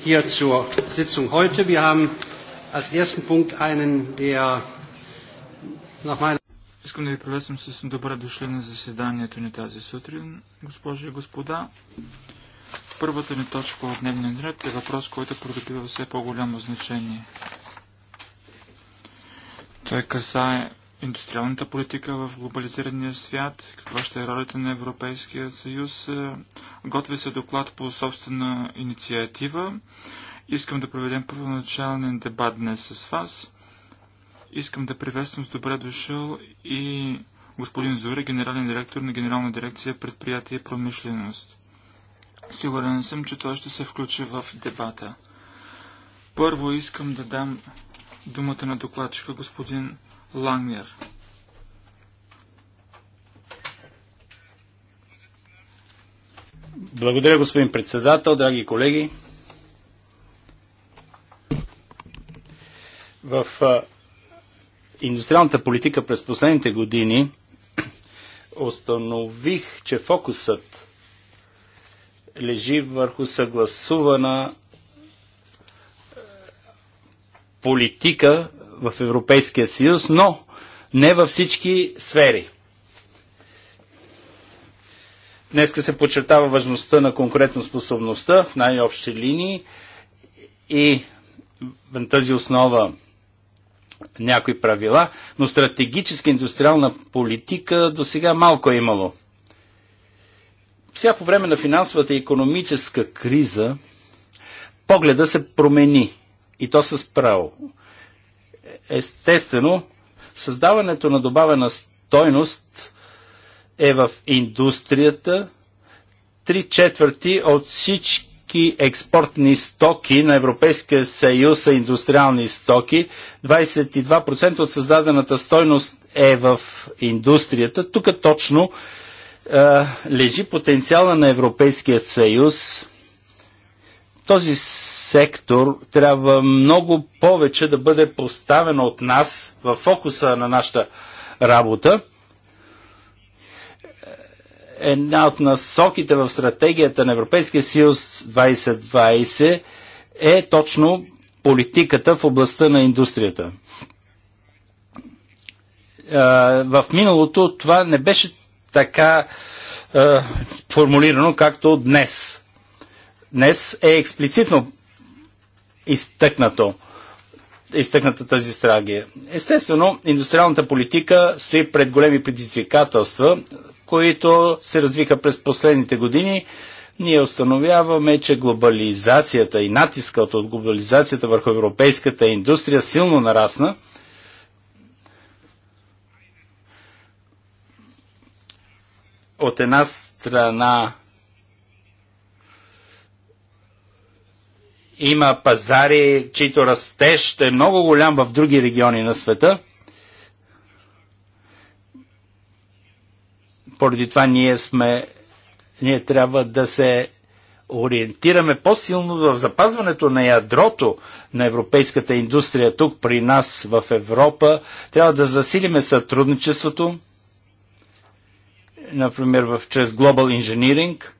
Hier zur Sitzung heute. Wir haben als ersten Punkt einen der nach meiner Искам да ви приветствам с добре дошли на заседанието ни тази сутрин, госпожи и господа. Първата ни точка от дневния ред е въпрос, който придобива все по-голямо значение. Той касае индустриалната политика в глобализирания свят, каква ще е ролята на Европейския съюз. Готви се доклад по собствена инициатива. Искам да проведем първоначален дебат днес с вас. Искам да приветствам с добре дошъл и господин Зуре, генерален директор на Генерална дирекция предприятие и промишленост. Сигурен съм, че той ще се включи в дебата. Първо искам да дам думата на докладчика господин Лангер. Благодаря, господин председател, драги колеги. В индустриалната политика през последните години установих, че фокусът лежи върху съгласувана политика в Европейския съюз, но не във всички сфери. Днеска се подчертава важността на конкурентоспособността в най-общи линии и на тази основа някои правила, но стратегическа индустриална политика до сега малко е имало. Всяко по време на финансовата и економическа криза погледа се промени и то с право. Естествено, създаването на добавена стойност е в индустрията. Три четвърти от всички експортни стоки на Европейския съюз са индустриални стоки. 22% от създадената стойност е в индустрията. Тук точно е, лежи потенциала на Европейският съюз този сектор трябва много повече да бъде поставен от нас в фокуса на нашата работа. Една от насоките в стратегията на Европейския съюз 2020 е точно политиката в областта на индустрията. В миналото това не беше така формулирано, както днес днес е експлицитно изтъкнато изтъкната тази страгия. Естествено, индустриалната политика стои пред големи предизвикателства, които се развиха през последните години. Ние установяваме, че глобализацията и натискът от глобализацията върху европейската индустрия силно нарасна. От една страна Има пазари, чието растеж е много голям в други региони на света. Поради това ние сме, ние трябва да се ориентираме по-силно в запазването на ядрото на европейската индустрия тук при нас в Европа. Трябва да засилиме сътрудничеството, например в, чрез Global Engineering –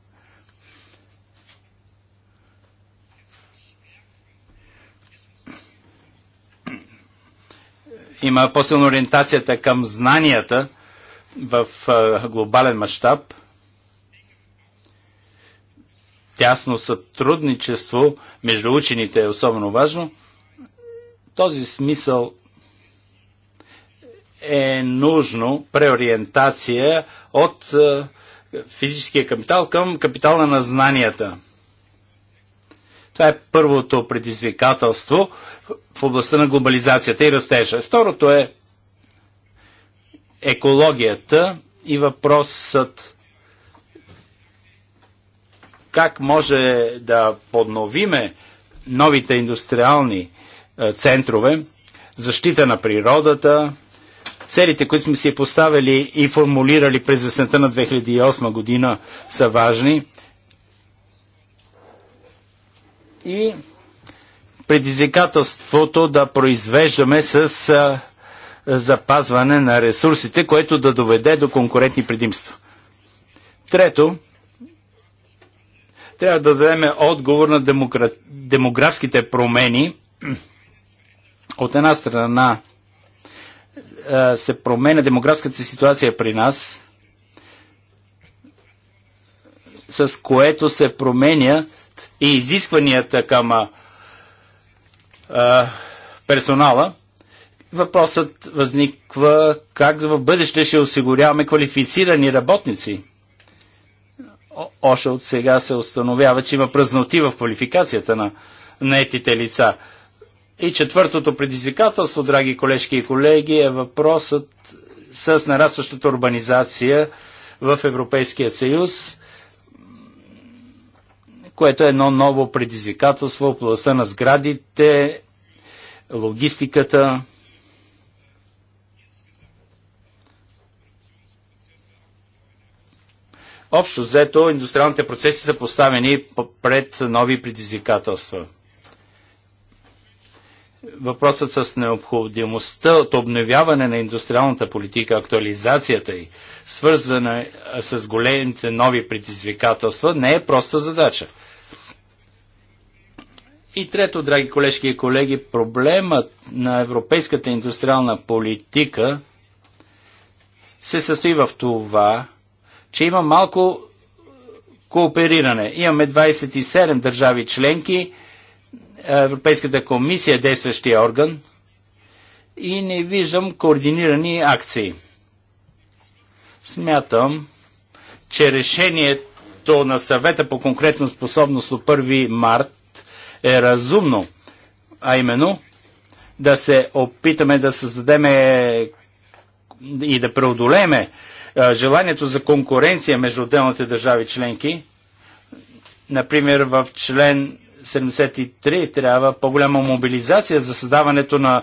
има по силна ориентацията към знанията в глобален мащаб, тясно сътрудничество между учените е особено важно. Този смисъл е нужно преориентация от физическия капитал към капитала на знанията. Това е първото предизвикателство в областта на глобализацията и растежа. Второто е екологията и въпросът как може да подновиме новите индустриални е, центрове, защита на природата, целите, които сме си поставили и формулирали през есента на 2008 година са важни. и предизвикателството да произвеждаме с запазване на ресурсите, което да доведе до конкурентни предимства. Трето, трябва да дадем отговор на демокра... демографските промени. От една страна се променя демографската ситуация при нас, с което се променя и изискванията към а, а, персонала, въпросът възниква как в бъдеще ще осигуряваме квалифицирани работници. Още от сега се установява, че има празноти в квалификацията на наетите лица. И четвъртото предизвикателство, драги колежки и колеги, е въпросът с нарастващата урбанизация в Европейския съюз което е едно ново предизвикателство в областта на сградите, логистиката. Общо взето, индустриалните процеси са поставени пред нови предизвикателства. Въпросът с необходимостта от обновяване на индустриалната политика, актуализацията й – свързана е, с големите нови предизвикателства, не е проста задача. И трето, драги колежки и колеги, проблемът на европейската индустриална политика се състои в това, че има малко коопериране. Имаме 27 държави членки, е, Европейската комисия е действащия орган и не виждам координирани акции. Смятам, че решението на съвета по конкретна способност от 1 март е разумно, а именно да се опитаме да създадем и да преодолеме желанието за конкуренция между отделните държави членки. Например, в член 73 трябва по-голяма мобилизация за създаването на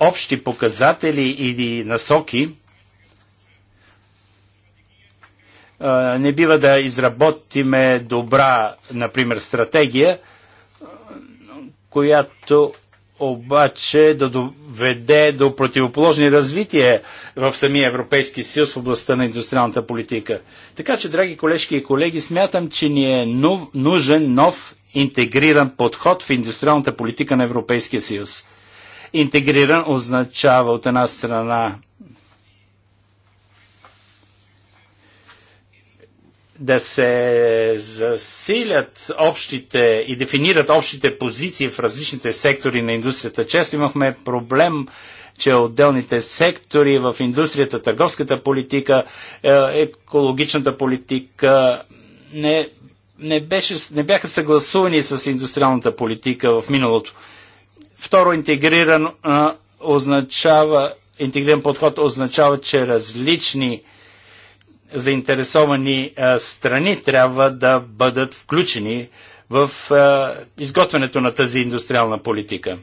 общи показатели или насоки, не бива да изработиме добра, например, стратегия, която обаче да доведе до противоположни развитие в самия Европейски съюз в областта на индустриалната политика. Така че, драги колежки и колеги, смятам, че ни е нужен нов интегриран подход в индустриалната политика на Европейския съюз. Интегриран означава от една страна да се засилят общите и дефинират общите позиции в различните сектори на индустрията. Често имахме проблем, че отделните сектори в индустрията, търговската политика, е, екологичната политика не, не, беше, не бяха съгласувани с индустриалната политика в миналото. Второ, интегриран означава, интегриран подход означава, че различни заинтересовани е, страни трябва да бъдат включени в е, изготвянето на тази индустриална политика.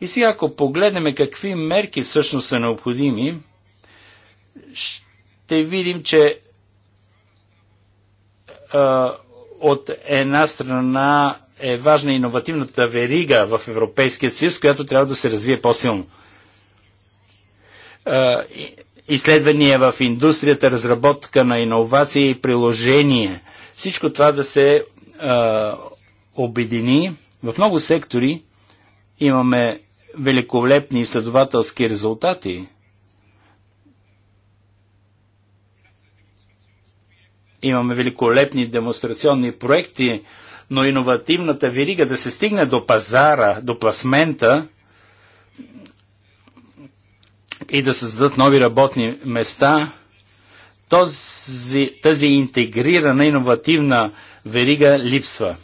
И сега, ако погледнем какви мерки всъщност са необходими, ще видим, че а, е, от една страна е важна иновативната верига в Европейския съюз, която трябва да се развие по-силно изследвания в индустрията, разработка на иновации и приложения. Всичко това да се а, обедини. В много сектори имаме великолепни изследователски резултати. Имаме великолепни демонстрационни проекти, но иновативната верига да се стигне до пазара, до пласмента, и да създадат нови работни места, този, тази интегрирана, иновативна верига липсва.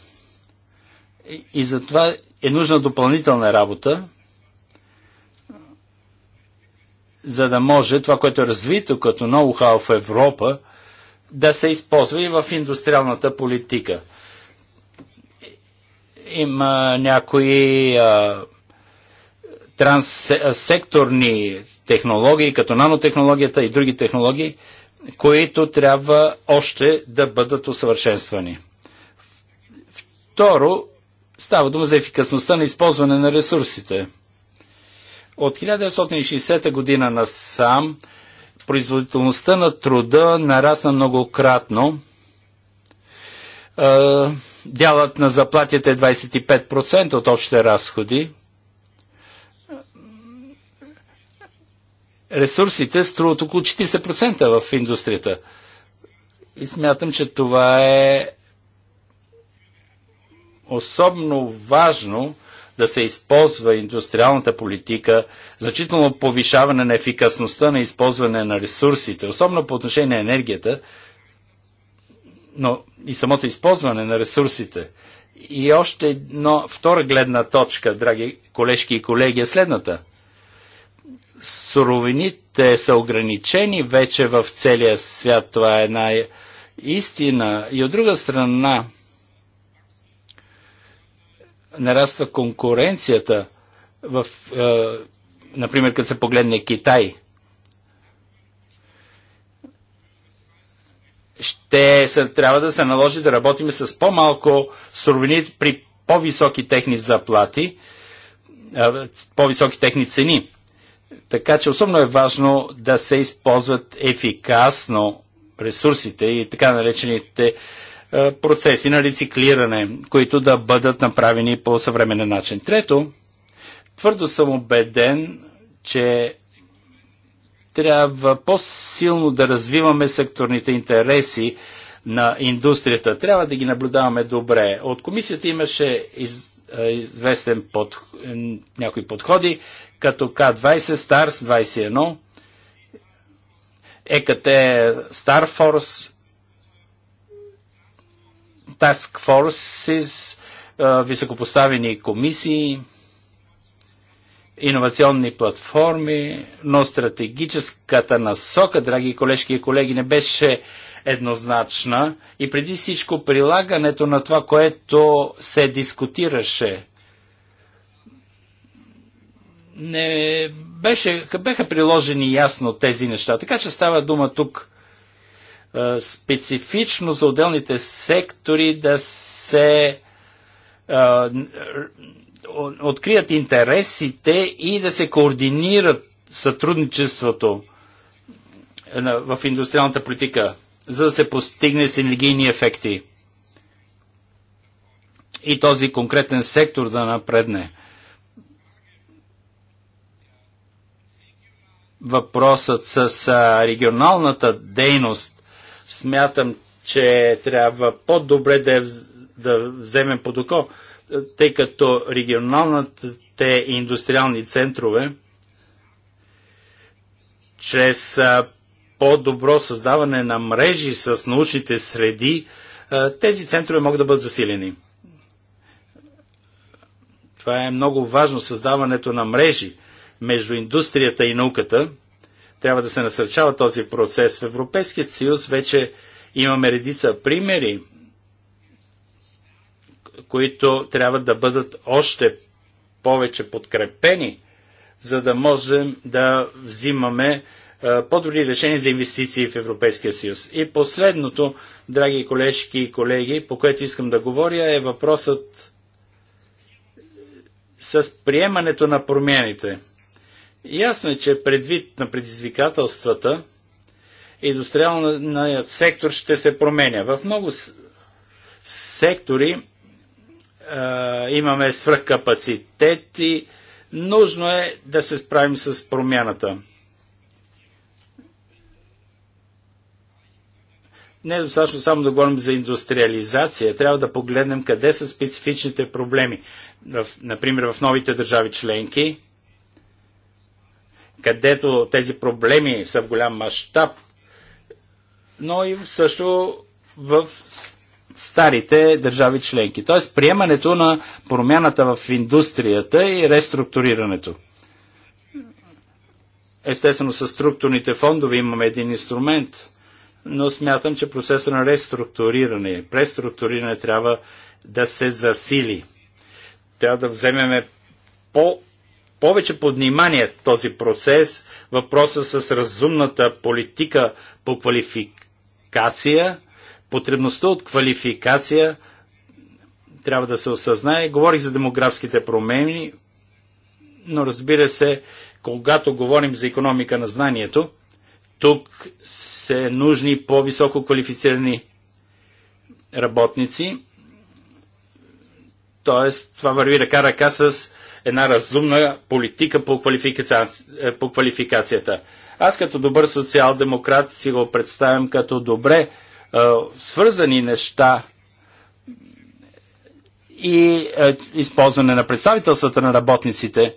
И, и затова е нужна допълнителна работа, за да може това, което е развито като ноу-хау в Европа, да се използва и в индустриалната политика. Има някои а, транссекторни технологии, като нанотехнологията и други технологии, които трябва още да бъдат усъвършенствани. Второ, става дума за ефикасността на използване на ресурсите. От 1960 година насам производителността на труда нарасна многократно. Е, дялът на заплатите е 25% от общите разходи – ресурсите струват около 40% в индустрията. И смятам, че това е особено важно да се използва индустриалната политика, значително повишаване на ефикасността на използване на ресурсите, особено по отношение на енергията, но и самото използване на ресурсите. И още едно, втора гледна точка, драги колежки и колеги, е следната – суровините са ограничени вече в целия свят. Това е една истина. И от друга страна, нараства конкуренцията в, е, например, като се погледне Китай. Ще се, трябва да се наложи да работим с по-малко суровини при по-високи техни заплати, е, по-високи техни цени. Така че особено е важно да се използват ефикасно ресурсите и така наречените е, процеси на рециклиране, които да бъдат направени по съвременен начин. Трето, твърдо съм убеден, че трябва по-силно да развиваме секторните интереси на индустрията. Трябва да ги наблюдаваме добре. От комисията имаше из, е, известен под, е, някои подходи като К-20, Старс 21, ЕКТ Star Force, Task Forces, високопоставени комисии, иновационни платформи, но стратегическата насока, драги колежки и колеги, не беше еднозначна и преди всичко прилагането на това, което се дискутираше не беше, беха приложени ясно тези неща. Така че става дума тук е, специфично за отделните сектори да се е, открият интересите и да се координират сътрудничеството е, в индустриалната политика, за да се постигне синергийни ефекти и този конкретен сектор да напредне. въпросът с регионалната дейност, смятам, че трябва по-добре да, да вземем под око, тъй като регионалните индустриални центрове чрез по-добро създаване на мрежи с научните среди, тези центрове могат да бъдат засилени. Това е много важно, създаването на мрежи – между индустрията и науката. Трябва да се насърчава този процес. В Европейският съюз вече имаме редица примери, които трябва да бъдат още повече подкрепени, за да можем да взимаме по-добри решения за инвестиции в Европейския съюз. И последното, драги колежки и колеги, по което искам да говоря, е въпросът с приемането на промените – Ясно е, че предвид на предизвикателствата, индустриалният сектор ще се променя. В много сектори а, имаме и нужно е да се справим с промяната. Не е достатъчно само да говорим за индустриализация, трябва да погледнем къде са специфичните проблеми. В, например, в новите държави членки където тези проблеми са в голям мащаб, но и също в старите държави членки. Т.е. приемането на промяната в индустрията и реструктурирането. Естествено, с структурните фондове имаме един инструмент, но смятам, че процесът на реструктуриране, преструктуриране трябва да се засили. Трябва да вземеме по повече под внимание този процес, въпроса с разумната политика по квалификация, потребността от квалификация трябва да се осъзнае. Говорих за демографските промени, но разбира се, когато говорим за економика на знанието, тук се нужни по-високо квалифицирани работници. Тоест, това върви ръка ръка с една разумна политика по, квалификаци... Е, по квалификацията. Аз като добър социал-демократ си го представям като добре а, е, свързани неща и а, е, използване на представителствата на работниците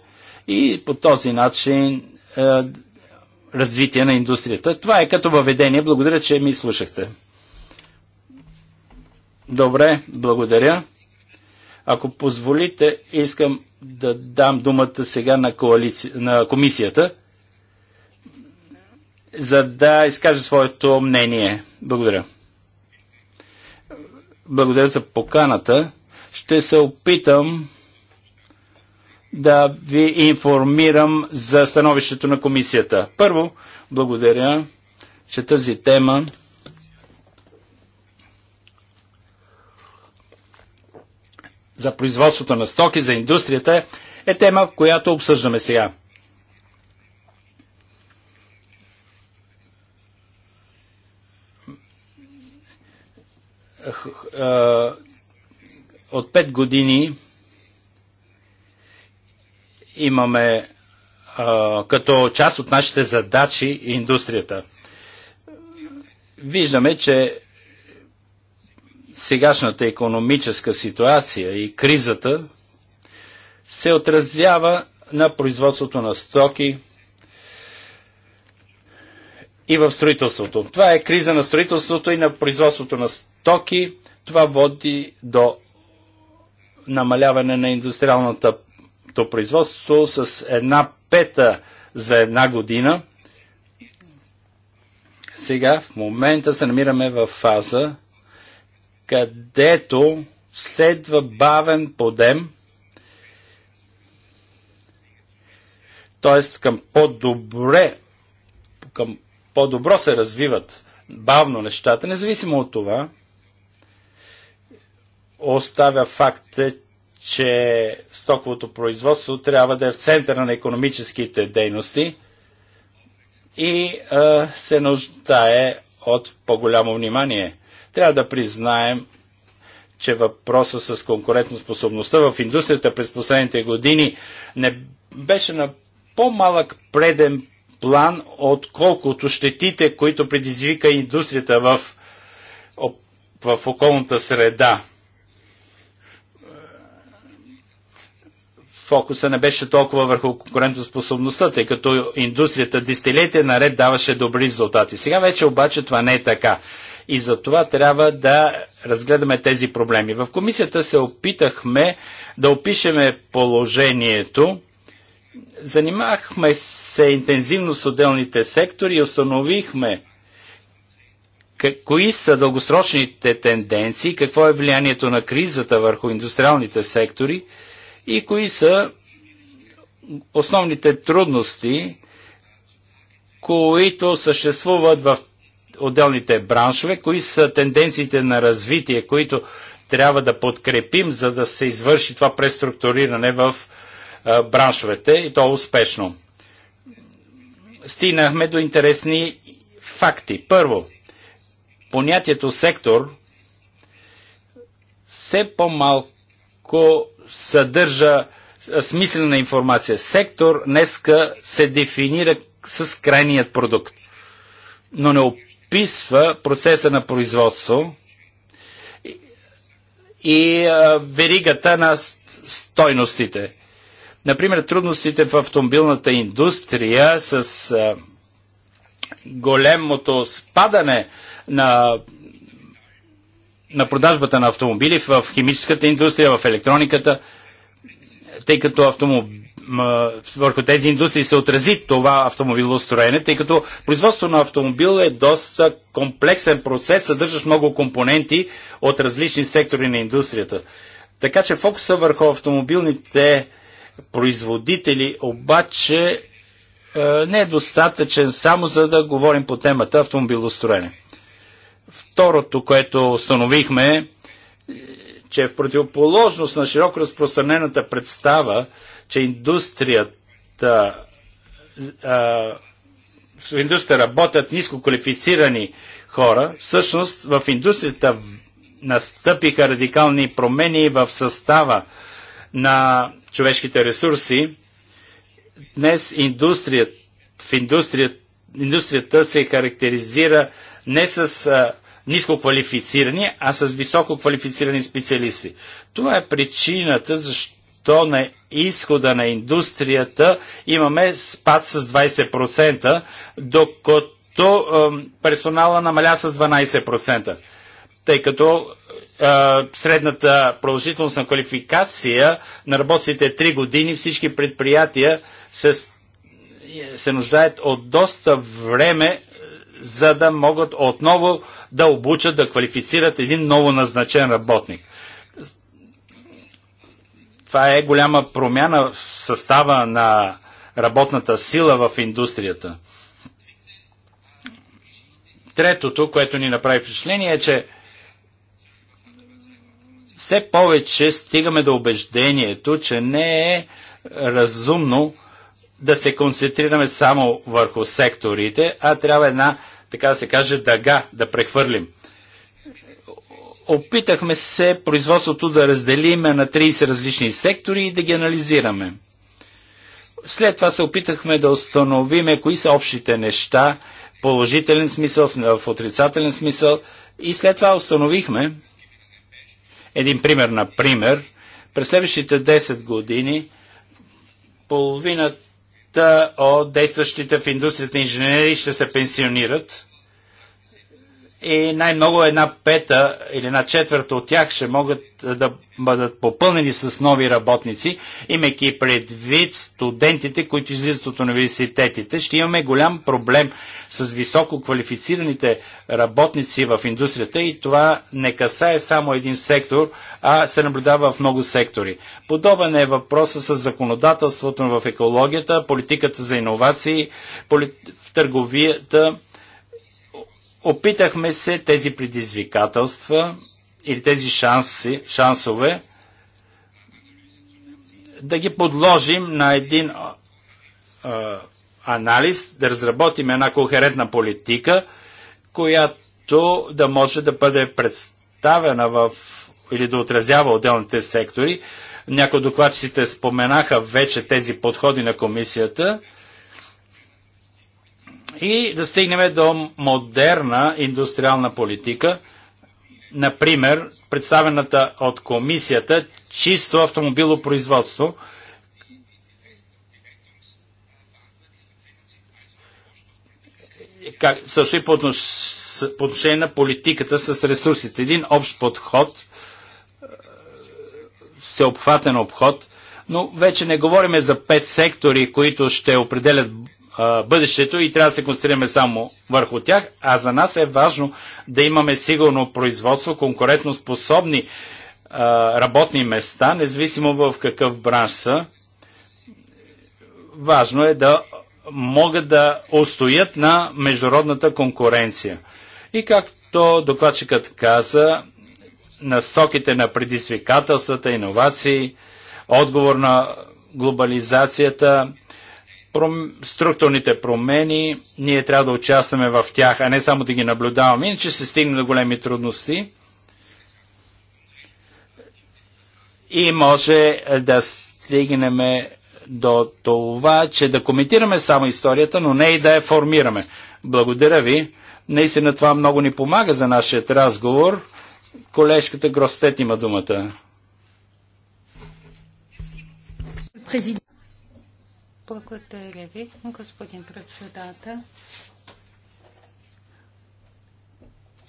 и по този начин а, развитие на индустрията. Това е като въведение. Благодаря, че ми слушахте. Добре, благодаря. Ако позволите, искам да дам думата сега на, коалици... на комисията, за да изкаже своето мнение. Благодаря. Благодаря за поканата. Ще се опитам да ви информирам за становището на комисията. Първо, благодаря, че тази тема за производството на стоки, за индустрията, е тема, която обсъждаме сега. От 5 години имаме като част от нашите задачи индустрията. Виждаме, че сегашната економическа ситуация и кризата се отразява на производството на стоки и в строителството. Това е криза на строителството и на производството на стоки. Това води до намаляване на индустриалната производство с една пета за една година. Сега, в момента се намираме в фаза, където следва бавен подем, т.е. към по-добре, към по-добро се развиват бавно нещата, независимо от това, оставя факт, е, че стоковото производство трябва да е в центъра на економическите дейности и а, се нуждае от по-голямо внимание. Трябва да признаем, че въпроса с конкурентоспособността в индустрията през последните години не беше на по-малък преден план, отколкото щетите, които предизвика индустрията в, в околната среда. Фокуса не беше толкова върху конкурентоспособността, тъй като индустрията десетилетия наред даваше добри резултати. Сега вече обаче това не е така и за това трябва да разгледаме тези проблеми. В комисията се опитахме да опишеме положението, занимахме се интензивно с отделните сектори и установихме кои са дългосрочните тенденции, какво е влиянието на кризата върху индустриалните сектори и кои са основните трудности, които съществуват в отделните браншове, кои са тенденциите на развитие, които трябва да подкрепим, за да се извърши това преструктуриране в браншовете и то успешно. Стигнахме до интересни факти. Първо, понятието сектор все по-малко съдържа смислена информация. Сектор днеска се дефинира с крайният продукт. Но не описва процеса на производство и, веригата на стойностите. Например, трудностите в автомобилната индустрия с а, големото спадане на, на продажбата на автомобили в химическата индустрия, в електрониката, тъй като автомобил върху тези индустрии се отрази това автомобилостроене, тъй като производство на автомобил е доста комплексен процес, съдържащ много компоненти от различни сектори на индустрията. Така че фокуса върху автомобилните производители обаче е, не е достатъчен само за да говорим по темата автомобилостроене. Второто, което установихме че е в противоположност на широко разпространената представа, че индустрията в индустрията работят ниско квалифицирани хора, всъщност в индустрията настъпиха радикални промени в състава на човешките ресурси. Днес индустрията, в индустрията, индустрията се характеризира не с а, ниско квалифицирани, а с високо квалифицирани специалисти. Това е причината, защо на изхода на индустрията имаме спад с 20%, докато е, персонала намаля с 12%, тъй като е, средната продължителност на квалификация на работците 3 е години всички предприятия се, се нуждаят от доста време за да могат отново да обучат, да квалифицират един ново назначен работник. Това е голяма промяна в състава на работната сила в индустрията. Третото, което ни направи впечатление е, че все повече стигаме до убеждението, че не е разумно да се концентрираме само върху секторите, а трябва една, така да се каже, дъга да прехвърлим. Опитахме се производството да разделиме на 30 различни сектори и да ги анализираме. След това се опитахме да установиме кои са общите неща, положителен смисъл, в отрицателен смисъл. И след това установихме един пример на пример. През следващите 10 години половината от действащите в индустрията инженери ще се пенсионират и най-много една пета или една четвърта от тях ще могат е, да бъдат попълнени с нови работници, имайки предвид студентите, които излизат от университетите. Ще имаме голям проблем с високо квалифицираните работници в индустрията и това не касае само един сектор, а се наблюдава в много сектори. Подобен е въпроса с законодателството в екологията, политиката за иновации, в търговията, Опитахме се тези предизвикателства или тези шанси, шансове да ги подложим на един а, анализ, да разработим една кохерентна политика, която да може да бъде представена в или да отразява отделните сектори. Някои докладчиците споменаха вече тези подходи на комисията – и да стигнем до модерна индустриална политика, например, представената от комисията чисто автомобилопроизводство, как, също и по, отнош, по отношение на политиката с ресурсите. Един общ подход, всеобхватен обход, но вече не говорим за пет сектори, които ще определят бъдещето и трябва да се концентрираме само върху тях, а за нас е важно да имаме сигурно производство, конкурентно способни работни места, независимо в какъв бранш са. Важно е да могат да устоят на международната конкуренция. И както докладчикът каза, насоките на предизвикателствата, иновации, отговор на глобализацията, пром... структурните промени, ние трябва да участваме в тях, а не само да ги наблюдаваме, иначе се стигне до големи трудности и може да стигнем до това, че да коментираме само историята, но не и да я формираме. Благодаря ви. Наистина това много ни помага за нашия разговор. Колежката Гростет има думата. Благодаря ви, господин председател.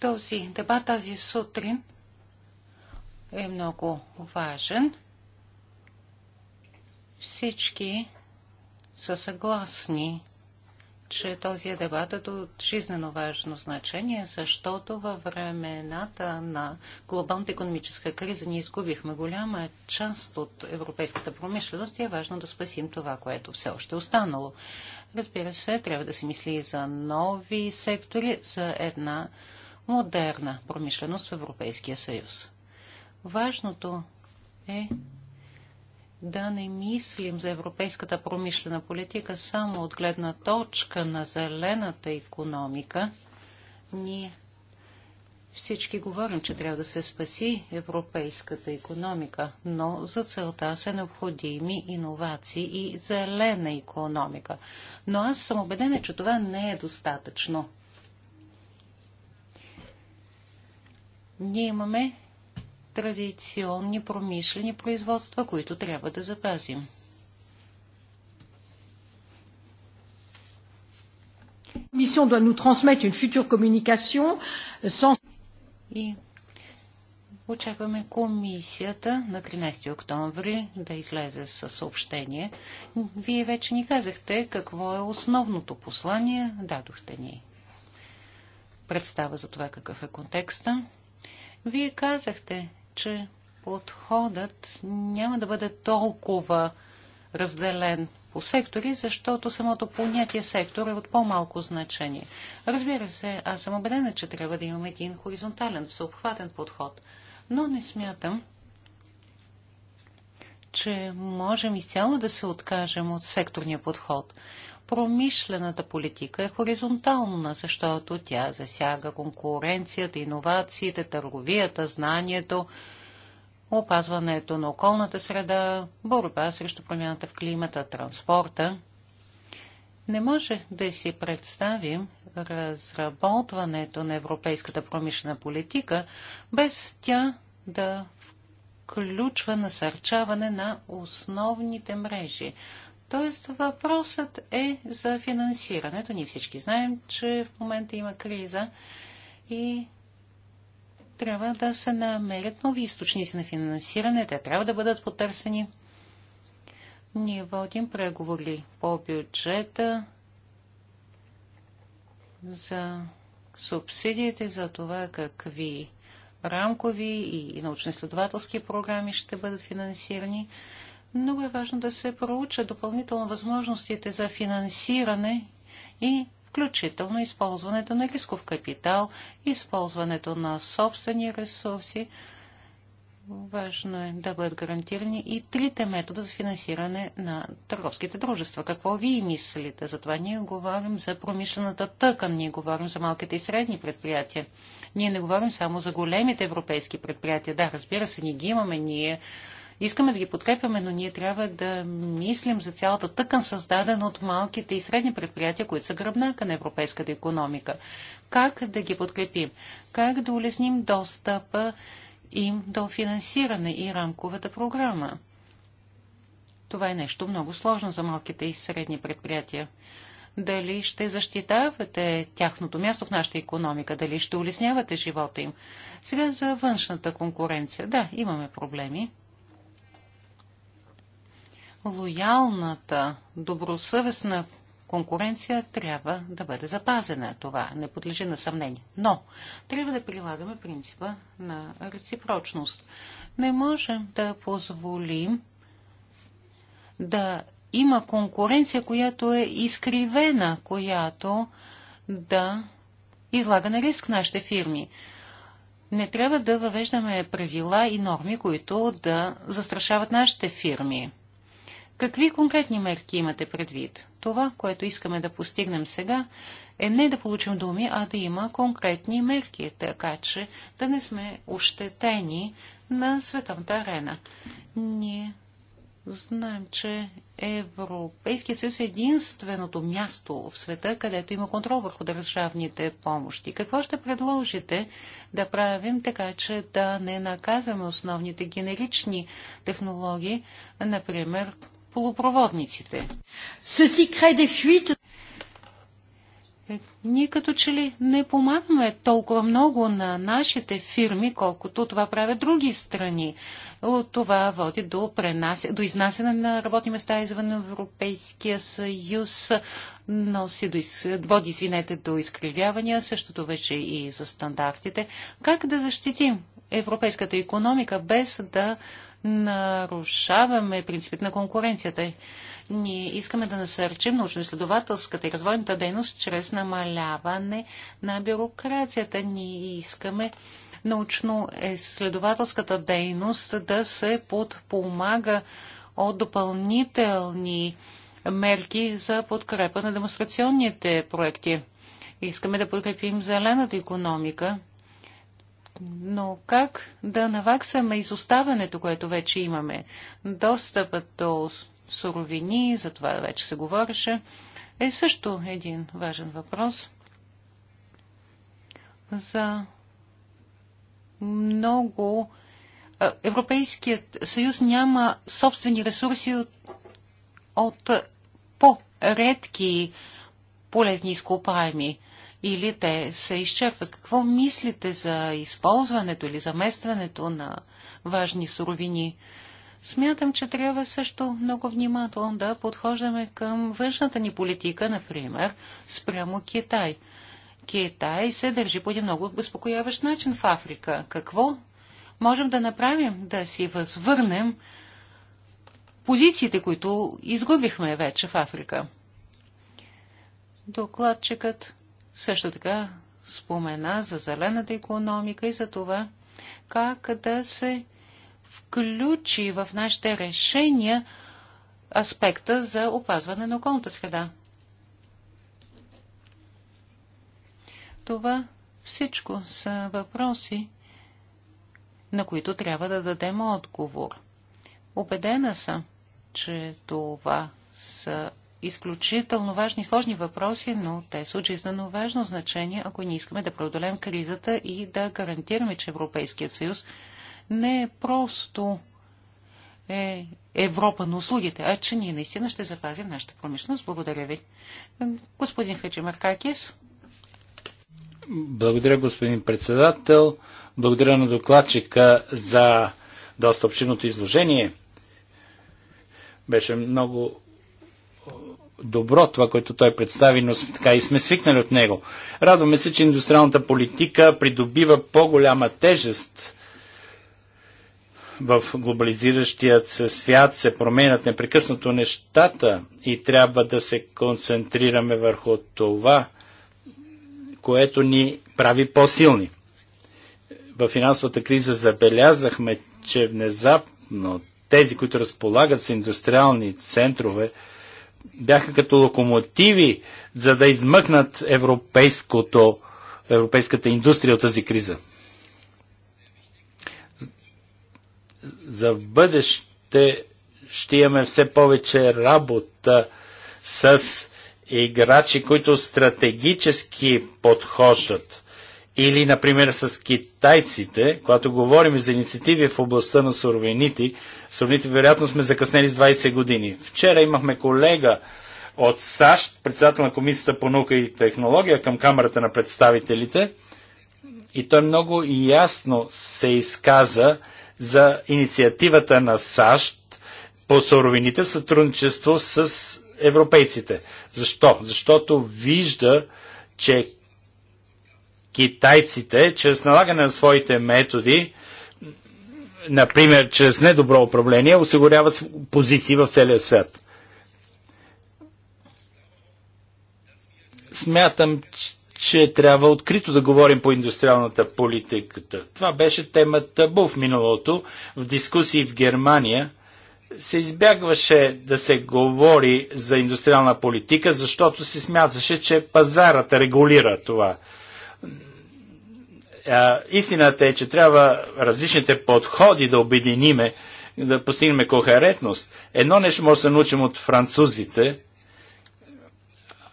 Този дебат тази сутрин е много важен. Всички са съгласни че този дебат е от жизнено важно значение, защото във времената на глобалната економическа криза ние изгубихме голяма част от европейската промишленост и е важно да спасим това, което все още е останало. Разбира се, трябва да се мисли и за нови сектори, за една модерна промишленост в Европейския съюз. Важното е да не мислим за европейската промишлена политика само от гледна точка на зелената економика. Ние всички говорим, че трябва да се спаси европейската економика, но за целта са необходими иновации и зелена економика. Но аз съм убедена, че това не е достатъчно. Ние имаме традиционни промишлени производства, които трябва да запазим. Mission doit une future communication sans... И очакваме комисията на 13 октомври да излезе със съобщение. Вие вече ни казахте какво е основното послание, дадохте ни представа за това какъв е контекста. Вие казахте, че подходът няма да бъде толкова разделен по сектори, защото самото понятие сектор е от по-малко значение. Разбира се, аз съм убедена, че трябва да имаме един хоризонтален, съобхватен подход, но не смятам, че можем изцяло да се откажем от секторния подход. Промишлената политика е хоризонтална, защото тя засяга конкуренцията, иновациите, търговията, знанието, опазването на околната среда, борба срещу промяната в климата, транспорта. Не може да си представим разработването на европейската промишлена политика без тя да включва насърчаване на основните мрежи. Тоест въпросът е за финансирането. Ние всички знаем, че в момента има криза и трябва да се намерят нови източници на финансиране. Те трябва да бъдат потърсени. Ние водим преговори по бюджета за субсидиите, за това какви рамкови и научно-изследователски програми ще бъдат финансирани. Много е важно да се проучат допълнително възможностите за финансиране и включително използването на рисков капитал, използването на собствени ресурси. Важно е да бъдат гарантирани и трите метода за финансиране на търговските дружества. Какво вие мислите? Затова ние говорим за промишлената тъкан, ние говорим за малките и средни предприятия. Ние не говорим само за големите европейски предприятия. Да, разбира се, ние ги имаме, ние Искаме да ги подкрепяме, но ние трябва да мислим за цялата тъкан, създадена от малките и средни предприятия, които са гръбнака на европейската економика. Как да ги подкрепим? Как да улесним достъпа им до финансиране и рамковата програма? Това е нещо много сложно за малките и средни предприятия дали ще защитавате тяхното място в нашата економика, дали ще улеснявате живота им. Сега за външната конкуренция. Да, имаме проблеми лоялната, добросъвестна конкуренция трябва да бъде запазена. Това не подлежи на съмнение. Но трябва да прилагаме принципа на реципрочност. Не можем да позволим да има конкуренция, която е изкривена, която да излага на риск нашите фирми. Не трябва да въвеждаме правила и норми, които да застрашават нашите фирми. Какви конкретни мерки имате предвид? Това, което искаме да постигнем сега, е не да получим думи, а да има конкретни мерки, така че да не сме ощетени на световната арена. Ние знаем, че Европейския съюз е единственото място в света, където има контрол върху държавните помощи. Какво ще предложите да правим така, че да не наказваме основните генерични технологии, например полупроводниците. Съси край де фюит. Ние като че ли не помагаме толкова много на нашите фирми, колкото това правят други страни. От това води до, пренас... до изнасяне на работни места извън Европейския съюз, носи до... води, извинете, до изкривявания, същото вече и за стандартите. Как да защитим европейската економика без да нарушаваме принципите на конкуренцията. Ние искаме да насърчим научно-изследователската и развойната дейност чрез намаляване на бюрокрацията. Ние искаме научно-изследователската дейност да се подпомага от допълнителни мерки за подкрепа на демонстрационните проекти. Искаме да подкрепим зелената економика но как да наваксаме изоставането, което вече имаме? Достъпът до суровини, за това вече се говореше, е също един важен въпрос. За много. Европейският съюз няма собствени ресурси от, от по-редки полезни изкопаеми или те се изчерпват. Какво мислите за използването или заместването на важни суровини? Смятам, че трябва също много внимателно да подхождаме към външната ни политика, например, спрямо Китай. Китай се държи по един много безпокояващ начин в Африка. Какво можем да направим? Да си възвърнем позициите, които изгубихме вече в Африка. Докладчикът също така спомена за зелената економика и за това как да се включи в нашите решения аспекта за опазване на околната среда. Това всичко са въпроси, на които трябва да дадем отговор. Обедена съм, че това са изключително важни и сложни въпроси, но те са от важно значение, ако не искаме да преодолем кризата и да гарантираме, че Европейският съюз не е просто е Европа на услугите, а че ние наистина ще запазим нашата промишленост. Благодаря ви. Господин Хачимаркакис. Благодаря, господин председател. Благодаря на докладчика за доста общиното изложение. Беше много добро това, което той представи, но така и сме свикнали от него. Радваме се, че индустриалната политика придобива по-голяма тежест в глобализиращият се свят се променят непрекъснато нещата и трябва да се концентрираме върху това, което ни прави по-силни. В финансовата криза забелязахме, че внезапно тези, които разполагат с индустриални центрове, бяха като локомотиви, за да измъкнат европейското, европейската индустрия от тази криза. За в бъдеще ще имаме все повече работа с играчи, които стратегически подхождат. Или, например, с китайците, когато говорим за инициативи в областта на суровините, сравните вероятно сме закъснели с 20 години. Вчера имахме колега от САЩ, председател на Комисията по наука и технология към Камерата на представителите, и той много ясно се изказа за инициативата на САЩ по суровините в сътрудничество с европейците. Защо? Защото вижда, че китайците, чрез налагане на своите методи, например, чрез недобро управление, осигуряват позиции в целия свят. Смятам, че трябва открито да говорим по индустриалната политиката. Това беше темата Бу в миналото. В дискусии в Германия се избягваше да се говори за индустриална политика, защото се смяташе, че пазарът регулира това. А, истината е, че трябва различните подходи да обединиме, да постигнем кохерентност. Едно нещо може да се научим от французите,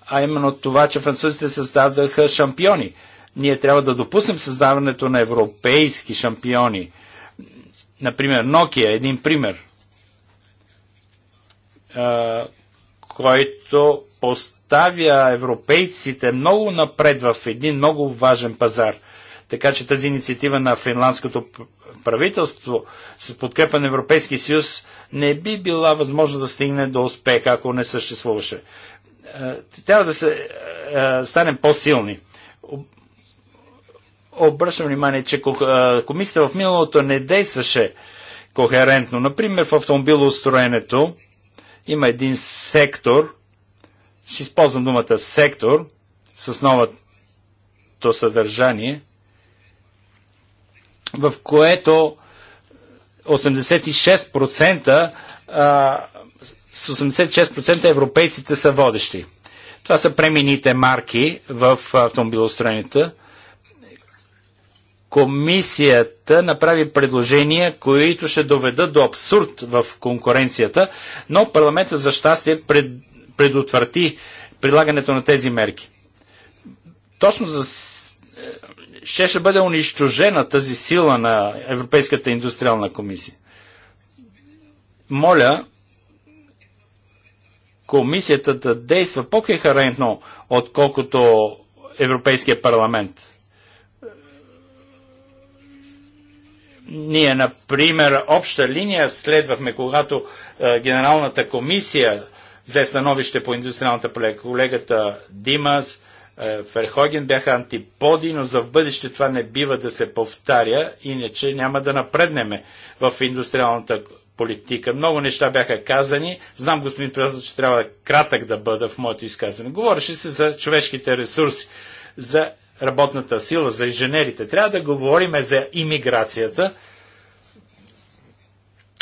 а именно това, че французите създадаха шампиони. Ние трябва да допуснем създаването на европейски шампиони. Например, Nokia е един пример, а, който поставя европейците много напред в един много важен пазар – така че тази инициатива на финландското правителство с подкрепа на Европейския съюз не би била възможно да стигне до успех, ако не съществуваше. Е, трябва да се е, е, станем по-силни. Обръщам внимание, че комисията в миналото не действаше кохерентно. Например, в автомобилостроенето има един сектор, ще използвам думата сектор, с новото съдържание – в което 86% а, с 86% европейците са водещи. Това са премините марки в автомобилостроенията. Комисията направи предложения, които ще доведат до абсурд в конкуренцията, но парламента за щастие пред, предотврати прилагането на тези мерки. Точно за ще, ще бъде унищожена тази сила на Европейската индустриална комисия. Моля комисията да действа по-кехарентно, отколкото Европейския парламент. Ние, например, обща линия следвахме, когато е, Генералната комисия взе становище по индустриалната поле. Колегата Димас, е, Ферхоген бяха антиподи, но за в бъдеще това не бива да се повтаря, иначе няма да напреднеме в индустриалната политика. Много неща бяха казани. Знам, господин Председател, че трябва кратък да бъда в моето изказване. Говореше се за човешките ресурси, за работната сила, за инженерите. Трябва да говорим за иммиграцията.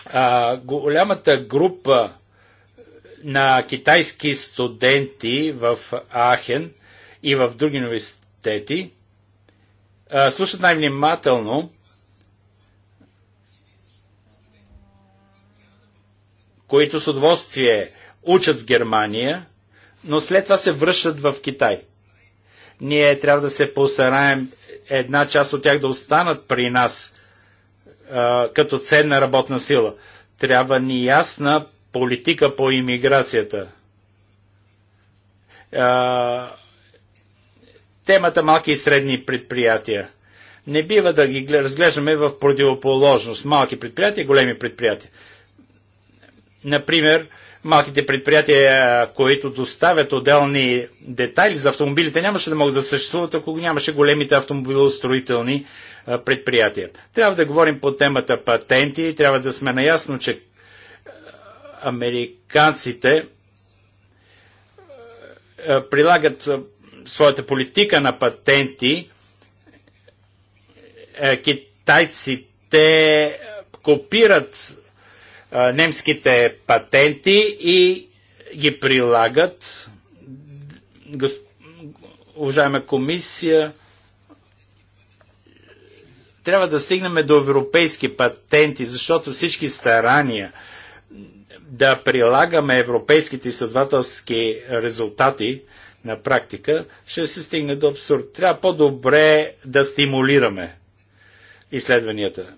А, голямата група на китайски студенти в Ахен – и в други университети, слушат най-внимателно които с удоволствие учат в Германия, но след това се връщат в Китай. Ние трябва да се постараем една част от тях да останат при нас а, като ценна работна сила. Трябва ни ясна политика по иммиграцията. А, темата малки и средни предприятия. Не бива да ги разглеждаме в противоположност. Малки предприятия и големи предприятия. Например, малките предприятия, които доставят отделни детайли за автомобилите, нямаше да могат да съществуват, ако нямаше големите автомобилостроителни предприятия. Трябва да говорим по темата патенти и трябва да сме наясно, че американците прилагат своята политика на патенти, е, китайците копират е, немските патенти и ги прилагат. Уважаема комисия, трябва да стигнем до европейски патенти, защото всички старания да прилагаме европейските изследователски резултати на практика, ще се стигне до абсурд. Трябва по-добре да стимулираме изследванията.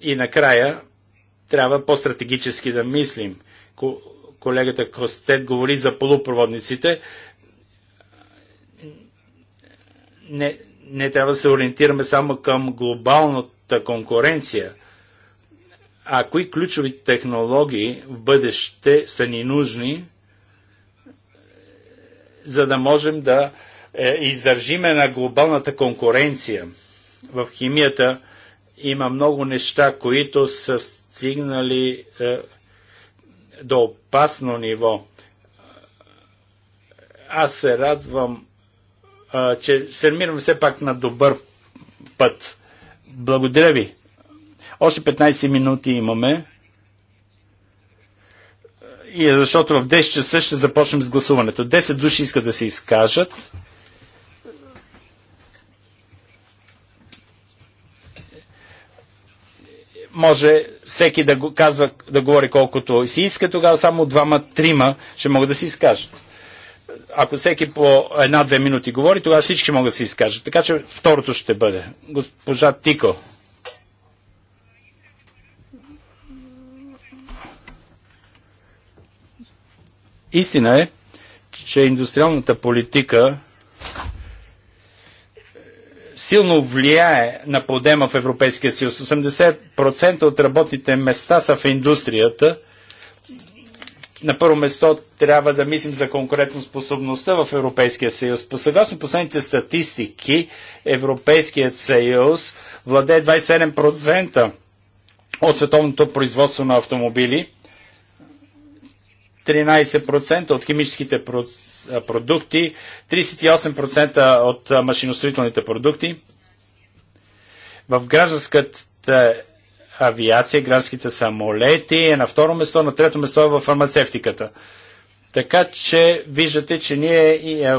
И накрая трябва по-стратегически да мислим. Колегата Костет говори за полупроводниците. Не, не трябва да се ориентираме само към глобалната конкуренция. А кои ключови технологии в бъдеще са ни нужни – за да можем да е, издържиме на глобалната конкуренция. В химията има много неща, които са стигнали е, до опасно ниво. Аз се радвам, е, че се намирам все пак на добър път. Благодаря ви. Още 15 минути имаме и е защото в 10 часа ще започнем с гласуването. 10 души искат да се изкажат. Може всеки да го казва, да говори колкото си иска, тогава само двама, трима ще могат да се изкажат. Ако всеки по една-две минути говори, тогава всички могат да се изкажат. Така че второто ще бъде. Госпожа Тико. Истина е, че индустриалната политика силно влияе на подема в Европейския съюз. 80% от работните места са в индустрията. На първо место трябва да мислим за конкурентоспособността в Европейския съюз. По съгласно последните статистики, Европейският съюз владее 27% от световното производство на автомобили 13% от химическите продукти, 38% от машиностроителните продукти. В гражданската авиация, гражданските самолети е на второ место, на трето место е в фармацевтиката. Така че виждате, че ние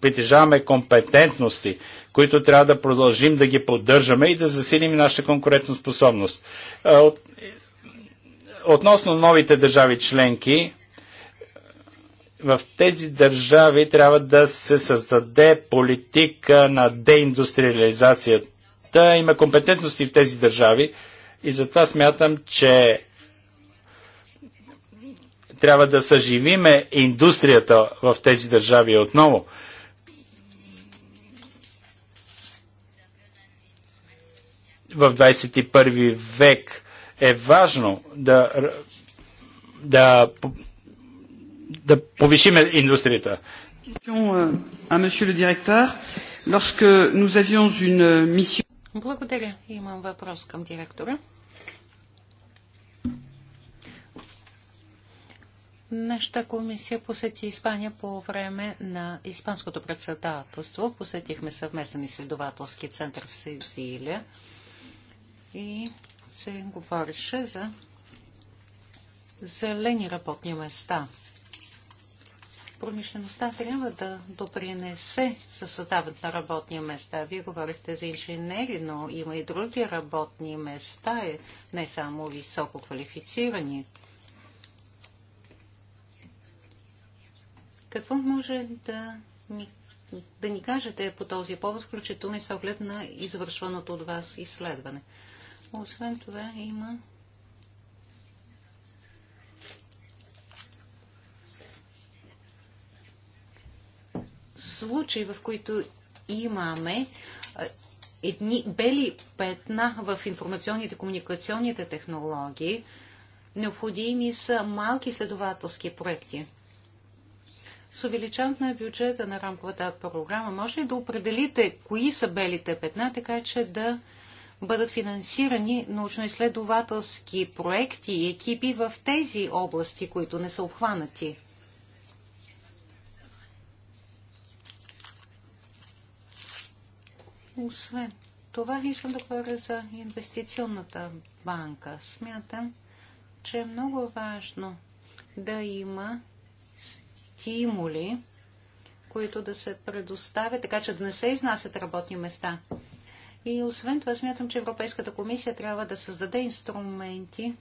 притежаваме компетентности, които трябва да продължим да ги поддържаме и да засилим нашата конкурентоспособност. От... Относно новите държави членки, в тези държави трябва да се създаде политика на деиндустриализацията. Има компетентности в тези държави и затова смятам, че трябва да съживиме индустрията в тези държави отново. В 21 век е важно да, да да повишиме индустрията. Euh, Благодаря. Имам въпрос към директора. Нашата комисия посети Испания по време на Испанското председателство. Посетихме съвместен изследователски център в Севиля и се говореше за зелени работни места промишлеността трябва да допринесе със създаването на работни места. Вие говорихте за инженери, но има и други работни места, е не само високо квалифицирани. Какво може да ни, да ни кажете по този повод, включително и с оглед на извършваното от вас изследване? Освен това има случаи, в които имаме едни бели петна в информационните и комуникационните технологии, необходими са малки следователски проекти. С увеличаването на бюджета на рамковата програма може ли да определите кои са белите петна, така че да бъдат финансирани научно-изследователски проекти и екипи в тези области, които не са обхванати? Освен това, искам да говоря за инвестиционната банка. Смятам, че е много важно да има стимули, които да се предоставят, така че да не се изнасят работни места. И освен това, смятам, че Европейската комисия трябва да създаде инструменти,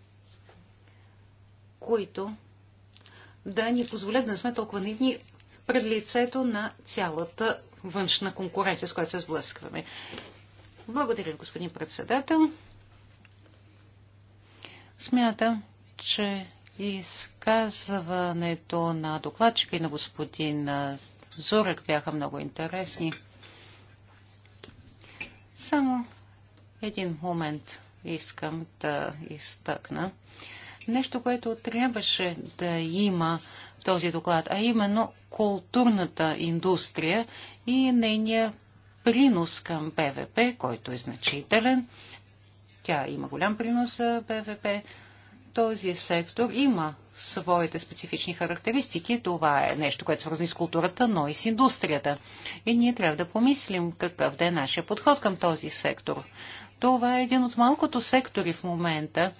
които да ни позволят да не сме толкова нивни пред лицето на цялата външна конкуренция, с която се сблъскваме. Благодаря, господин председател. Смятам, че изказването на докладчика и на господин Зорек бяха много интересни. Само един момент искам да изтъкна. Нещо, което трябваше да има в този доклад, а именно културната индустрия и нейния принос към БВП, който е значителен. Тя има голям принос за БВП. Този сектор има своите специфични характеристики. Това е нещо, което е свързано с културата, но и с индустрията. И ние трябва да помислим какъв да е нашия подход към този сектор. Това е един от малкото сектори в момента,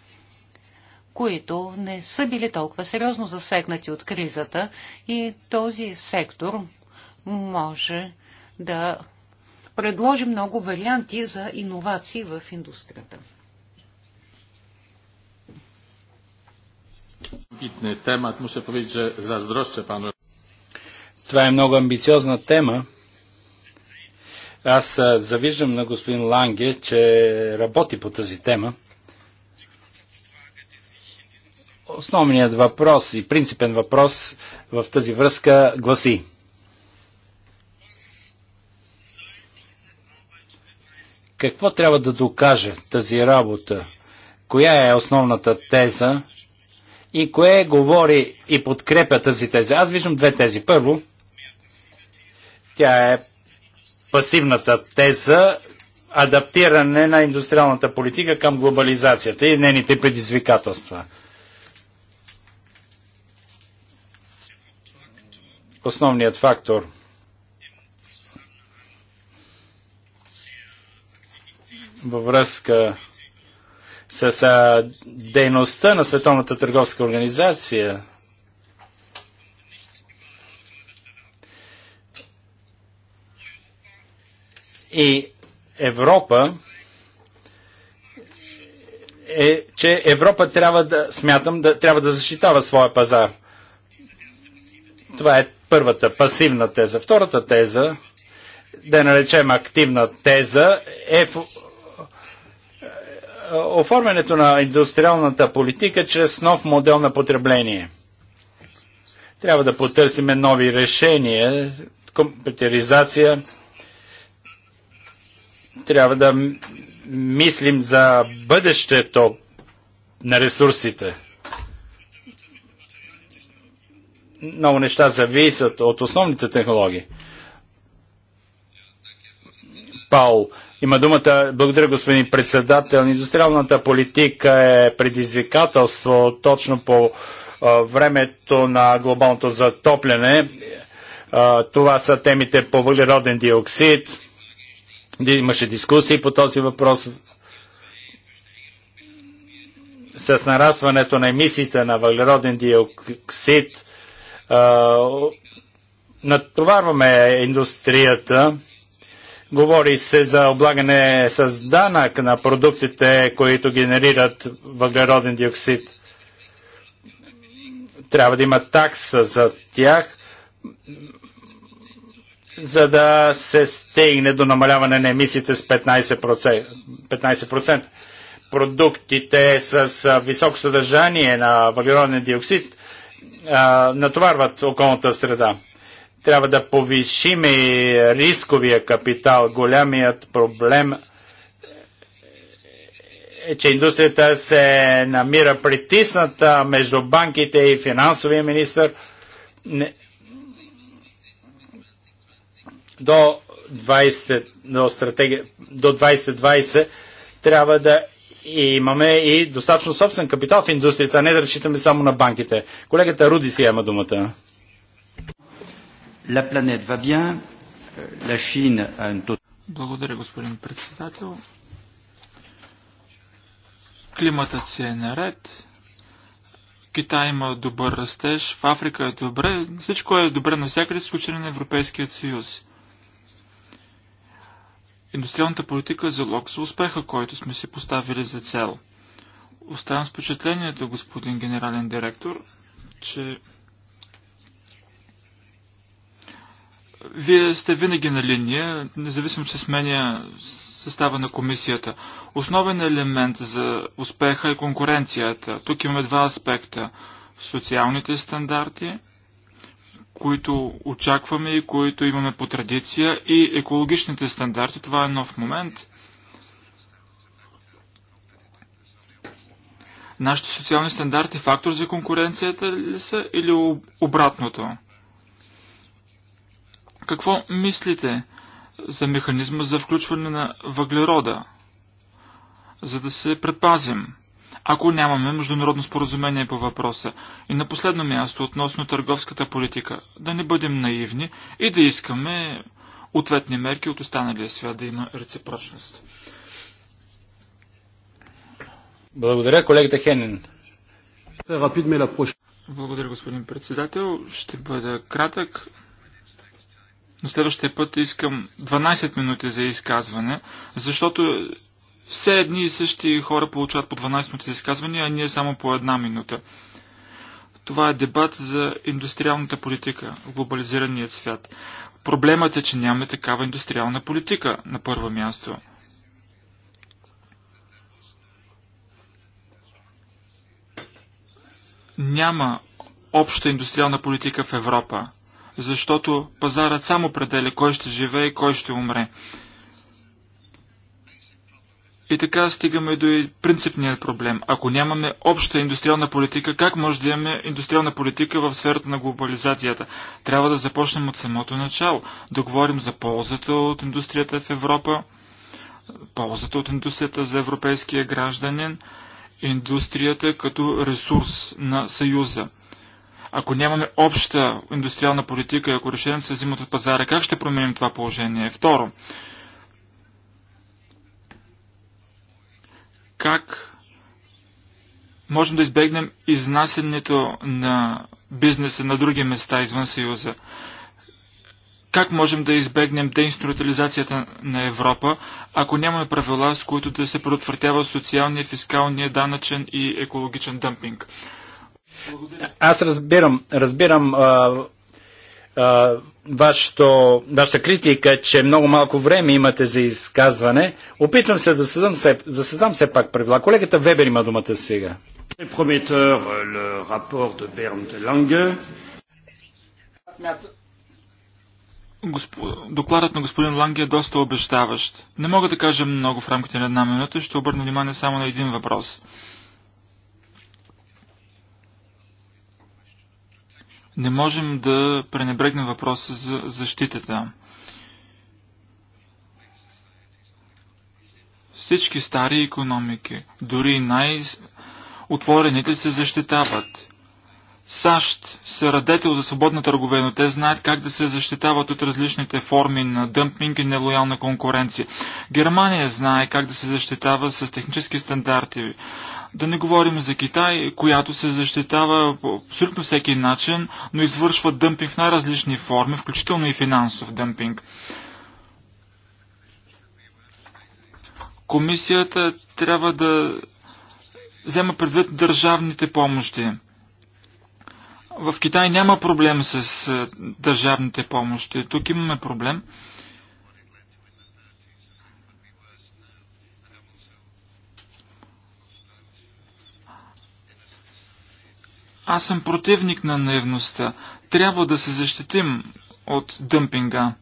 които не са били толкова сериозно засегнати от кризата и този сектор може да предложи много варианти за иновации в индустрията. Това е много амбициозна тема. Аз завиждам на господин Ланге, че работи по тази тема. Основният въпрос и принципен въпрос в тази връзка гласи. Какво трябва да докаже тази работа? Коя е основната теза и кое говори и подкрепя тази теза? Аз виждам две тези. Първо, тя е пасивната теза адаптиране на индустриалната политика към глобализацията и нейните предизвикателства – основният фактор. Във връзка с дейността на Световната търговска организация, и Европа е, че Европа трябва да, смятам, да, трябва да защитава своя пазар. Това е първата пасивна теза. Втората теза, да наречем активна теза, е в е, оформянето на индустриалната политика чрез нов модел на потребление. Трябва да потърсим нови решения, компютеризация. Трябва да мислим за бъдещето на ресурсите. много неща зависят от основните технологии. Паул, има думата. Благодаря, господин председател. Индустриалната политика е предизвикателство точно по а, времето на глобалното затопляне. А, това са темите по въглероден диоксид. Имаше дискусии по този въпрос. С нарастването на емисиите на въглероден диоксид натоварваме индустрията. Говори се за облагане с данък на продуктите, които генерират въглероден диоксид. Трябва да има такса за тях, за да се стигне до намаляване на емисиите с 15%. 15%. Продуктите с високо съдържание на въглероден диоксид а, натоварват околната среда. Трябва да повишим и рисковия капитал. Голямият проблем е, че индустрията се намира притисната между банките и финансовия министр. Не... До 20, до, стратегия, до 2020 трябва да и имаме и достатъчно собствен капитал в индустрията, а не да разчитаме само на банките. Колегата Руди си има думата. La planète va bien. La Chine a un Благодаря, господин председател. Климатът си е наред. Китай има добър растеж, в Африка е добре, всичко е добре навсякъде, с изключение на Европейския съюз. Индустриалната политика е залог за успеха, който сме си поставили за цел. Оставам с впечатлението, господин генерален директор, че вие сте винаги на линия, независимо, че сменя състава на комисията. Основен елемент за успеха е конкуренцията. Тук имаме два аспекта. Социалните стандарти – които очакваме и които имаме по традиция, и екологичните стандарти. Това е нов момент. Нашите социални стандарти фактор за конкуренцията ли са или обратното? Какво мислите за механизма за включване на въглерода, за да се предпазим? ако нямаме международно споразумение по въпроса. И на последно място, относно търговската политика, да не бъдем наивни и да искаме ответни мерки от останалия свят да има реципрочност. Благодаря, колегата Хенин. Благодаря, господин председател. Ще бъда кратък. Но следващия път искам 12 минути за изказване, защото все едни и същи хора получават по 12 минути за изказвания, а ние само по една минута. Това е дебат за индустриалната политика в глобализирания свят. Проблемът е, че нямаме такава индустриална политика на първо място. Няма обща индустриална политика в Европа, защото пазарът само определя кой ще живее и кой ще умре. И така стигаме до и принципният проблем. Ако нямаме обща индустриална политика, как може да имаме индустриална политика в сферата на глобализацията? Трябва да започнем от самото начало, да говорим за ползата от индустрията в Европа, ползата от индустрията за европейския гражданин, индустрията като ресурс на Съюза. Ако нямаме обща индустриална политика и ако решенията се взимат от пазара, как ще променим това положение? Второ, как можем да избегнем изнасянето на бизнеса на други места извън Съюза. Как можем да избегнем деинструментализацията на Европа, ако нямаме правила, с които да се предотвратява социалния, фискалния, данъчен и екологичен дъмпинг? Благодаря. Аз разбирам, разбирам а, а, вашето, вашата критика, че много малко време имате за изказване. Опитвам се да създам, все, да създам все пак правила. Колегата Вебер има думата сега. Е, е, докладът на господин Ланге е доста обещаващ. Не мога да кажа много в рамките на една минута, ще обърна внимание само на един въпрос. Не можем да пренебрегнем въпроса за защитата. Всички стари економики, дори най-отворените се защитават. САЩ са радетел за свободна търговия, но те знаят как да се защитават от различните форми на дъмпинг и нелоялна конкуренция. Германия знае как да се защитава с технически стандарти, да не говорим за Китай, която се защитава по абсолютно всеки начин, но извършва дъмпинг в най-различни форми, включително и финансов дъмпинг. Комисията трябва да взема предвид държавните помощи. В Китай няма проблем с е, държавните помощи. Тук имаме проблем. Аз съм противник на наивността. Трябва да се защитим от дъмпинга.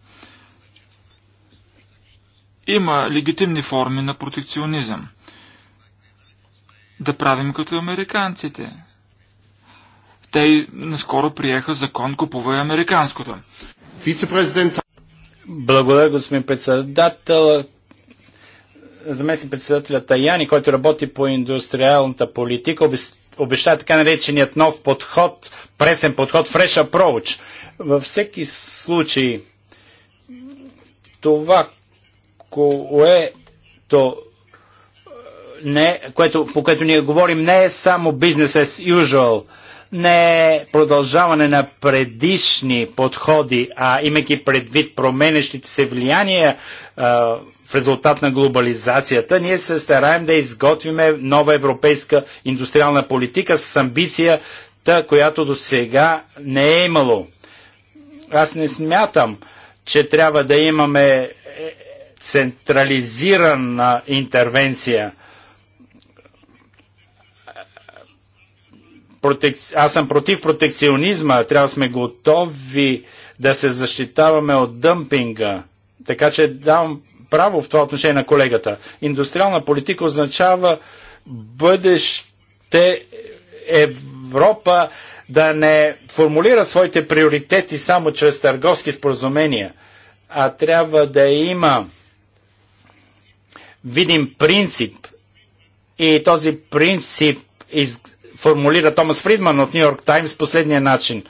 Има легитимни форми на протекционизъм. Да правим като американците. Те наскоро приеха закон купува американското. Вице-президент. Благодаря, господин председател. Заместник председателя Таяни, който работи по индустриалната политика, обясни обеща така нареченият нов подход, пресен подход, fresh approach. Във всеки случай, това, което е, не, което, по което ние говорим, не е само business as usual, не е продължаване на предишни подходи, а имайки предвид променещите се влияния, в резултат на глобализацията, ние се стараем да изготвиме нова европейска индустриална политика с та, която до сега не е имало. Аз не смятам, че трябва да имаме е, централизирана интервенция. Протек... Аз съм против протекционизма. Трябва да сме готови да се защитаваме от дъмпинга. Така че давам право в това отношение на колегата. Индустриална политика означава бъдеще е, Европа да не формулира своите приоритети само чрез търговски споразумения, а трябва да има видим принцип. И този принцип из... формулира Томас Фридман от Нью Йорк Таймс последния начин.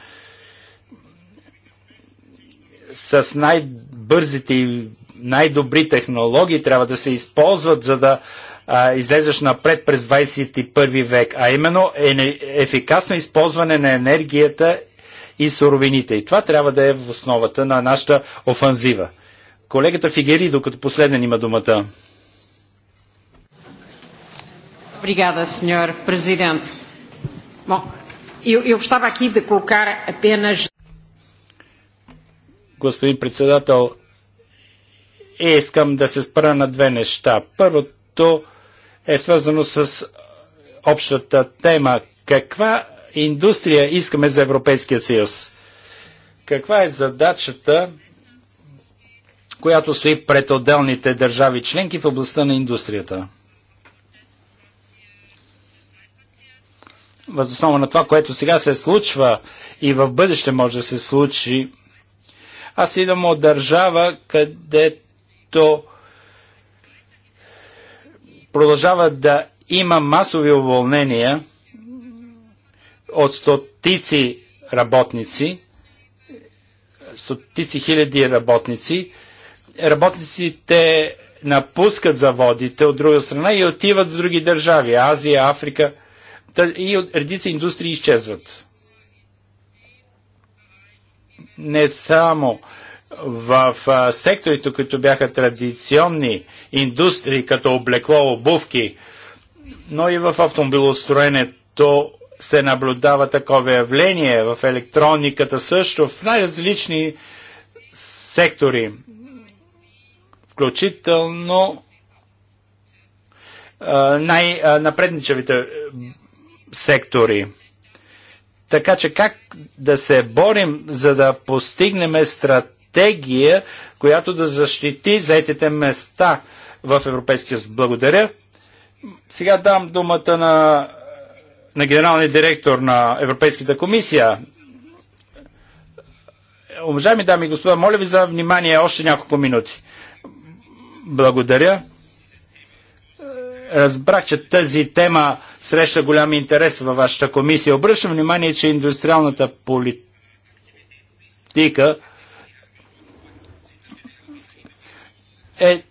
С най-бързите и най-добри технологии трябва да се използват, за да а, излезеш напред през 21 век, а именно е ефикасно използване на енергията и суровините. И това трябва да е в основата на нашата офанзива. Колегата Фигери, докато последен има думата. Obrigada, Sr. Presidente. Bom, eu, eu gostava aqui de colocar apenas. Господин председател, искам да се спра на две неща. Първото е свързано с общата тема. Каква индустрия искаме за Европейския съюз? Каква е задачата, която стои пред отделните държави членки в областта на индустрията? Възоснова на това, което сега се случва и в бъдеще може да се случи, аз идвам от държава, където които продължават да има масови уволнения от стотици работници, стотици хиляди работници. Работниците напускат заводите от друга страна и отиват в други държави Азия, Африка и от редица индустрии изчезват. Не само в секторите, които бяха традиционни индустрии, като облекло, обувки, но и в автомобилостроенето се наблюдава такова явление, в електрониката също, в най-различни сектори, включително най-напредничавите сектори. Така че как да се борим, за да постигнем стратегия стратегия, която да защити заетите места в Европейския съюз. Благодаря. Сега дам думата на, на генералния директор на Европейската комисия. Уважаеми дами и господа, моля ви за внимание още няколко минути. Благодаря. Разбрах, че тази тема среща голям интерес във вашата комисия. Обръщам внимание, че индустриалната политика е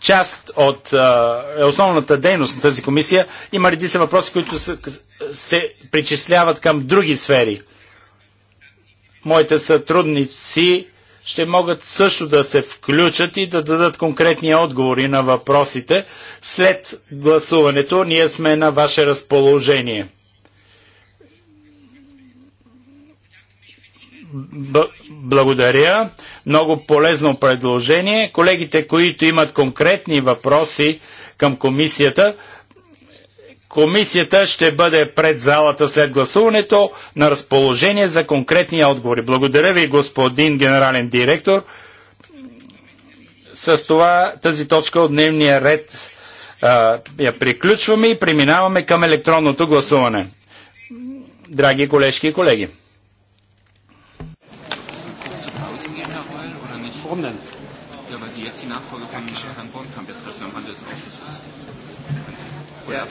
част от е основната дейност на тази комисия. Има редица въпроси, които се, се причисляват към други сфери. Моите сътрудници ще могат също да се включат и да дадат конкретни отговори на въпросите. След гласуването ние сме на ваше разположение. Благодаря. Много полезно предложение. Колегите, които имат конкретни въпроси към комисията, комисията ще бъде пред залата след гласуването на разположение за конкретни отговори. Благодаря ви, господин генерален директор. С това тази точка от дневния ред а, я приключваме и преминаваме към електронното гласуване. Драги колежки и колеги. Warum Ja, weil Sie jetzt die Nachfolge von Herrn Bornkamp betreffen am Handelsausschuss ist. Ja.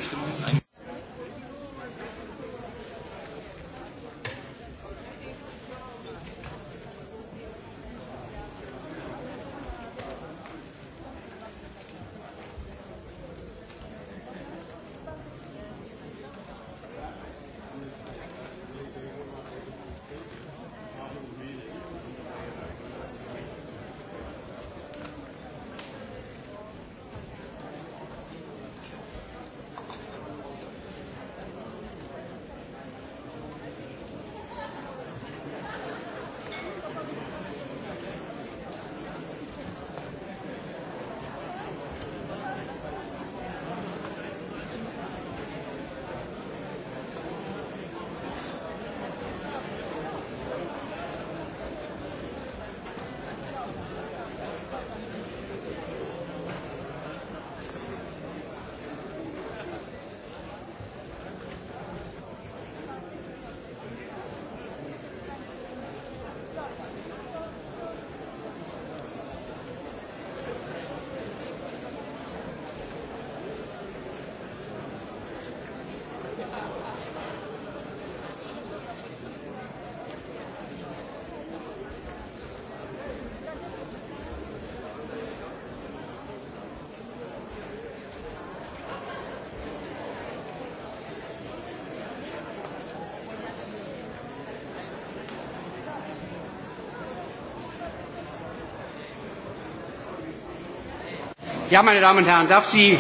Ja, meine Damen und Herren, darf Sie...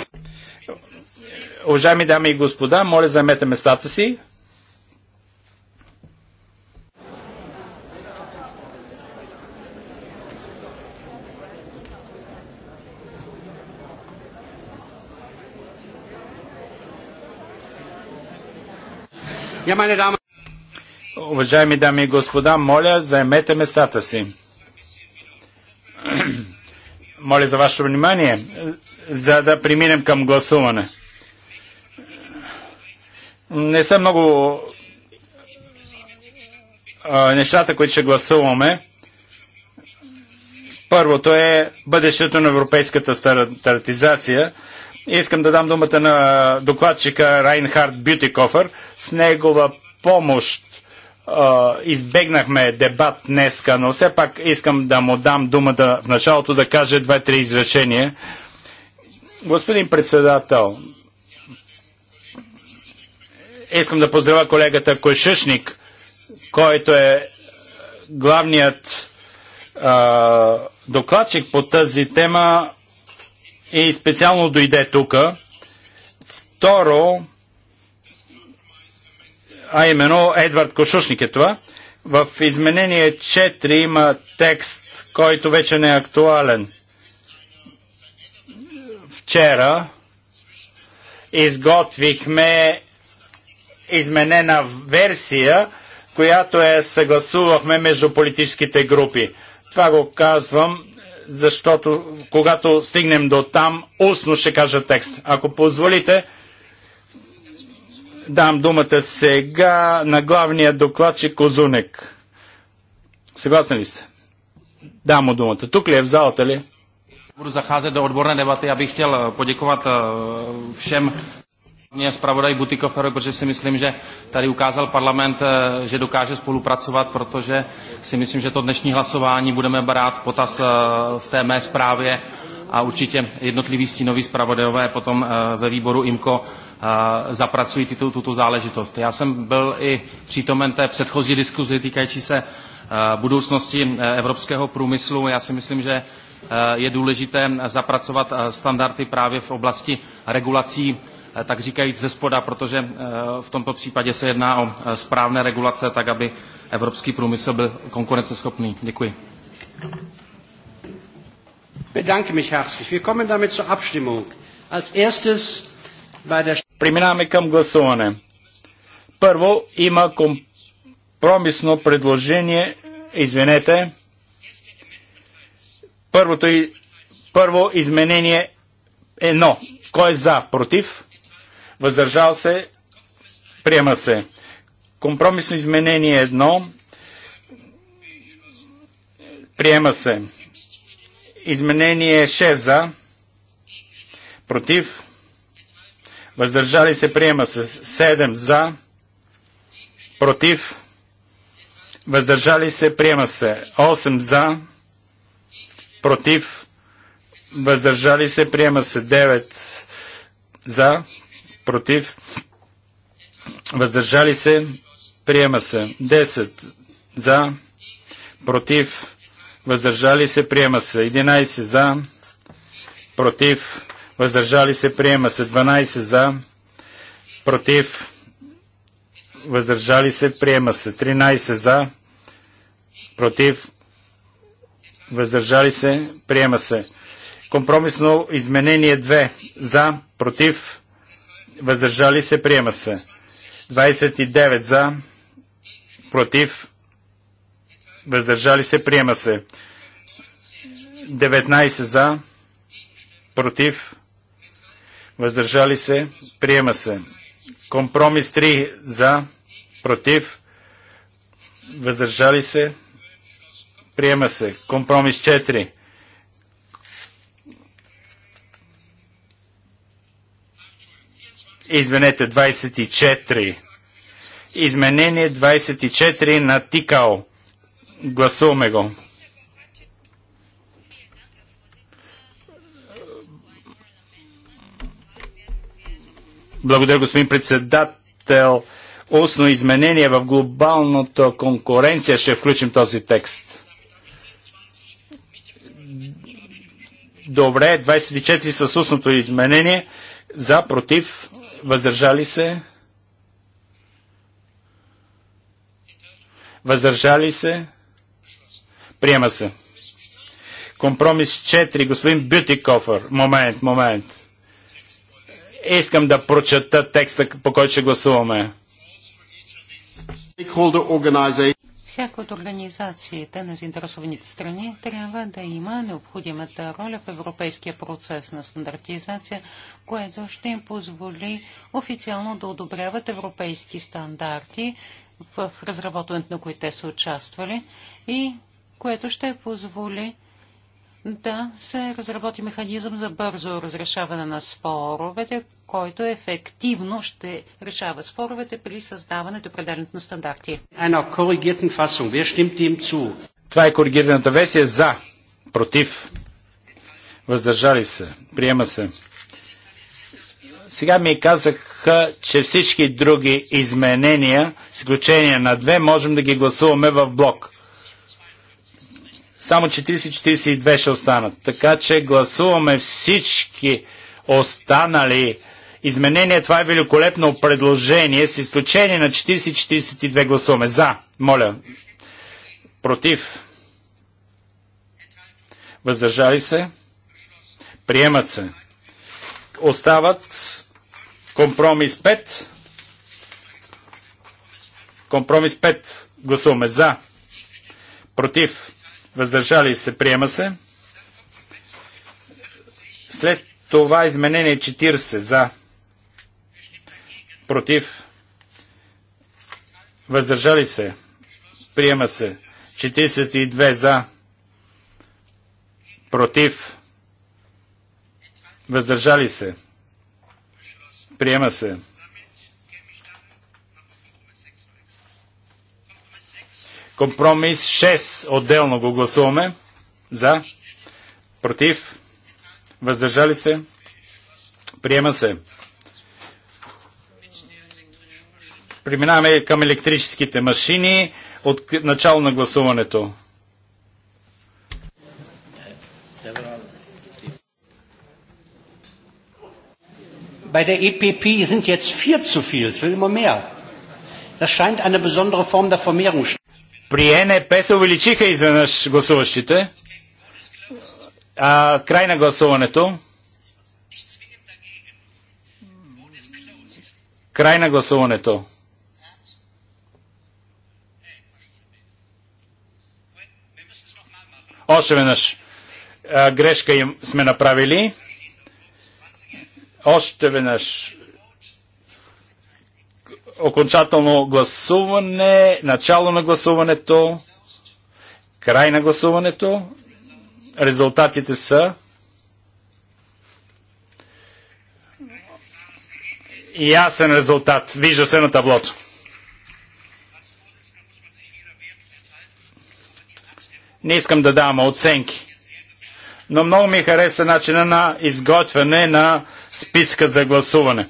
Уважаеми дами и господа, моля займете местата си. Уважаеми дами и господа, моля, займете местата си. Моля за ваше внимание, за да преминем към гласуване. Не са много а, нещата, които ще гласуваме. Първото е бъдещето на европейската стандартизация. Искам да дам думата на докладчика Райнхард Бютикофър. С негова помощ избегнахме дебат днеска, но все пак искам да му дам думата в началото да каже две-три изречения. Господин председател, искам да поздравя колегата Койшишник, който е главният а, докладчик по тази тема и специално дойде тук. Второ, а именно Едвард Кошушник е това. В изменение 4 има текст, който вече не е актуален. Вчера изготвихме изменена версия, която е съгласувахме между политическите групи. Това го казвам, защото когато стигнем до там, устно ще кажа текст. Ако позволите, дам думата сега на главния докладчик Козунек. Съгласни ли сте? Дам му думата. Тук ли е в залата ли? Budu zacházet do odborné debaty, já bych chtěl poděkovat všem mě zpravodaj Butikoferovi, protože si myslím, že tady ukázal parlament, že dokáže spolupracovat, protože si myslím, že to dnešní hlasování budeme брат potaz v té mé zprávě a určitě jednotliví stínoví zpravodajové potom ve výboru IMKO zapracují tuto, tuto záležitost. Já jsem byl i přítomen té předchozí diskuzi týkající se budoucnosti evropského průmyslu. Já si myslím, že je důležité zapracovat standardy právě v oblasti regulací, tak říkajíc ze spoda, protože v tomto případě se jedná o správné regulace, tak aby evropský průmysl byl konkurenceschopný. Děkuji. Bedanke mich herzlich. Wir kommen damit zur Abstimmung. Als erstes Преминаваме към гласуване. Първо има компромисно предложение. Извинете. Първото и, първо изменение едно. Кой е за? Против? Въздържал се? Приема се. Компромисно изменение едно. Приема се. Изменение 6 за. Против въздържали се приема с 7 за, против, въздържали се приема се 8 за, против, въздържали се приема се 9 за, против, въздържали се приема се 10 за, против, въздържали се приема се 11 за, против, въздържали се, приема се 12 за, против, въздържали се, приема се 13 за, против, въздържали се, приема се. Компромисно изменение 2 за, против, въздържали се, приема се. 29 за, против, въздържали се, приема се. 19 за, против, въздържали се, приема се. Компромис 3 за, против, въздържали се, приема се. Компромис 4. Изменете 24. Изменение 24 на Тикао. Гласуваме го. Благодаря, господин председател. Устно изменение в глобалната конкуренция ще включим този текст. Добре, 24 с устното изменение. За, против, въздържали се. Въздържали се. Приема се. Компромис 4. Господин Бютикофър. Момент, момент. Искам да прочета текста, по който ще гласуваме. Всяка от организациите на заинтересованите страни трябва да има необходимата роля в европейския процес на стандартизация, което ще им позволи официално да одобряват европейски стандарти, в разработването на които те са участвали и което ще позволи да се разработи механизъм за бързо разрешаване на споровете, който ефективно ще решава споровете при създаването и определенето на стандарти. Това е коригираната версия за, против, въздържали се, приема се. Сега ми е казаха, че всички други изменения, с изключение на две, можем да ги гласуваме в блок. Само 40-42 ще останат. Така че гласуваме всички останали изменения. Това е великолепно предложение. С изключение на 40-42 гласуваме. За. Моля. Против. Въздържали се. Приемат се. Остават компромис 5. Компромис 5. Гласуваме за. Против въздържали се, приема се. След това изменение 40 за, против, въздържали се, приема се. 42 за, против, въздържали се, приема се. Компромис 6. Отделно го гласуваме. За. Против. Въздържали се. Приема се. Преминаваме към електрическите машини от начало на гласуването. Bei der EPP sind jetzt vier zu viel, ich will immer mehr. Das scheint eine besondere Form der Vermehrung. При НП се увеличиха изведнъж гласуващите. А, край на гласуването. Край на гласуването. Още веднъж. А, грешка им сме направили. Още веднъж окончателно гласуване, начало на гласуването, край на гласуването. Резултатите са ясен резултат. Вижда се на таблото. Не искам да давам оценки. Но много ми хареса начина на изготвяне на списка за гласуване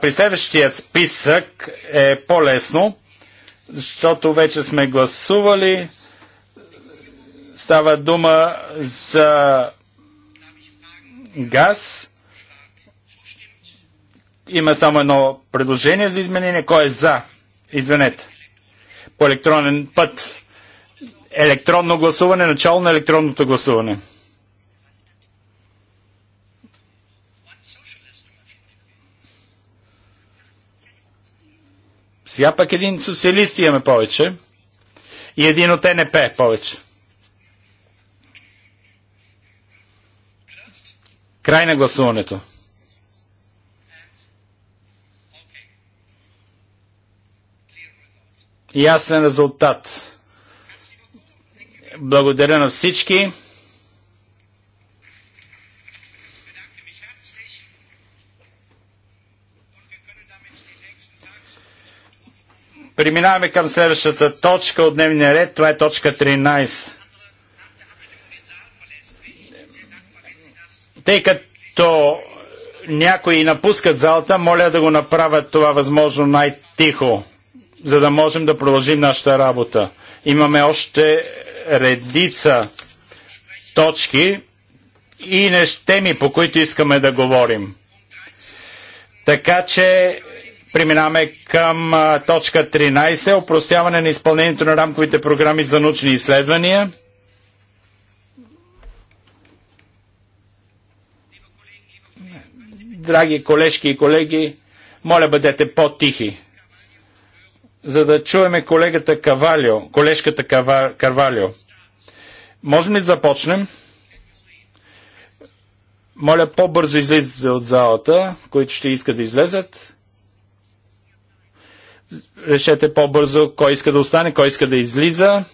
при следващия списък е по-лесно, защото вече сме гласували. Става дума за газ. Има само едно предложение за изменение. Кой е за? Извинете. По електронен път. Електронно гласуване, начало на електронното гласуване. Сега пък един социалист имаме повече и един от НП повече. Край на гласуването. Ясен резултат. Благодаря на всички. Преминаваме към следващата точка от дневния ред. Това е точка 13. Тъй като някои напускат залата, моля да го направят това възможно най-тихо, за да можем да продължим нашата работа. Имаме още редица точки и теми, по които искаме да говорим. Така че Преминаваме към а, точка 13. Опростяване на изпълнението на рамковите програми за научни изследвания. Драги колежки и колеги, моля бъдете по-тихи, за да чуеме колегата Кавалио, колежката Карвалио. Можем ли да започнем? Моля по-бързо излизате от залата, които ще искат да излезат решете по-бързо кой иска да остане, кой иска да излиза.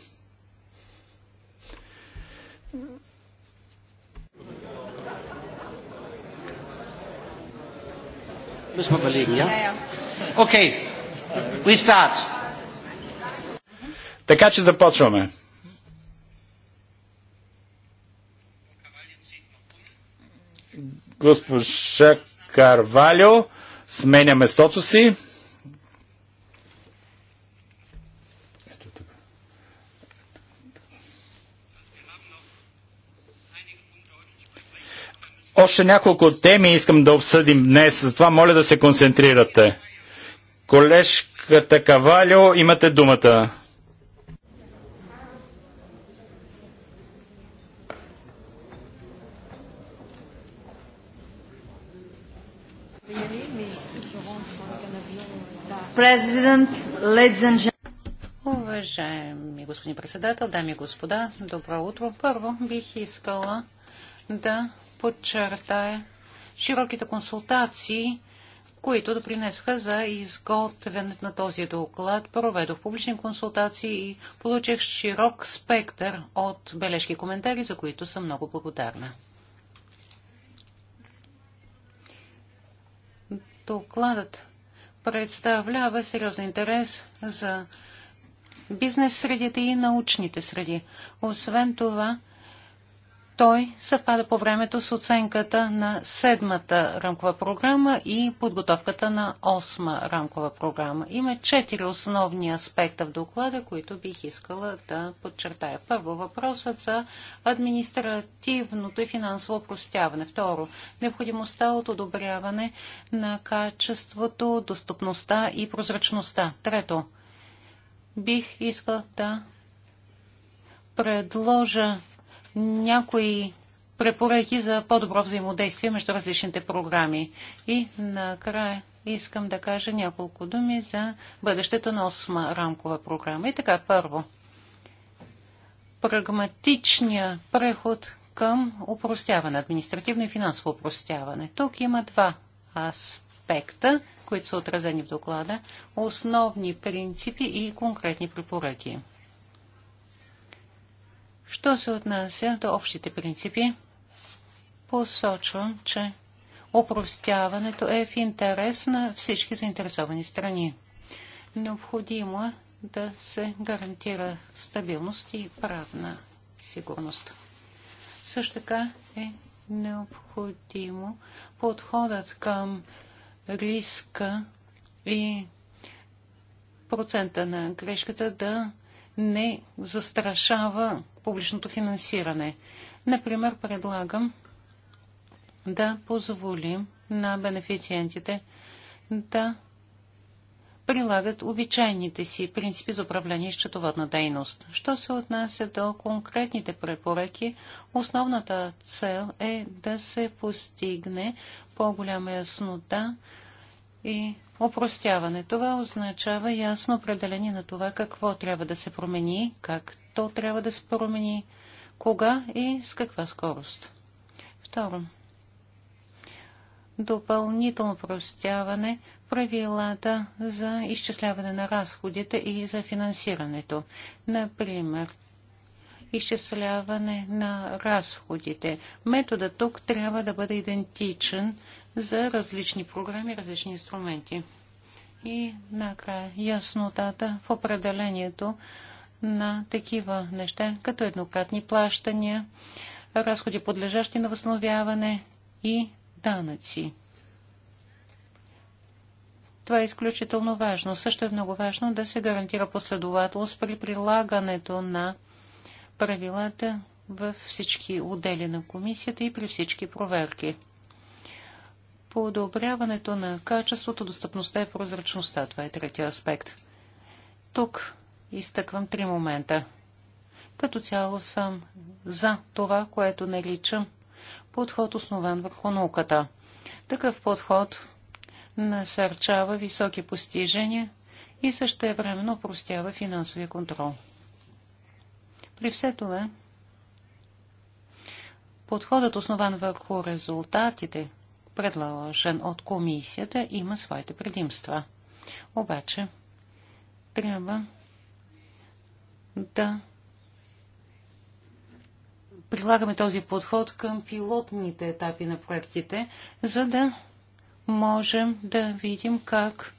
Okay, we start. Така че започваме. Госпожа Карвалио сменя местото си. Още няколко теми искам да обсъдим днес, затова моля да се концентрирате. Колежката Кавалио, имате думата. Уважаеми господин председател, дами и господа, добро утро. Първо бих искала да подчертая широките консултации, които допринесоха за изготвянето на този доклад. Проведох публични консултации и получих широк спектър от бележки и коментари, за които съм много благодарна. Докладът представлява сериозен интерес за бизнес средите и научните среди. Освен това, той съвпада по времето с оценката на седмата рамкова програма и подготовката на осма рамкова програма. Има четири основни аспекта в доклада, които бих искала да подчертая. Първо, въпросът за административното и финансово простяване. Второ, необходимостта от одобряване на качеството, достъпността и прозрачността. Трето, бих искала да предложа някои препоръки за по-добро взаимодействие между различните програми. И накрая искам да кажа няколко думи за бъдещето на осма рамкова програма. И така, първо, прагматичния преход към упростяване, административно и финансово упростяване. Тук има два аспекта, които са отразени в доклада, основни принципи и конкретни препоръки. Що се отнася до общите принципи, посочвам, че опростяването е в интерес на всички заинтересовани страни. Необходимо е да се гарантира стабилност и правна сигурност. Също така е необходимо подходът към риска и процента на грешката да не застрашава публичното финансиране. Например, предлагам да позволим на бенефициентите да прилагат обичайните си принципи за управление и счетоводна дейност. Що се отнася до конкретните препоръки, основната цел е да се постигне по-голяма яснота и Опростяване. Това означава ясно определение на това какво трябва да се промени, как то трябва да се промени, кога и с каква скорост. Второ. Допълнително простяване правилата за изчисляване на разходите и за финансирането. Например, изчисляване на разходите. Методът тук трябва да бъде идентичен за различни програми, различни инструменти. И накрая яснотата в определението на такива неща, като еднократни плащания, разходи подлежащи на възстановяване и данъци. Това е изключително важно. Също е много важно да се гарантира последователност при прилагането на правилата във всички отдели на комисията и при всички проверки подобряването на качеството, достъпността и прозрачността. Това е третия аспект. Тук изтъквам три момента. Като цяло съм за това, което наричам подход основан върху науката. Такъв подход насърчава високи постижения и същевременно простява финансовия контрол. При все това, подходът основан върху резултатите – предложен от комисията, има своите предимства. Обаче, трябва да прилагаме този подход към пилотните етапи на проектите, за да можем да видим как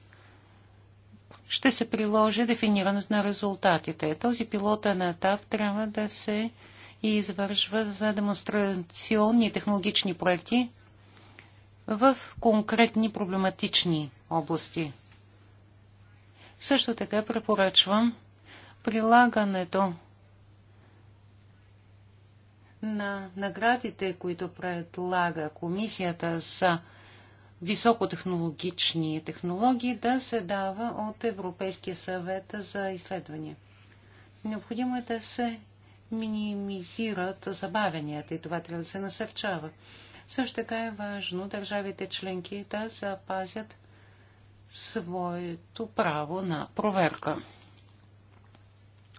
ще се приложи дефинирането на резултатите. Този пилотен етап трябва да се извършва за демонстрационни технологични проекти, в конкретни проблематични области. Също така препоръчвам прилагането на наградите, които предлага комисията за високотехнологични технологии, да се дава от Европейския съвет за изследвания. Необходимо е да се минимизират забавенията и това трябва да се насърчава. Също така е важно държавите членки да запазят своето право на проверка.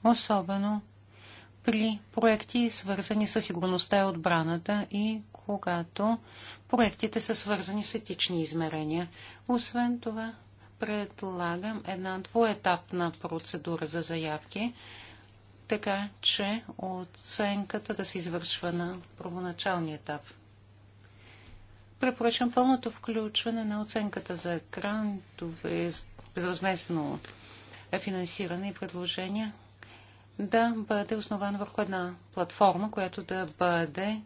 Особено при проекти, свързани с сигурността и отбраната и когато проектите са свързани с етични измерения. Освен това, предлагам една двуетапна процедура за заявки, така че оценката да се извършва на първоначалния етап – препоръчвам пълното включване на оценката за грантове, безвъзместно финансиране и предложения да бъде основана върху една платформа, която да бъде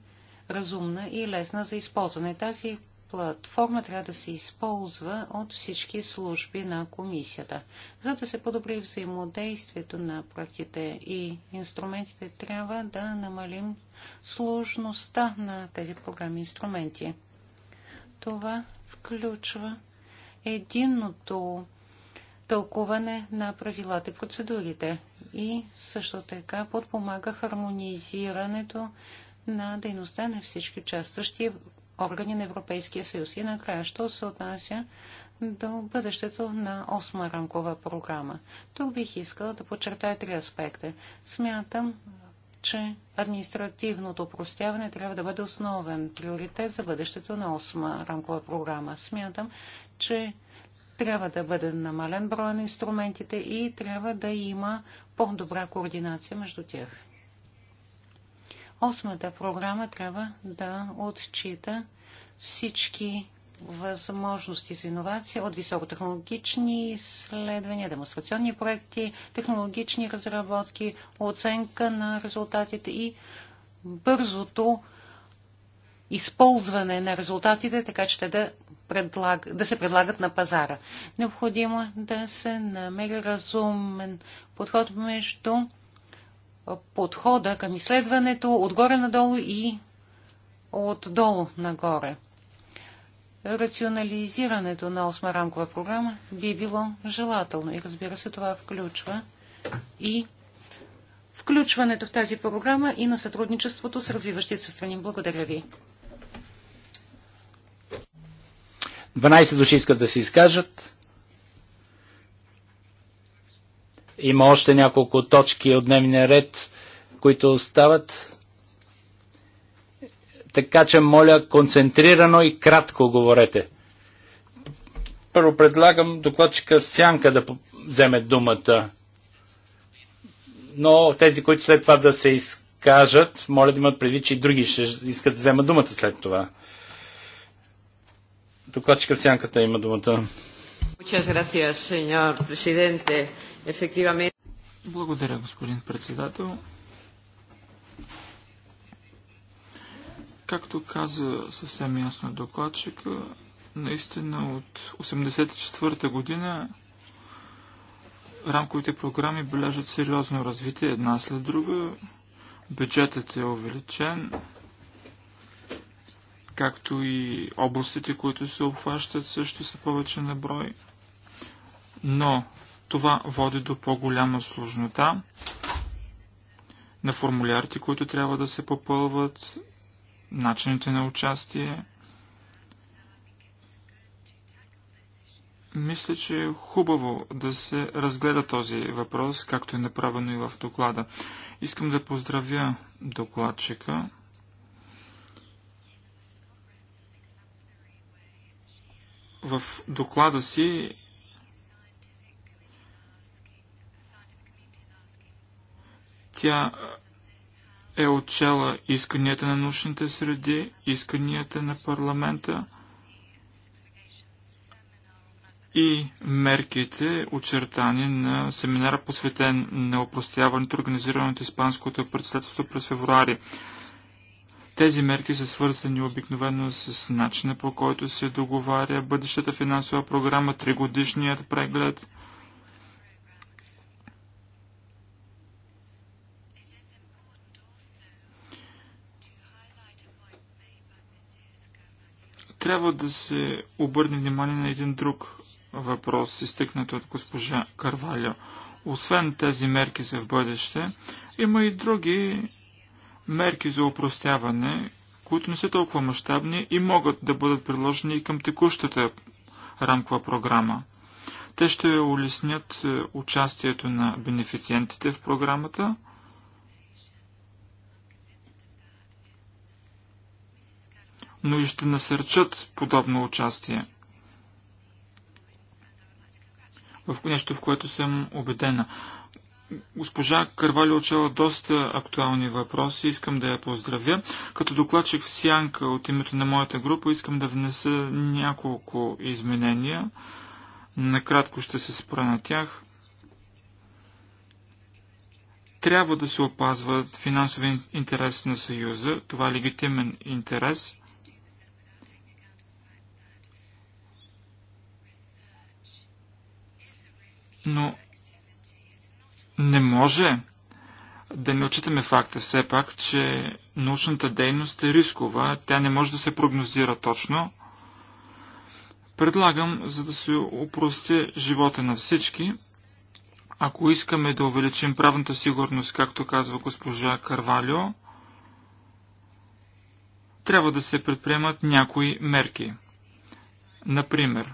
разумна и лесна за използване. Тази платформа трябва да се използва от всички служби на комисията. За да се подобри взаимодействието на проектите и инструментите, трябва да намалим сложността на тези програми и инструменти. Това включва единното тълкуване на правилата и процедурите и също така подпомага хармонизирането на дейността на всички участващи органи на Европейския съюз. И накрая, що се отнася до бъдещето на осма рамкова програма. Тук бих искала да подчертая три аспекта. Смятам, че административното упростяване трябва да бъде основен приоритет за бъдещето на осма рамкова програма. Смятам, че трябва да бъде намален броя на инструментите и трябва да има по-добра координация между тях. Осмата програма трябва да отчита всички възможности за иновация от високотехнологични изследвания, демонстрационни проекти, технологични разработки, оценка на резултатите и бързото използване на резултатите, така че те да, предлаг, да се предлагат на пазара. Необходимо е да се намери разумен подход между подхода към изследването отгоре надолу и отдолу нагоре рационализирането на осма рамкова програма би било желателно. И разбира се, това включва и включването в тази програма и на сътрудничеството с развиващите се страни. Благодаря ви. 12 души искат да се изкажат. Има още няколко точки от дневния ред, които остават така че моля концентрирано и кратко говорете. Първо предлагам докладчика Сянка да вземе думата. Но тези, които след това да се изкажат, моля да имат предвид, че и други ще искат да вземат думата след това. Докладчика Сянката има думата. Благодаря, господин председател. Както каза съвсем ясно докладчика, наистина от 1984 година рамковите програми бележат сериозно развитие една след друга. Бюджетът е увеличен, както и областите, които се обхващат, също са повече на брой. Но това води до по-голяма сложнота на формулярите, които трябва да се попълват, начините на участие. Мисля, че е хубаво да се разгледа този въпрос, както е направено и в доклада. Искам да поздравя докладчика. В доклада си тя е отчела исканията на научните среди, исканията на парламента и мерките, очертани на семинара, посветен на опростяването, организирано от Испанското председателство през февруари. Тези мерки са свързани обикновено с начина по който се договаря бъдещата финансова програма, тригодишният преглед, Трябва да се обърне внимание на един друг въпрос, изтъкнат от госпожа Карвалио. Освен тези мерки за в бъдеще, има и други мерки за упростяване, които не са толкова мащабни и могат да бъдат приложени и към текущата рамкова програма. Те ще улеснят е, участието на бенефициентите в програмата – но и ще насърчат подобно участие. В нещо, в което съм убедена. Госпожа Карвали очела доста актуални въпроси. Искам да я поздравя. Като докладчик в Сянка от името на моята група искам да внеса няколко изменения. Накратко ще се спра на тях. Трябва да се опазва финансови интерес на Съюза. Това е легитимен интерес. но не може да не отчитаме факта все пак, че научната дейност е рискова, тя не може да се прогнозира точно. Предлагам, за да се упрости живота на всички, ако искаме да увеличим правната сигурност, както казва госпожа Карвалио, трябва да се предприемат някои мерки. Например,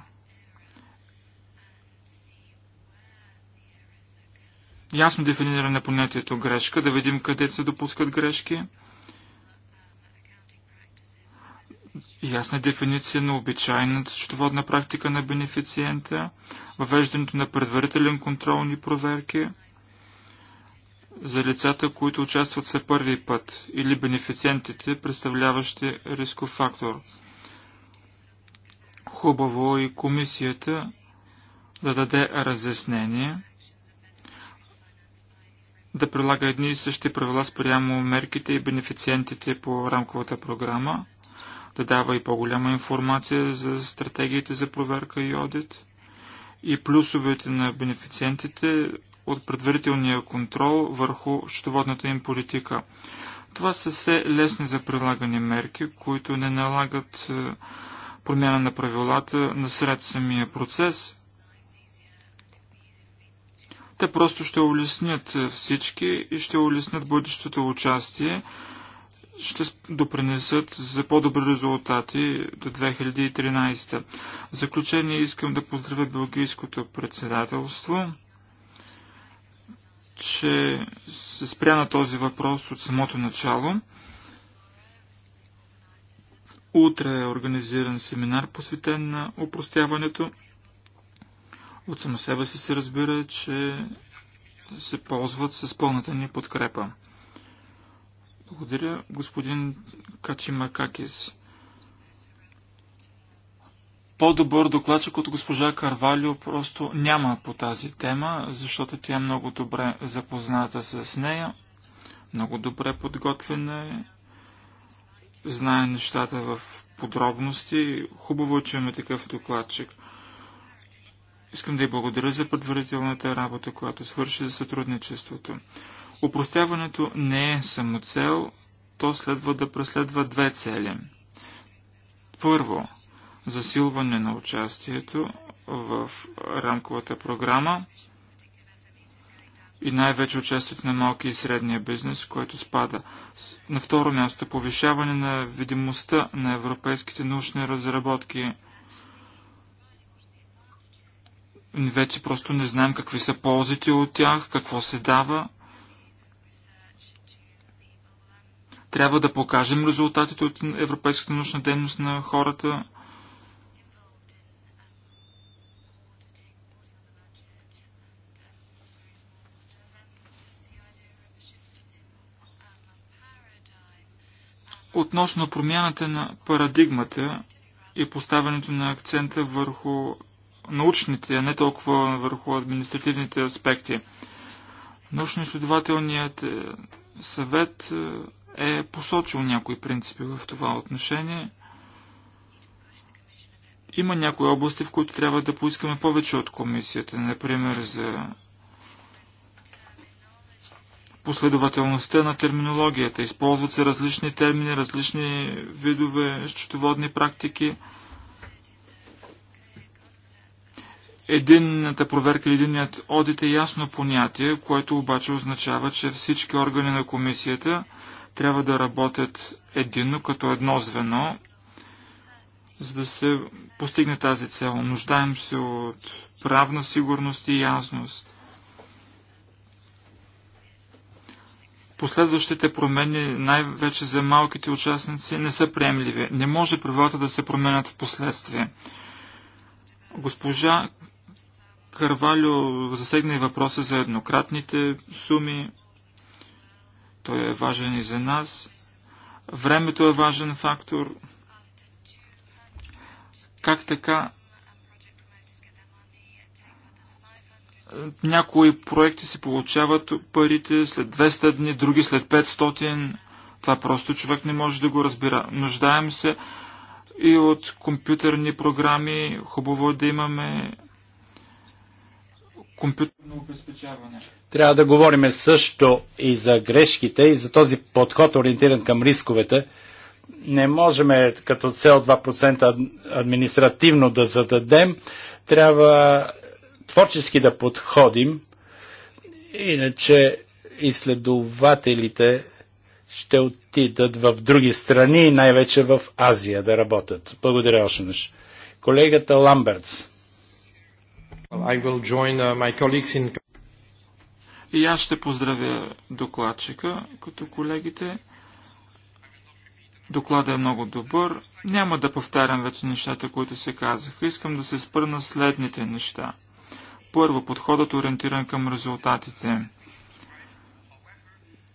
ясно дефиниране на понятието грешка, да видим къде се допускат грешки. Ясна дефиниция на обичайната счетоводна практика на бенефициента, въвеждането на предварителен контролни проверки за лицата, които участват за първи път или бенефициентите, представляващи рисков фактор. Хубаво е и комисията да даде разяснение – да прилага едни и същи правила спрямо мерките и бенефициентите по рамковата програма, да дава и по-голяма информация за стратегиите за проверка и одит и плюсовете на бенефициентите от предварителния контрол върху счетоводната им политика. Това са все лесни за прилагане мерки, които не налагат е, промяна на правилата на сред самия процес, те просто ще улеснят е, всички и ще улеснят бъдещото участие, ще допринесат за по-добри резултати до 2013. В заключение искам да поздравя Белгийското председателство, че се спря на този въпрос от самото начало. Утре е организиран семинар, посветен на упростяването – от само себе си се разбира, че се ползват с пълната ни подкрепа. Благодаря, господин Качимакакис. По-добър докладчик от госпожа Карвалио просто няма по тази тема, защото тя е много добре запозната с нея, много добре подготвена е, знае нещата в подробности. Хубаво, е, че има такъв докладчик – Искам да й благодаря за предварителната работа, която свърши за сътрудничеството. Опростяването не е само цел, то следва да преследва две цели. Първо, засилване на участието в рамковата програма и най-вече участието на малки и средния бизнес, което спада. На второ място, повишаване на видимостта на европейските научни разработки – Вече просто не знаем какви са ползите от тях, какво се дава. Трябва да покажем резултатите от европейската научна дейност на хората. Относно промяната на парадигмата и поставянето на акцента върху научните, не толкова върху административните аспекти. Научно-изследователният е, съвет е, е посочил някои принципи в това отношение. Има някои области, в които трябва да поискаме повече от комисията, например за последователността на терминологията. Използват се различни термини, различни видове счетоводни практики – Единната проверка или единният одит е ясно понятие, което обаче означава, че всички органи на комисията трябва да работят единно като едно звено, за да се постигне тази цел. Нуждаем се от правна сигурност и ясност. Последващите промени, най-вече за малките участници, не са приемливи. Не може правилата да се променят в последствие. Госпожа Карвалю засегна и въпроса за еднократните суми. Той е важен и за нас. Времето е важен фактор. Как така някои проекти се получават парите след 200 дни, други след 500. Това просто човек не може да го разбира. Нуждаем се и от компютърни програми. Хубаво е да имаме компютърно обезпечаване. Трябва да говорим също и за грешките и за този подход ориентиран към рисковете. Не можем е, като цел 2% административно да зададем. Трябва творчески да подходим, иначе изследователите ще отидат в други страни, най-вече в Азия да работят. Благодаря още Колегата Ламбертс. I will join uh, my colleagues in... И аз ще поздравя докладчика, като колегите. Докладът е много добър. Няма да повтарям вече нещата, които се казаха. Искам да се спра на следните неща. Първо, подходът ориентиран към резултатите.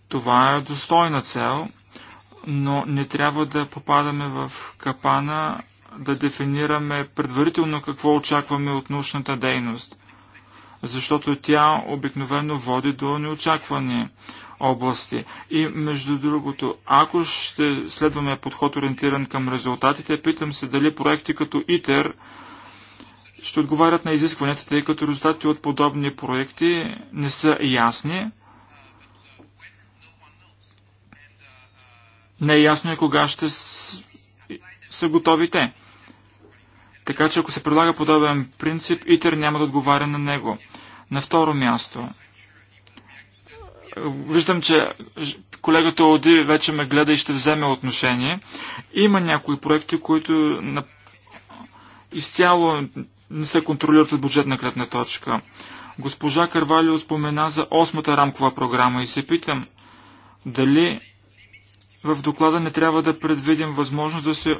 Това е достойна цел, но не трябва да попадаме в капана да дефинираме предварително какво очакваме от научната дейност, защото тя обикновено води до неочаквани области. И между другото, ако ще следваме подход ориентиран към резултатите, питам се дали проекти като ИТЕР ще отговарят на изискванията, тъй като резултатите от подобни проекти не са ясни. Не е ясно и кога ще са готови те. Така че ако се предлага подобен принцип, ИТЕР няма да отговаря на него. На второ място. Виждам, че колегата Оди вече ме гледа и ще вземе отношение. Има някои проекти, които на... изцяло не се контролират от бюджетна гледна точка. Госпожа Карвалио спомена за осмата рамкова програма и се питам дали в доклада не трябва да предвидим възможност да се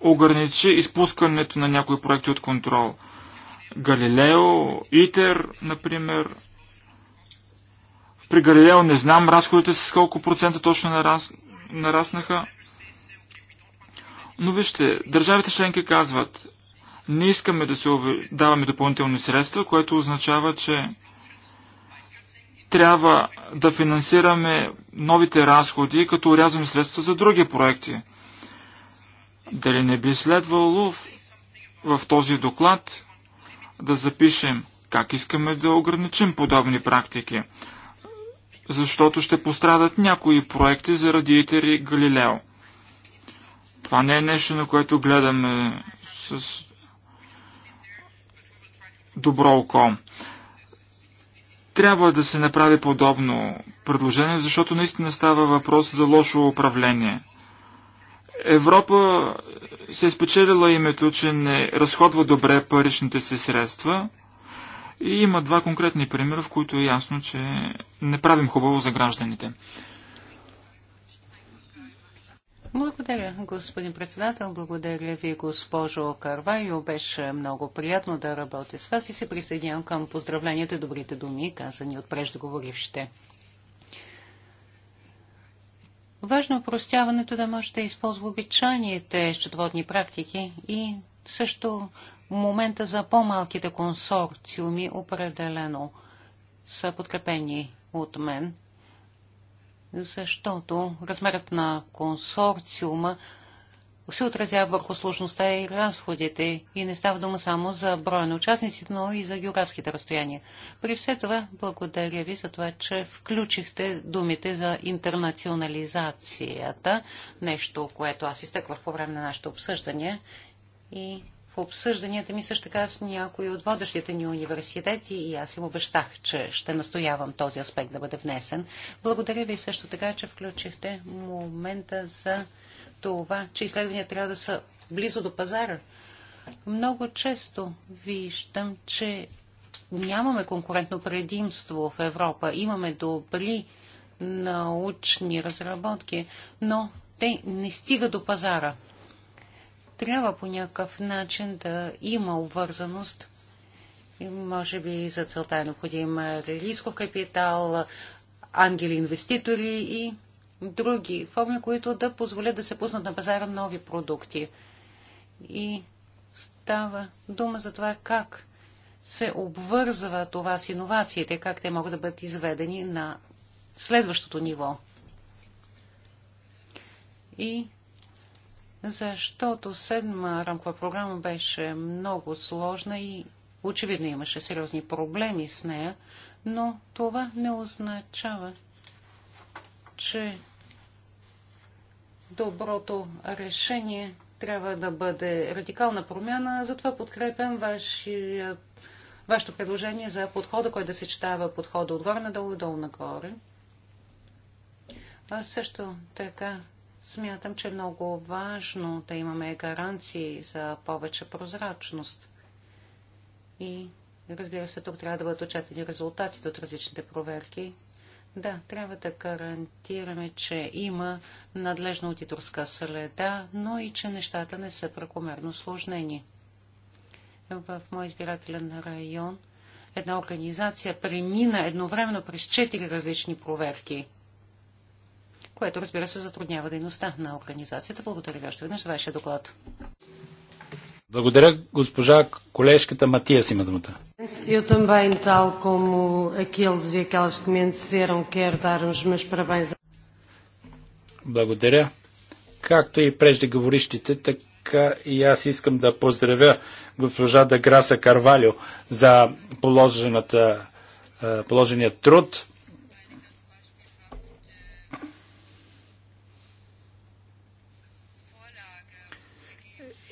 ограничи изпускането на някои проекти от контрол. Галилео, ИТЕР, например. При Галилео не знам разходите с колко процента точно нарас... нараснаха. Но вижте, държавите членки казват, не искаме да се даваме допълнителни средства, което означава, че трябва да финансираме новите разходи, като урязваме средства за други проекти. Дали не би следвало в, в този доклад да запишем как искаме да ограничим подобни практики, защото ще пострадат някои проекти заради Итери Галилео. Това не е нещо, на което гледаме с добро око. Трябва да се направи подобно предложение, защото наистина става въпрос за лошо управление – Европа се е спечелила името, че не разходва добре паричните си средства. И има два конкретни примера, в които е ясно, че не правим хубаво за гражданите. Благодаря, господин председател. Благодаря ви, госпожо Карвайо. Беше много приятно да работя с вас и се присъединявам към поздравленията и добрите думи, казани от преждоговорившите. Важно е упростяването да може да използва обичайните счетоводни практики и също момента за по-малките консорциуми определено са подкрепени от мен, защото размерът на консорциума се отразява върху сложността и разходите и не става дума само за броя на участниците, но и за географските разстояния. При все това, благодаря ви за това, че включихте думите за интернационализацията, нещо, което аз изтъквах по време на нашето обсъждане и в обсъжданията ми също така с някои от водещите ни университети и аз им обещах, че ще настоявам този аспект да бъде внесен. Благодаря ви също така, че включихте момента за това, че изследвания трябва да са близо до пазара. Много често виждам, че нямаме конкурентно предимство в Европа. Имаме добри научни разработки, но те не стигат до пазара. Трябва по някакъв начин да има обвързаност. И може би за целта е необходим рисков капитал, ангели инвеститори и други форми, които да позволят да се пуснат на пазара нови продукти. И става дума за това как се обвързва това с иновациите, как те могат да бъдат изведени на следващото ниво. И защото седма рамкова програма беше много сложна и очевидно имаше сериозни проблеми с нея, но това не означава, че доброто решение трябва да бъде радикална промяна, затова подкрепям вашия, вашето предложение за подхода, който да се читава подхода отгоре надолу и долу нагоре. Аз също така смятам, че е много важно да имаме гаранции за повече прозрачност. И разбира се, тук трябва да бъдат отчетени резултатите от различните проверки, да, трябва да гарантираме, че има надлежна аудиторска следа, но и че нещата не са прекомерно сложнени. В мой избирателен район една организация премина едновременно през четири различни проверки, което разбира се затруднява дейността на организацията. Благодаря ви още веднъж за вашия доклад. Благодаря, госпожа колежката Матия си има думата. Eu também, tal como aqueles e aquelas que me antecederam, quero dar os meus parabéns. Благодаря. Както и преждеговорищите, така и аз искам да поздравя госпожа Даграса Карвалио за положената, положения труд.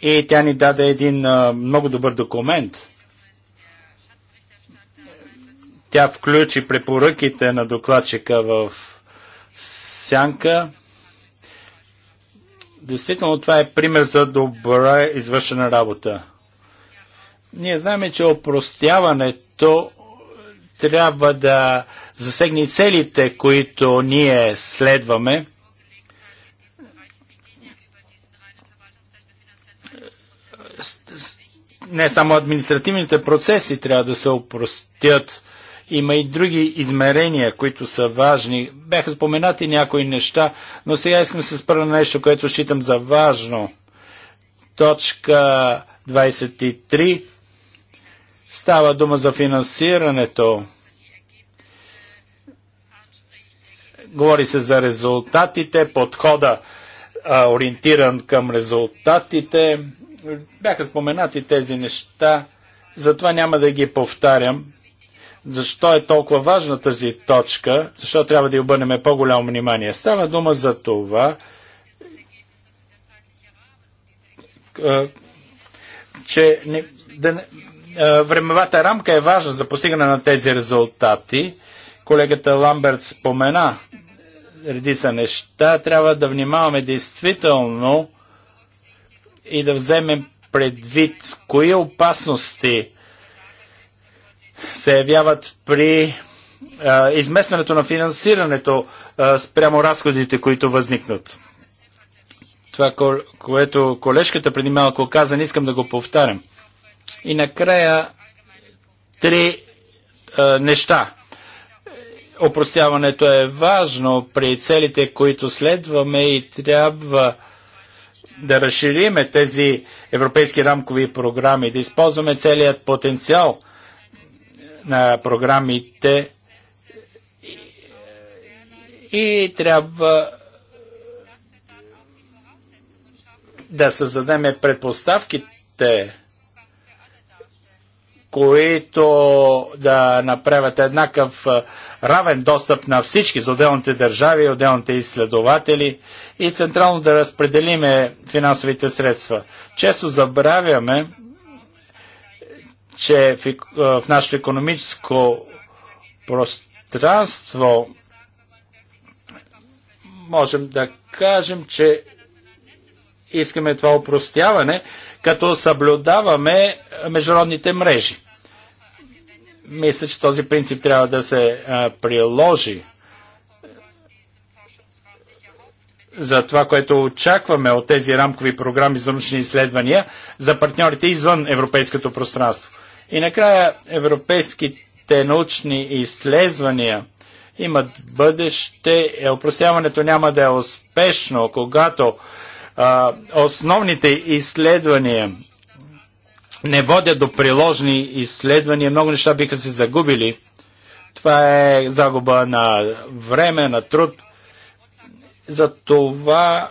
и тя ни даде един а, много добър документ. Тя включи препоръките на докладчика в сянка. Действително това е пример за добра извършена работа. Ние знаем, че опростяването трябва да засегне целите, които ние следваме не само административните процеси трябва да се опростят. Има и други измерения, които са важни. Бяха споменати някои неща, но сега искам да се спра на нещо, което считам за важно. Точка 23 става дума за финансирането. Говори се за резултатите, подхода ориентиран към резултатите бяха споменати тези неща, затова няма да ги повтарям. Защо е толкова важна тази точка? Защо трябва да й обърнем по-голямо внимание? Става дума за това, че не, да не, времевата рамка е важна за постигане на тези резултати. Колегата Ламберт спомена редица неща. Трябва да внимаваме действително и да вземем предвид кои опасности се явяват при а, изместването на финансирането а, спрямо разходите, които възникнат. Това, което колежката преди малко каза, не искам да го повтарям. И накрая три а, неща. Опростяването е важно при целите, които следваме и трябва да разшириме тези европейски рамкови програми, да използваме целият потенциал на програмите и, и трябва да създадем предпоставките които да направят еднакъв равен достъп на всички за отделните държави, отделните изследователи и централно да разпределиме финансовите средства. Често забравяме, че в, в нашето економическо пространство можем да кажем, че искаме това упростяване, като съблюдаваме международните мрежи мисля, че този принцип трябва да се а, приложи за това, което очакваме от тези рамкови програми за научни изследвания за партньорите извън европейското пространство. И накрая европейските научни изследвания имат бъдеще. Е, опростяването няма да е успешно, когато а, основните изследвания не водят до приложни изследвания, много неща биха се загубили. Това е загуба на време, на труд. Затова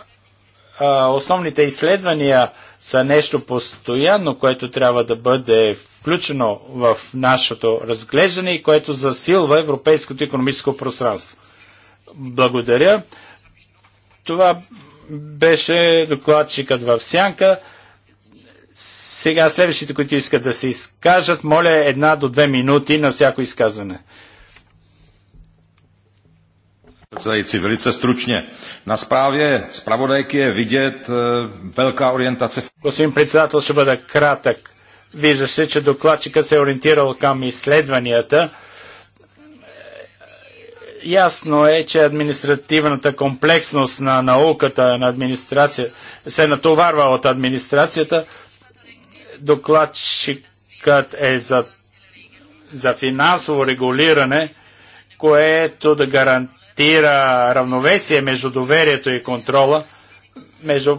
а, основните изследвания са нещо постоянно, което трябва да бъде включено в нашето разглеждане и което засилва европейското економическо пространство. Благодаря. Това беше докладчикът в Сянка. Сега следващите, които искат да се изкажат, моля една до две минути на всяко изказване. Předsedající, velice stručně. Na zprávě zpravodajky je vidět eh, velká orientace. Господин председател, ще бъда кратък. Вижда се, че докладчика се е ориентирал към изследванията. Ясно е, че административната комплексност на науката, на администрация, се натоварва от администрацията. Докладчикът е за, за финансово регулиране, което да гарантира равновесие между доверието и контрола, между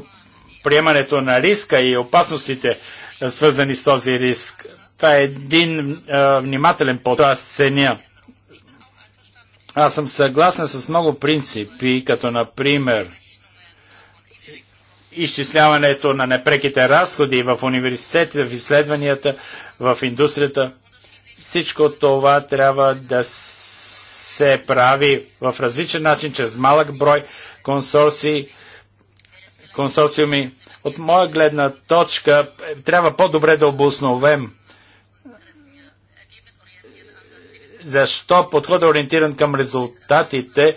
приемането на риска и опасностите, свързани с този риск. Това е един а, внимателен под Аз ценя. Аз съм съгласен с много принципи, като например изчисляването на непреките разходи в университетите, в изследванията, в индустрията. Всичко това трябва да се прави в различен начин, чрез малък брой консорции, консорциуми. От моя гледна точка е, трябва по-добре да обосновем защо подходът е ориентиран към резултатите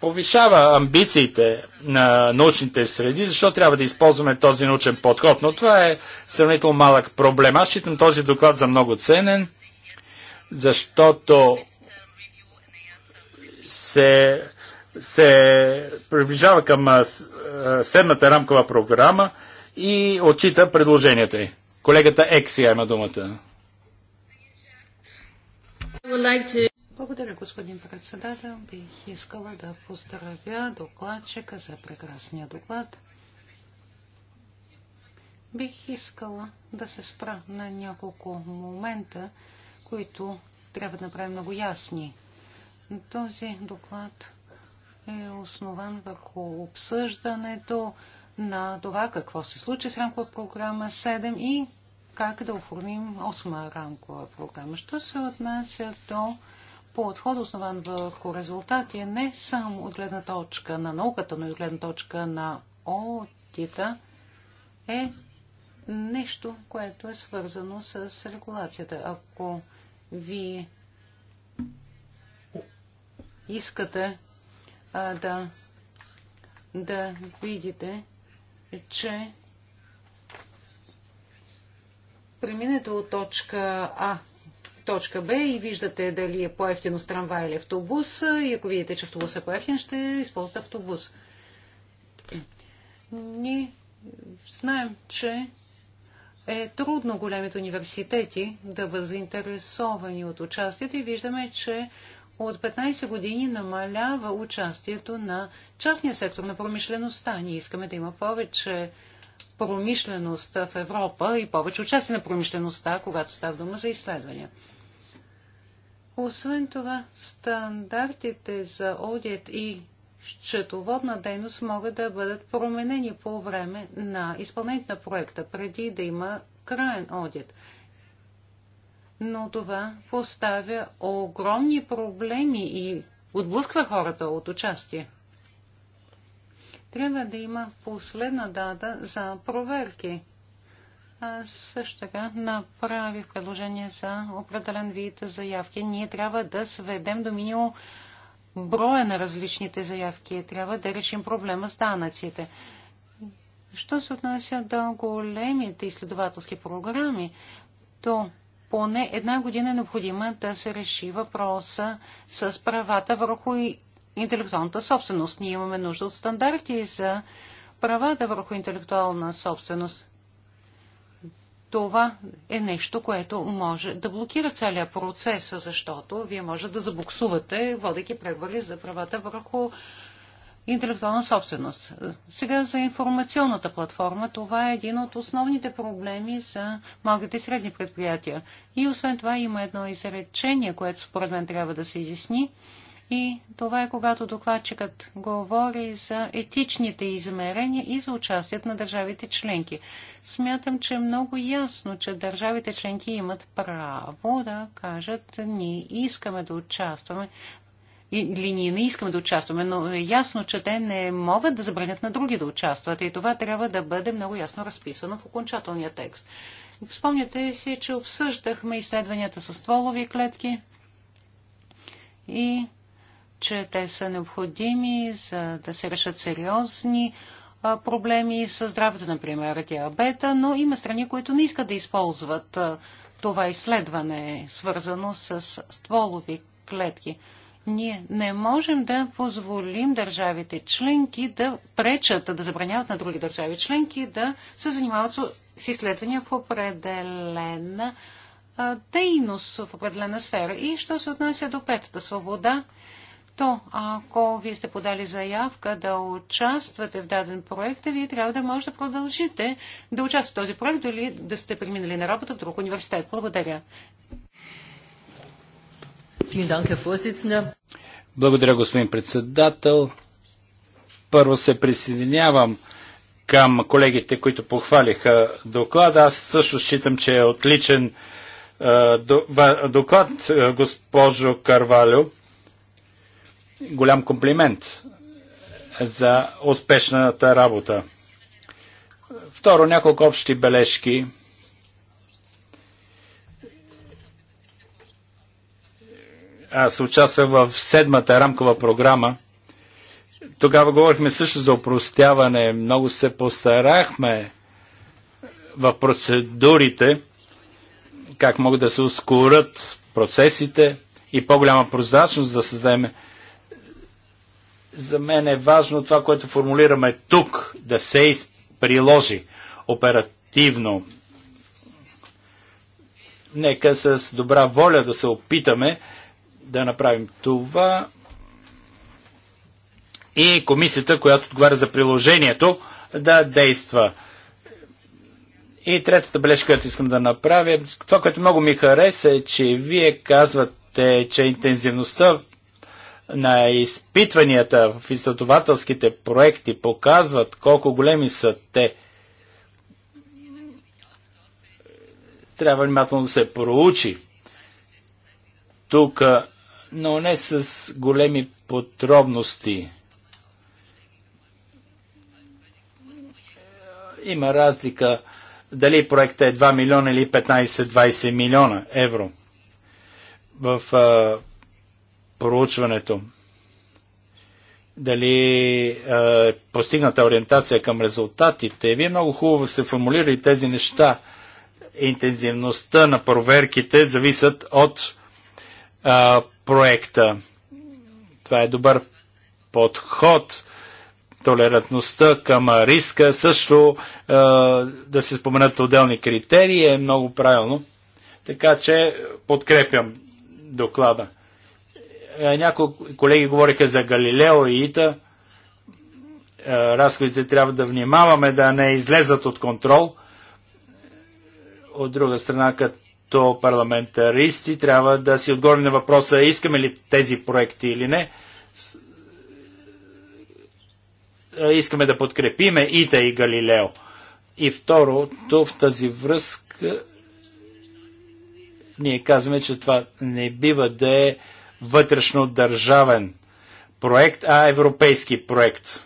повишава амбициите на научните среди, защо трябва да използваме този научен подход. Но това е сравнително малък проблем. Аз считам този доклад за много ценен, защото се, се приближава към седмата рамкова програма и отчита предложенията ви. Колегата Ексия има думата. Благодаря, господин председател. Бих искала да поздравя докладчика за прекрасния доклад. Бих искала да се спра на няколко момента, които трябва да направим много ясни. Този доклад е основан върху обсъждането на това какво се случи с рамкова програма 7 и как да оформим 8 рамкова програма. Що се отнася до подход, основан върху резултати, не само от гледна точка на науката, но и от гледна точка на отита е нещо, което е свързано с регулацията. Ако ви искате а, да, да видите, че преминете от точка А точка Б и виждате дали е по-ефтино с трамвай или автобус. И ако видите, че автобус е по-ефтин, ще използвате автобус. Ние знаем, че е трудно големите университети да бъдат заинтересовани от участието и виждаме, че от 15 години намалява участието на частния сектор на промишлеността. Ние искаме да има повече промишлеността в Европа и повече участие на промишлеността, когато става дума за изследвания. Освен това, стандартите за одит и счетоводна дейност могат да бъдат променени по време на изпълнението на проекта, преди да има краен одит. Но това поставя огромни проблеми и отблъсква хората от участие трябва да има последна дата за проверки. Аз също така направих предложение за определен вид заявки. Ние трябва да сведем до минимум броя на различните заявки. Трябва да решим проблема с данъците. Що се отнася до големите изследователски програми, то поне една година е необходима да се реши въпроса с правата върху интелектуалната собственост. Ние имаме нужда от стандарти за правата върху интелектуална собственост. Това е нещо, което може да блокира целият процес, защото вие може да забуксувате, водейки преговори за правата върху интелектуална собственост. Сега за информационната платформа. Това е един от основните проблеми за малките и средни предприятия. И освен това има едно изречение, което според мен трябва да се изясни. И това е когато докладчикът говори за етичните измерения и за участието на държавите членки. Смятам, че е много ясно, че държавите членки имат право да кажат, ние искаме да участваме или ние не искаме да участваме, но е ясно, че те не могат да забранят на други да участват и това трябва да бъде много ясно разписано в окончателния текст. Спомняте си, че обсъждахме изследванията с стволови клетки и че те са необходими за да се решат сериозни проблеми с здравето, например диабета, но има страни, които не искат да използват това изследване, свързано с стволови клетки. Ние не можем да позволим държавите членки да пречат, да забраняват на други държави членки да се занимават с изследвания в определена дейност, в определена сфера. И що се отнася до петата свобода – то ако вие сте подали заявка да участвате в даден проект, вие трябва да можете да продължите да участвате в този проект или да сте преминали на работа в друг университет. Благодаря. Благодаря, господин председател. Първо се присъединявам към колегите, които похвалиха доклада. Аз също считам, че е отличен е, доклад, е, госпожо Карвалю голям комплимент за успешната работа. Второ, няколко общи бележки. Аз участвах в седмата рамкова програма. Тогава говорихме също за упростяване. Много се постарахме в процедурите, как могат да се ускорят процесите и по-голяма прозрачност да създадем за мен е важно това, което формулираме тук, да се приложи оперативно. Нека с добра воля да се опитаме да направим това. И комисията, която отговаря за приложението, да действа. И третата бележка, която искам да направя, това, което много ми хареса е, че вие казвате, че интензивността на изпитванията в изследователските проекти показват колко големи са те. Трябва внимателно да се проучи. Тук, но не с големи подробности. Има разлика дали проектът е 2 милиона или 15-20 милиона евро. В проучването. Дали е постигната ориентация към резултатите. Вие много хубаво сте формулирали тези неща. Интензивността на проверките зависят от е, проекта. Това е добър подход толерантността към риска, също е, да се споменат отделни критерии е много правилно. Така че подкрепям доклада. Е, някои колеги говориха за Галилео и Ита. Е, разходите трябва да внимаваме да не излезат от контрол. От друга страна, като парламентаристи трябва да си отговорим на въпроса искаме ли тези проекти или не. Е, искаме да подкрепиме Ита и Галилео. И второто, в тази връзка ние казваме, че това не бива да е вътрешно държавен проект, а европейски проект.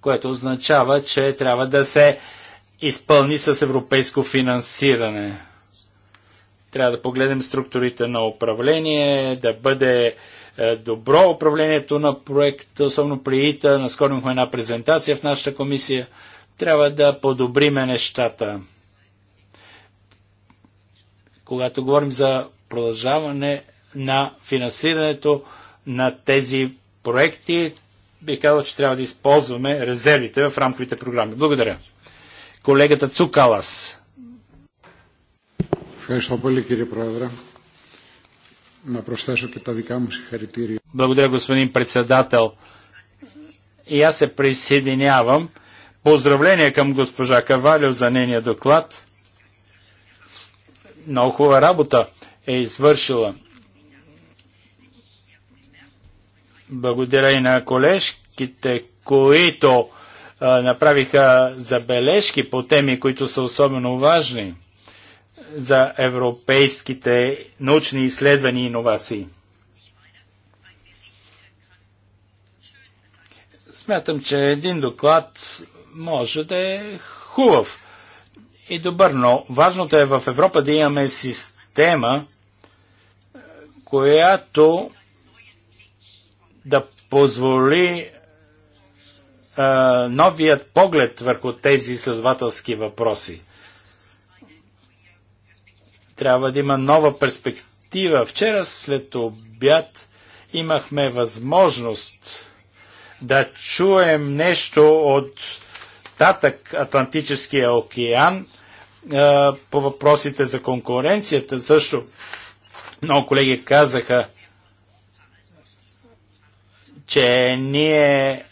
Което означава, че трябва да се изпълни с европейско финансиране. Трябва да погледнем структурите на управление, да бъде е, добро управлението на проекта, особено при ИТА. Наскоро имахме една презентация в нашата комисия. Трябва да подобриме нещата. Когато говорим за продължаване на финансирането на тези проекти, бих казал, че трябва да използваме резервите в рамковите програми. Благодаря. Колегата Цукалас. Благодаря, господин председател. И аз се присъединявам. Поздравления към госпожа Кавалио за нейния доклад. Много хубава работа е извършила. Благодаря и на колежките, които а, направиха забележки по теми, които са особено важни за европейските научни изследвания и иновации. Смятам, че един доклад може да е хубав и добър, но важното е в Европа да имаме система, която да позволи а, новият поглед върху тези изследователски въпроси. Трябва да има нова перспектива. Вчера след обяд имахме възможност да чуем нещо от татък Атлантическия океан по въпросите за конкуренцията също. Много колеги казаха, че ние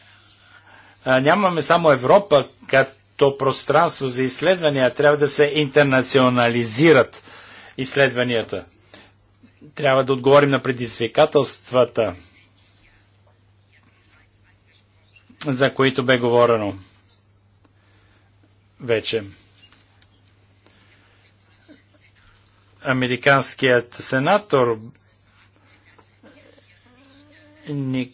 нямаме само Европа като пространство за изследвания, трябва да се интернационализират изследванията. Трябва да отговорим на предизвикателствата, за които бе говорено вече. американският сенатор ни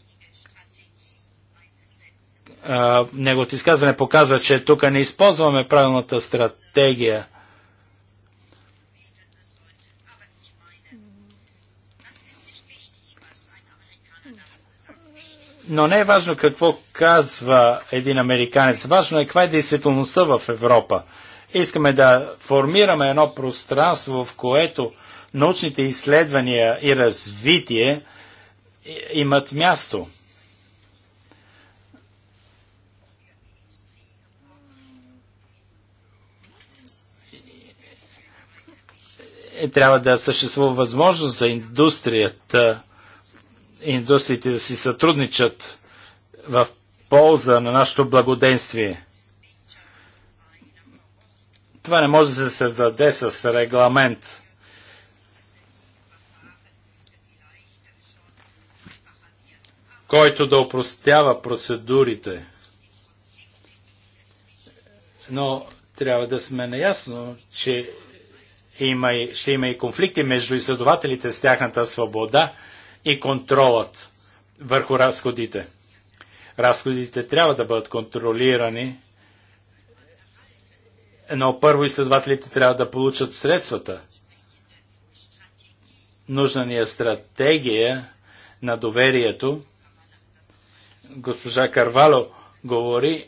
неговото изказване показва, че тук не използваме правилната стратегия. Но не е важно какво казва един американец. Важно е каква е действителността в Европа. Искаме да формираме едно пространство, в което научните изследвания и развитие имат място. Е, трябва да съществува възможност за индустрията, индустриите да си сътрудничат в полза на нашето благоденствие. Това не може да се създаде с регламент. който да опростява процедурите. Но трябва да сме наясно, че има и, ще има и конфликти между изследователите с тяхната свобода и контролът върху разходите. Разходите трябва да бъдат контролирани но първо изследователите трябва да получат средствата. Нужна ни е стратегия на доверието. Госпожа Карвало говори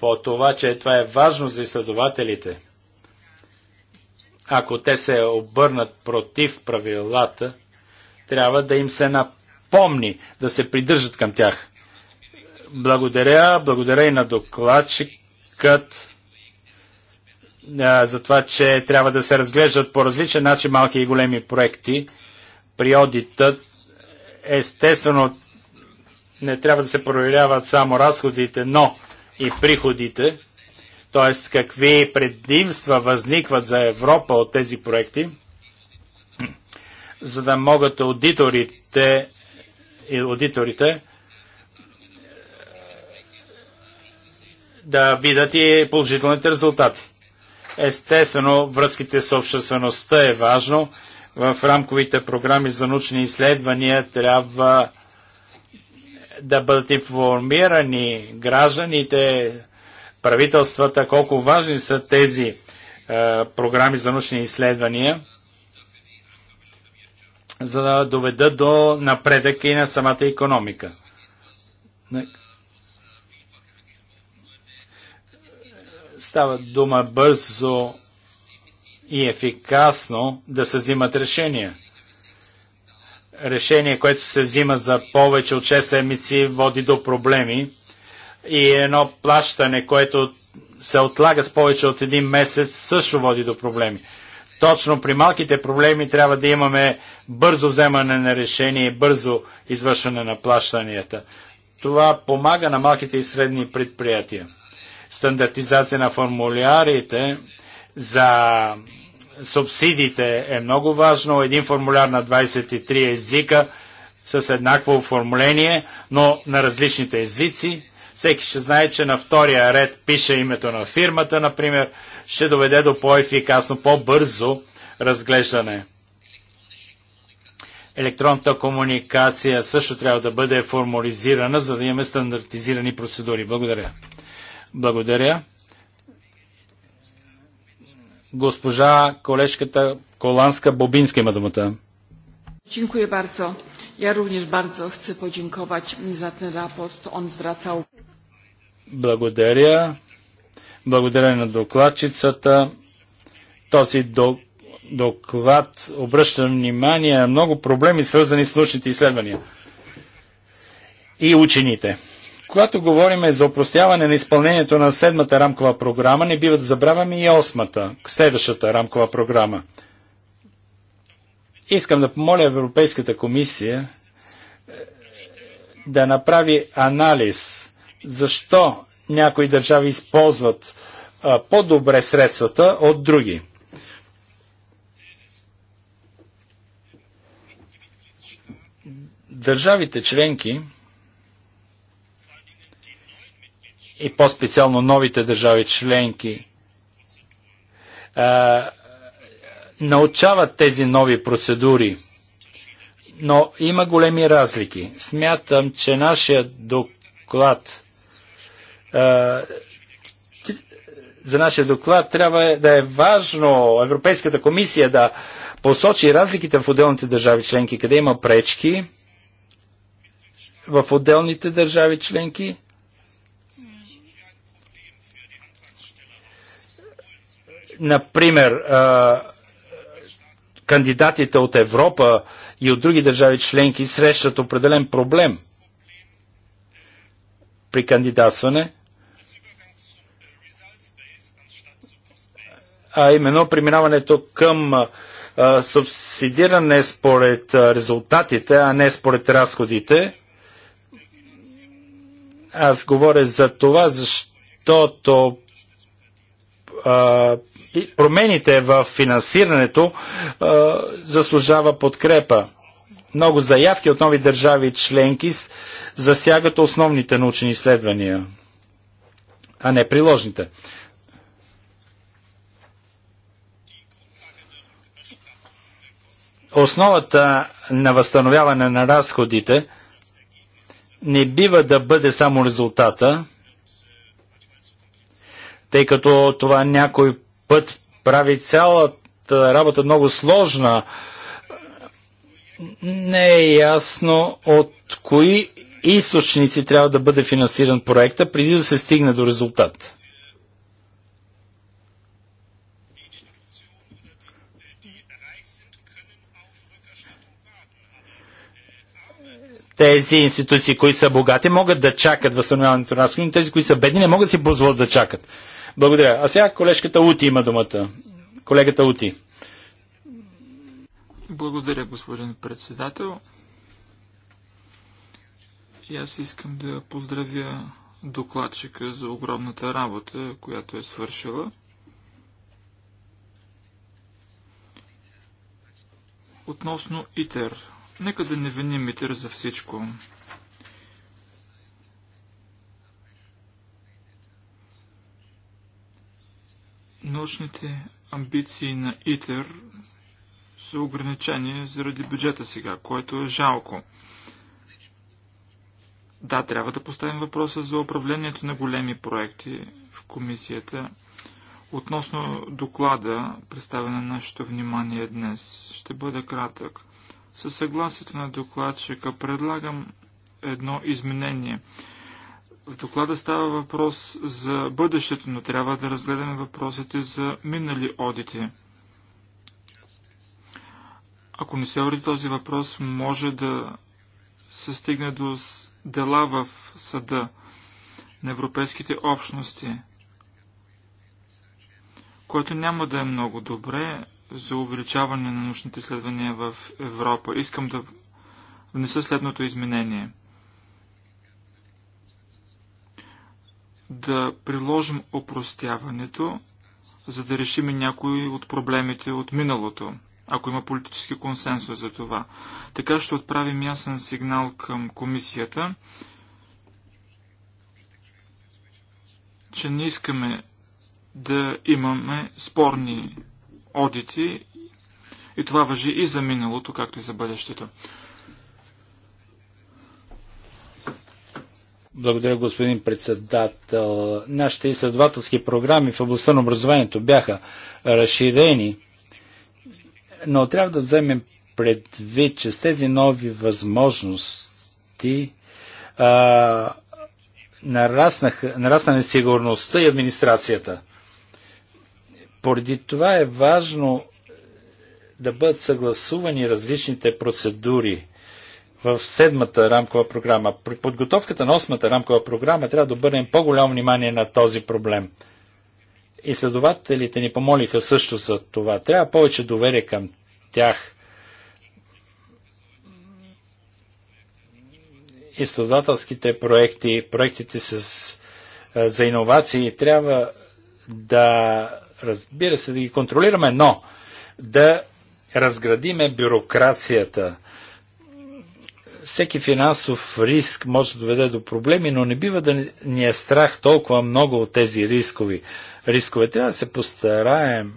по това, че това е важно за изследователите. Ако те се обърнат против правилата, трябва да им се напомни да се придържат към тях. Благодаря, благодаря и на докладчикът за това, че трябва да се разглеждат по различен начин малки и големи проекти. При одита естествено не трябва да се проверяват само разходите, но и приходите, т.е. какви предимства възникват за Европа от тези проекти, за да могат аудиторите, аудиторите да видят и положителните резултати. Естествено, връзките с обществеността е важно. В рамковите програми за научни изследвания трябва да бъдат информирани гражданите, правителствата, колко важни са тези е, програми за научни изследвания, за да доведат до напредък и на самата економика. Става дума бързо и ефикасно да се взимат решения. Решение, което се взима за повече от 6 седмици, води до проблеми и едно плащане, което се отлага с повече от един месец, също води до проблеми. Точно при малките проблеми трябва да имаме бързо вземане на решение и бързо извършване на плащанията. Това помага на малките и средни предприятия стандартизация на формулярите за субсидиите е много важно. Един формуляр на 23 езика с еднакво оформление, но на различните езици. Всеки ще знае, че на втория ред пише името на фирмата, например, ще доведе до по-ефикасно, по-бързо разглеждане. Електронната комуникация също трябва да бъде формализирана, за да имаме стандартизирани процедури. Благодаря. Благодаря. Госпожа колежката Коланска Бобинска има думата. Dziękuję много. Я również bardzo chcę podziękować za ten raport. On zwracał. Благодаря. Благодаря на докладчицата. Този доклад обръща внимание на много проблеми, свързани с научните изследвания и учените. Когато говорим за упростяване на изпълнението на седмата рамкова програма, не бива да забравяме и осмата, следващата рамкова програма. Искам да помоля Европейската комисия е, да направи анализ защо някои държави използват по-добре средствата от други. Държавите членки и по-специално новите държави членки а, научават тези нови процедури. Но има големи разлики. Смятам, че нашия доклад а, за нашия доклад трябва да е важно Европейската комисия да посочи разликите в отделните държави членки, къде има пречки в отделните държави членки Например, кандидатите от Европа и от други държави членки срещат определен проблем при кандидатстване, а именно преминаването към субсидиране според резултатите, а не според разходите. Аз говоря за това, защото а, промените в финансирането а, заслужава подкрепа. Много заявки от нови държави членки засягат основните научни изследвания, а не приложните. Основата на възстановяване на разходите не бива да бъде само резултата – тъй като това някой път прави цялата работа много сложна. Не е ясно от кои източници трябва да бъде финансиран проекта преди да се стигне до резултат. тези институции, които са богати, могат да чакат възстановяването на разходите, тези, които са бедни, не могат да си позволят да чакат. Благодаря. А сега колежката Ути има думата. Колегата Ути. Благодаря, господин председател. И аз искам да поздравя докладчика за огромната работа, която е свършила. Относно ИТЕР. Нека да не виним ИТЕР за всичко. Научните амбиции на ИТЕР са ограничени заради бюджета сега, което е жалко. Да, трябва да поставим въпроса за управлението на големи проекти в комисията. Относно доклада, представен на нашето внимание днес, ще бъде кратък. Със съгласието на докладчика предлагам едно изменение – в доклада става въпрос за бъдещето, но трябва да разгледаме въпросите за минали одити. Ако не се уреди този въпрос, може да се стигне до дела в съда на европейските общности, което няма да е много добре за увеличаване на научните изследвания в Европа. Искам да внеса следното изменение – да приложим опростяването, за да решим някои от проблемите от миналото, ако има политически консенсус за това. Така ще отправим ясен сигнал към комисията, че не искаме да имаме спорни одити и това въжи и за миналото, както и за бъдещето. Благодаря, господин председател. Нашите изследователски програми в областта на образованието бяха разширени, но трябва да вземем предвид, че с тези нови възможности а, нараснах, нарасна несигурността и администрацията. Поради това е важно да бъдат съгласувани различните процедури в седмата рамкова програма. При подготовката на осмата рамкова програма трябва да обърнем по-голямо внимание на този проблем. Изследователите ни помолиха също за това. Трябва повече доверие към тях. Изследователските проекти, проектите с, за иновации трябва да, разбира се, да ги контролираме, но да разградиме бюрокрацията – всеки финансов риск може да доведе до проблеми, но не бива да ни е страх толкова много от тези рискови. Рискове трябва да се постараем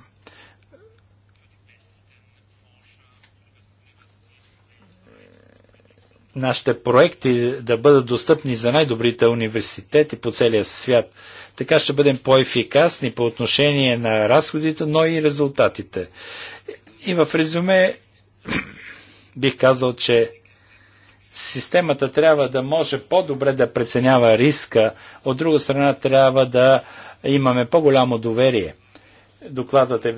нашите проекти да бъдат достъпни за най-добрите университети по целия свят. Така ще бъдем по-ефикасни по отношение на разходите, но и резултатите. И в резюме бих казал, че Системата трябва да може по-добре да преценява риска, от друга страна трябва да имаме по-голямо доверие. Докладът е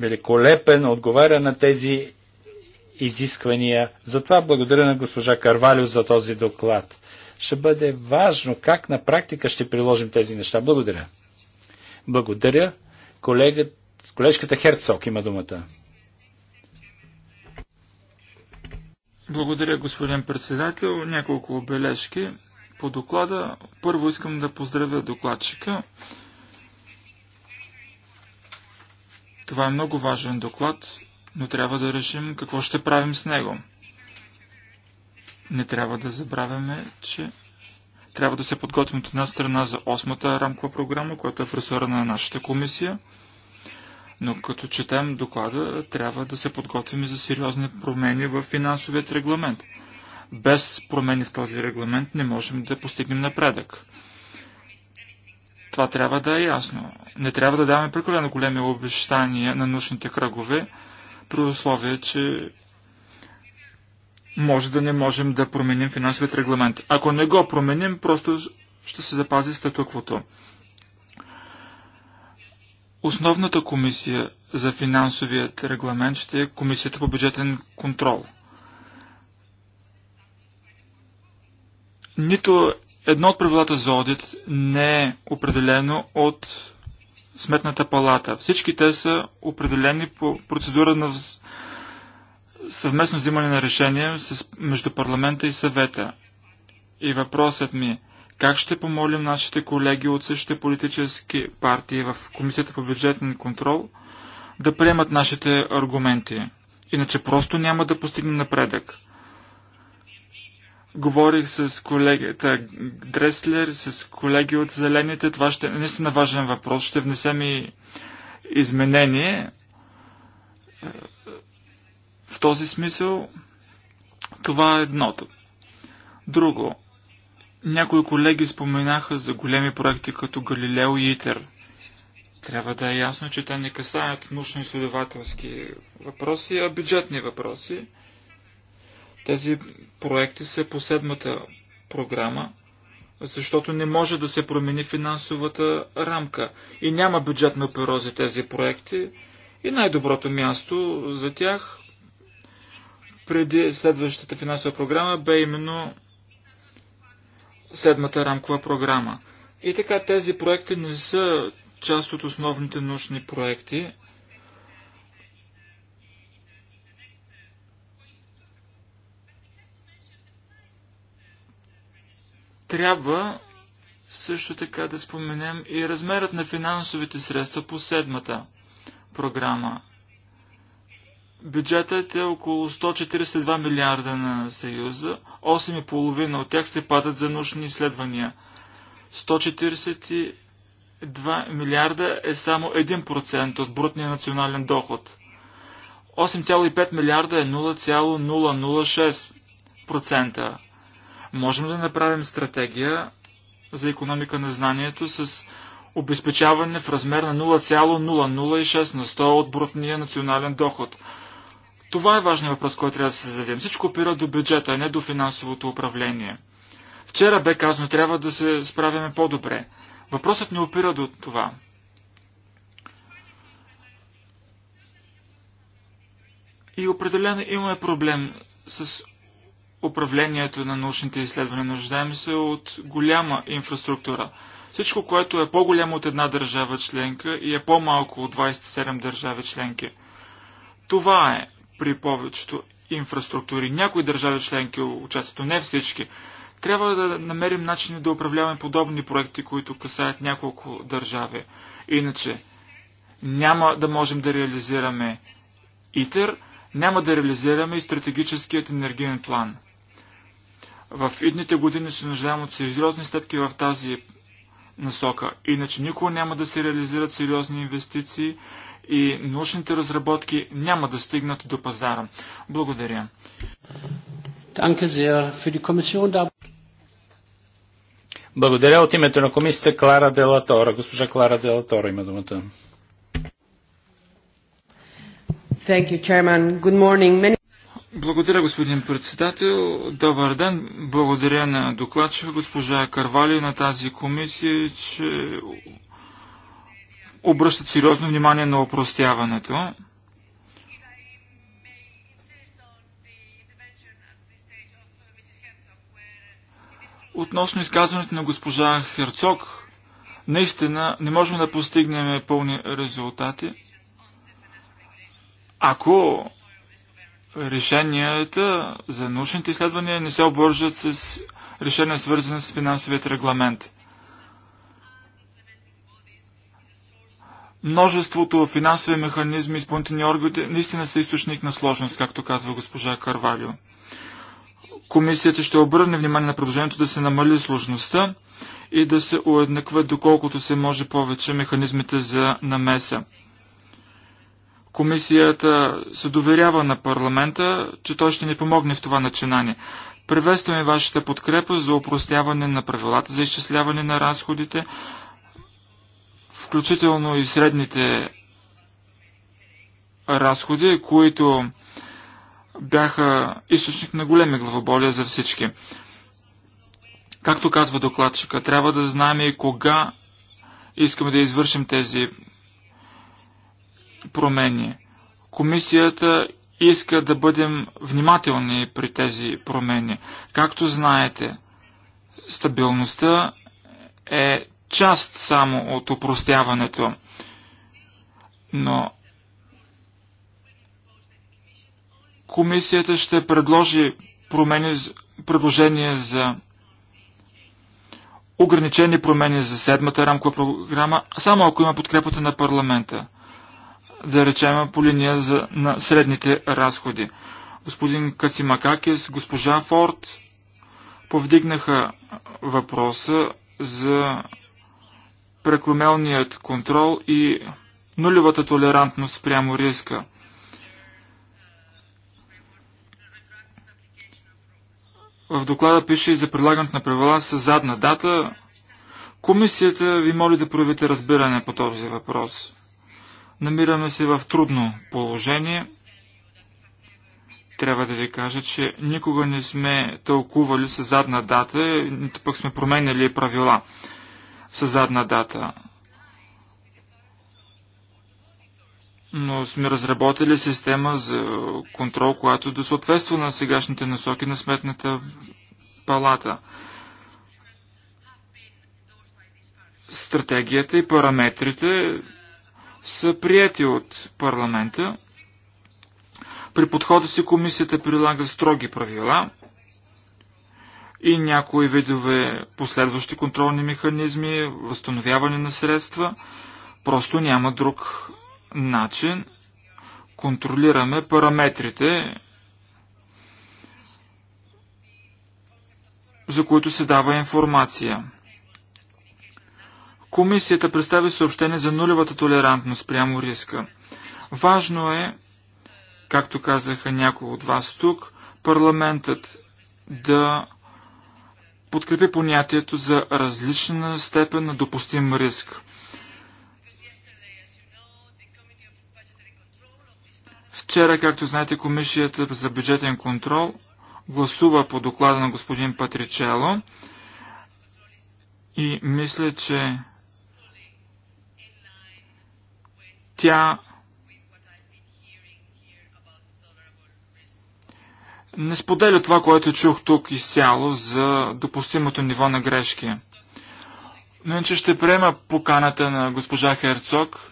великолепен, нали, отговаря на тези изисквания. Затова благодаря на госпожа Карвалю за този доклад. Ще бъде важно как на практика ще приложим тези неща. Благодаря. Благодаря. Колега, колежката Херцог има думата. Благодаря, господин председател. Няколко обележки по доклада. Първо искам да поздравя докладчика. Това е много важен доклад, но трябва да решим какво ще правим с него. Не трябва да забравяме, че трябва да се подготвим от една страна за осмата рамкова програма, която е в ресора на нашата комисия – но като четем доклада, трябва да се подготвим и за сериозни промени в финансовият регламент. Без промени в този регламент не можем да постигнем напредък. Това трябва да е ясно. Не трябва да даваме прекалено големи обещания на научните кръгове, при условие, че може да не можем да променим финансовият регламент. Ако не го променим, просто ще се запази статуквото. Основната комисия за финансовият регламент ще е Комисията по бюджетен контрол. Нито едно от правилата за одит не е определено от Сметната палата. Всички те са определени по процедура на съвместно взимане на решение между парламента и съвета. И въпросът ми е, как ще помолим нашите колеги от същите политически партии в Комисията по бюджетен контрол да приемат нашите аргументи? Иначе просто няма да постигнем напредък. Говорих с колегата Дреслер, с колеги от Зелените. Това ще е наистина важен въпрос. Ще внесем и изменение. В този смисъл това е едното. Друго. Някои колеги споменаха за големи проекти като Галилео и Итер. Трябва да е ясно, че те не касаят научно-изследователски въпроси, а бюджетни въпроси. Тези проекти са по седмата програма, защото не може да се промени финансовата рамка и няма бюджетно перо за тези проекти и най-доброто място за тях преди следващата финансова програма бе именно седмата рамкова програма. И така тези проекти не са част от основните научни проекти. Трябва също така да споменем и размерът на финансовите средства по седмата програма. Бюджетът е около 142 милиарда на Съюза, 8,5 от тях се падат за научни изследвания. 142 милиарда е само 1% от брутния национален доход. 8,5 милиарда е 0,006%. Можем да направим стратегия за економика на знанието с обезпечаване в размер на 0,006 на 100 от брутния национален доход. Това е важният въпрос, който трябва да се зададем. Всичко опира до бюджета, а не до финансовото управление. Вчера бе казано, трябва да се справяме по-добре. Въпросът не опира до това. И определено имаме проблем с управлението на научните изследвания. Нуждаем се от голяма инфраструктура. Всичко, което е по-голямо от една държава членка и е по-малко от 27 държави членки. Това е при повечето инфраструктури. Някои държави членки участват, но не всички. Трябва да намерим начини да управляваме подобни проекти, които касаят няколко държави. Иначе няма да можем да реализираме ИТЕР, няма да реализираме и стратегическият енергиен план. В идните години се нуждаем от сериозни стъпки в тази насока. Иначе никога няма да се реализират сериозни инвестиции и научните разработки няма да стигнат до пазара. Благодаря. Благодаря от името на комисията Клара Делатора. Госпожа Клара Делатора има думата. Благодаря, господин председател. Добър ден. Благодаря на докладчика госпожа Карвали на тази комисия, че обръщат сериозно внимание на опростяването. Относно изказването на госпожа Херцог, наистина не можем да постигнем пълни резултати, ако решенията за научните изследвания не се обвържат с решения свързани с финансовият регламент. Множеството финансови механизми и изпълнителни органи наистина са източник на сложност, както казва госпожа Карвалио. Комисията ще обърне внимание на предложението да се намали сложността и да се уеднаква доколкото се може повече механизмите за намеса. Комисията се доверява на парламента, че той ще ни помогне в това начинание. Приветстваме вашата подкрепа за упростяване на правилата за изчисляване на разходите, включително и средните разходи, които бяха източник на големи главоболия за всички. Както казва докладчика, трябва да знаем и кога искаме да извършим тези промени. Комисията иска да бъдем внимателни при тези промени. Както знаете, стабилността е част само от упростяването. Но комисията ще предложи промени, предложения за ограничени промени за седмата рамкова програма, само ако има подкрепата на парламента. Да речем по линия за, на средните разходи. Господин Кацимакакис, госпожа Форд повдигнаха въпроса за прекомелният контрол и нулевата толерантност спрямо риска. В доклада пише и за прилагането на правила с задна дата. Комисията ви моли да проявите разбиране по този въпрос. Намираме се в трудно положение. Трябва да ви кажа, че никога не сме тълкували с задна дата, нито пък сме променяли правила със задна дата. Но сме разработили система за контрол, която да съответства на сегашните насоки на сметната палата. Стратегията и параметрите са прияти от парламента. При подхода си комисията прилага строги правила, и някои видове последващи контролни механизми, възстановяване на средства. Просто няма друг начин. Контролираме параметрите, за които се дава информация. Комисията представи съобщение за нулевата толерантност прямо риска. Важно е, както казаха някои от вас тук, парламентът да подкрепи понятието за различна степен на допустим риск. Вчера, както знаете, Комисията за бюджетен контрол гласува по доклада на господин Патричело и мисля, че тя не споделя това, което чух тук изцяло за допустимото ниво на грешки. Но иначе ще приема поканата на госпожа Херцог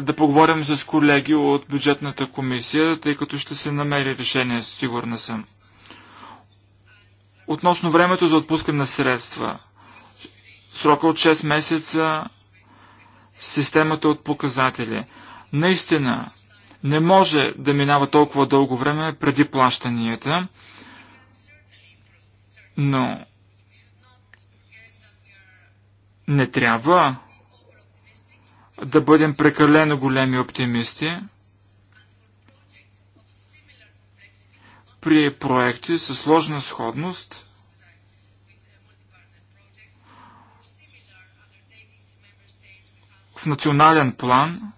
да поговорим с колеги от бюджетната комисия, тъй като ще се намери решение, сигурна съм. Относно времето за отпускане на средства. Срока от 6 месеца, системата от показатели. Наистина, не може да минава толкова дълго време преди плащанията, но не трябва да бъдем прекалено големи оптимисти. При проекти със сложна сходност в национален план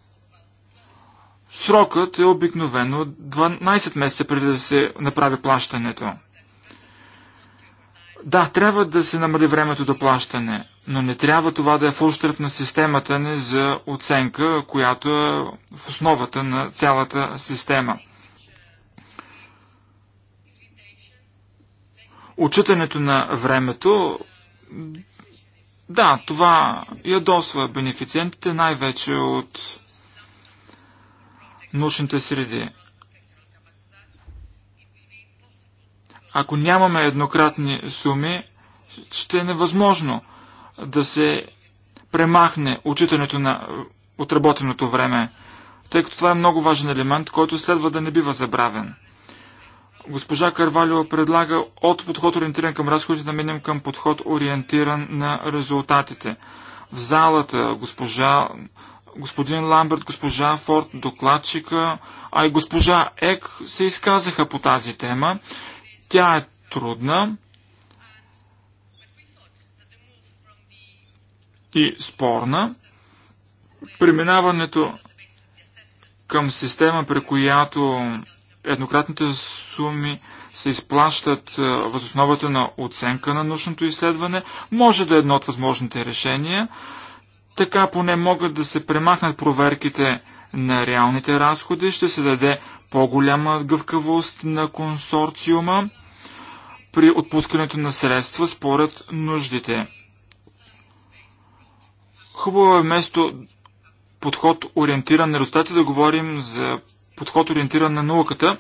Срокът е обикновено 12 месеца преди да се направи плащането. Да, трябва да се намали времето до плащане, но не трябва това да е в ущърт на системата ни за оценка, която е в основата на цялата система. Отчитането на времето, да, това ядосва бенефициентите най-вече от научните среди. Ако нямаме еднократни суми, ще е невъзможно да се премахне отчитането на е, отработеното време, тъй като това е много важен елемент, който следва да не бива забравен. Госпожа Карвалио предлага от подход ориентиран към разходите да минем към подход ориентиран на резултатите. В залата госпожа господин Ламберт, госпожа Форд, докладчика, а и госпожа Ек се изказаха по тази тема. Тя е трудна и спорна. Преминаването към система, при която еднократните суми се изплащат е, възосновата на оценка на научното изследване, може да е едно от възможните решения – така поне могат да се премахнат проверките на реалните разходи, ще се даде по-голяма гъвкавост на консорциума при отпускането на средства според нуждите. Хубаво е вместо подход ориентиран на резултати да говорим за подход ориентиран на науката.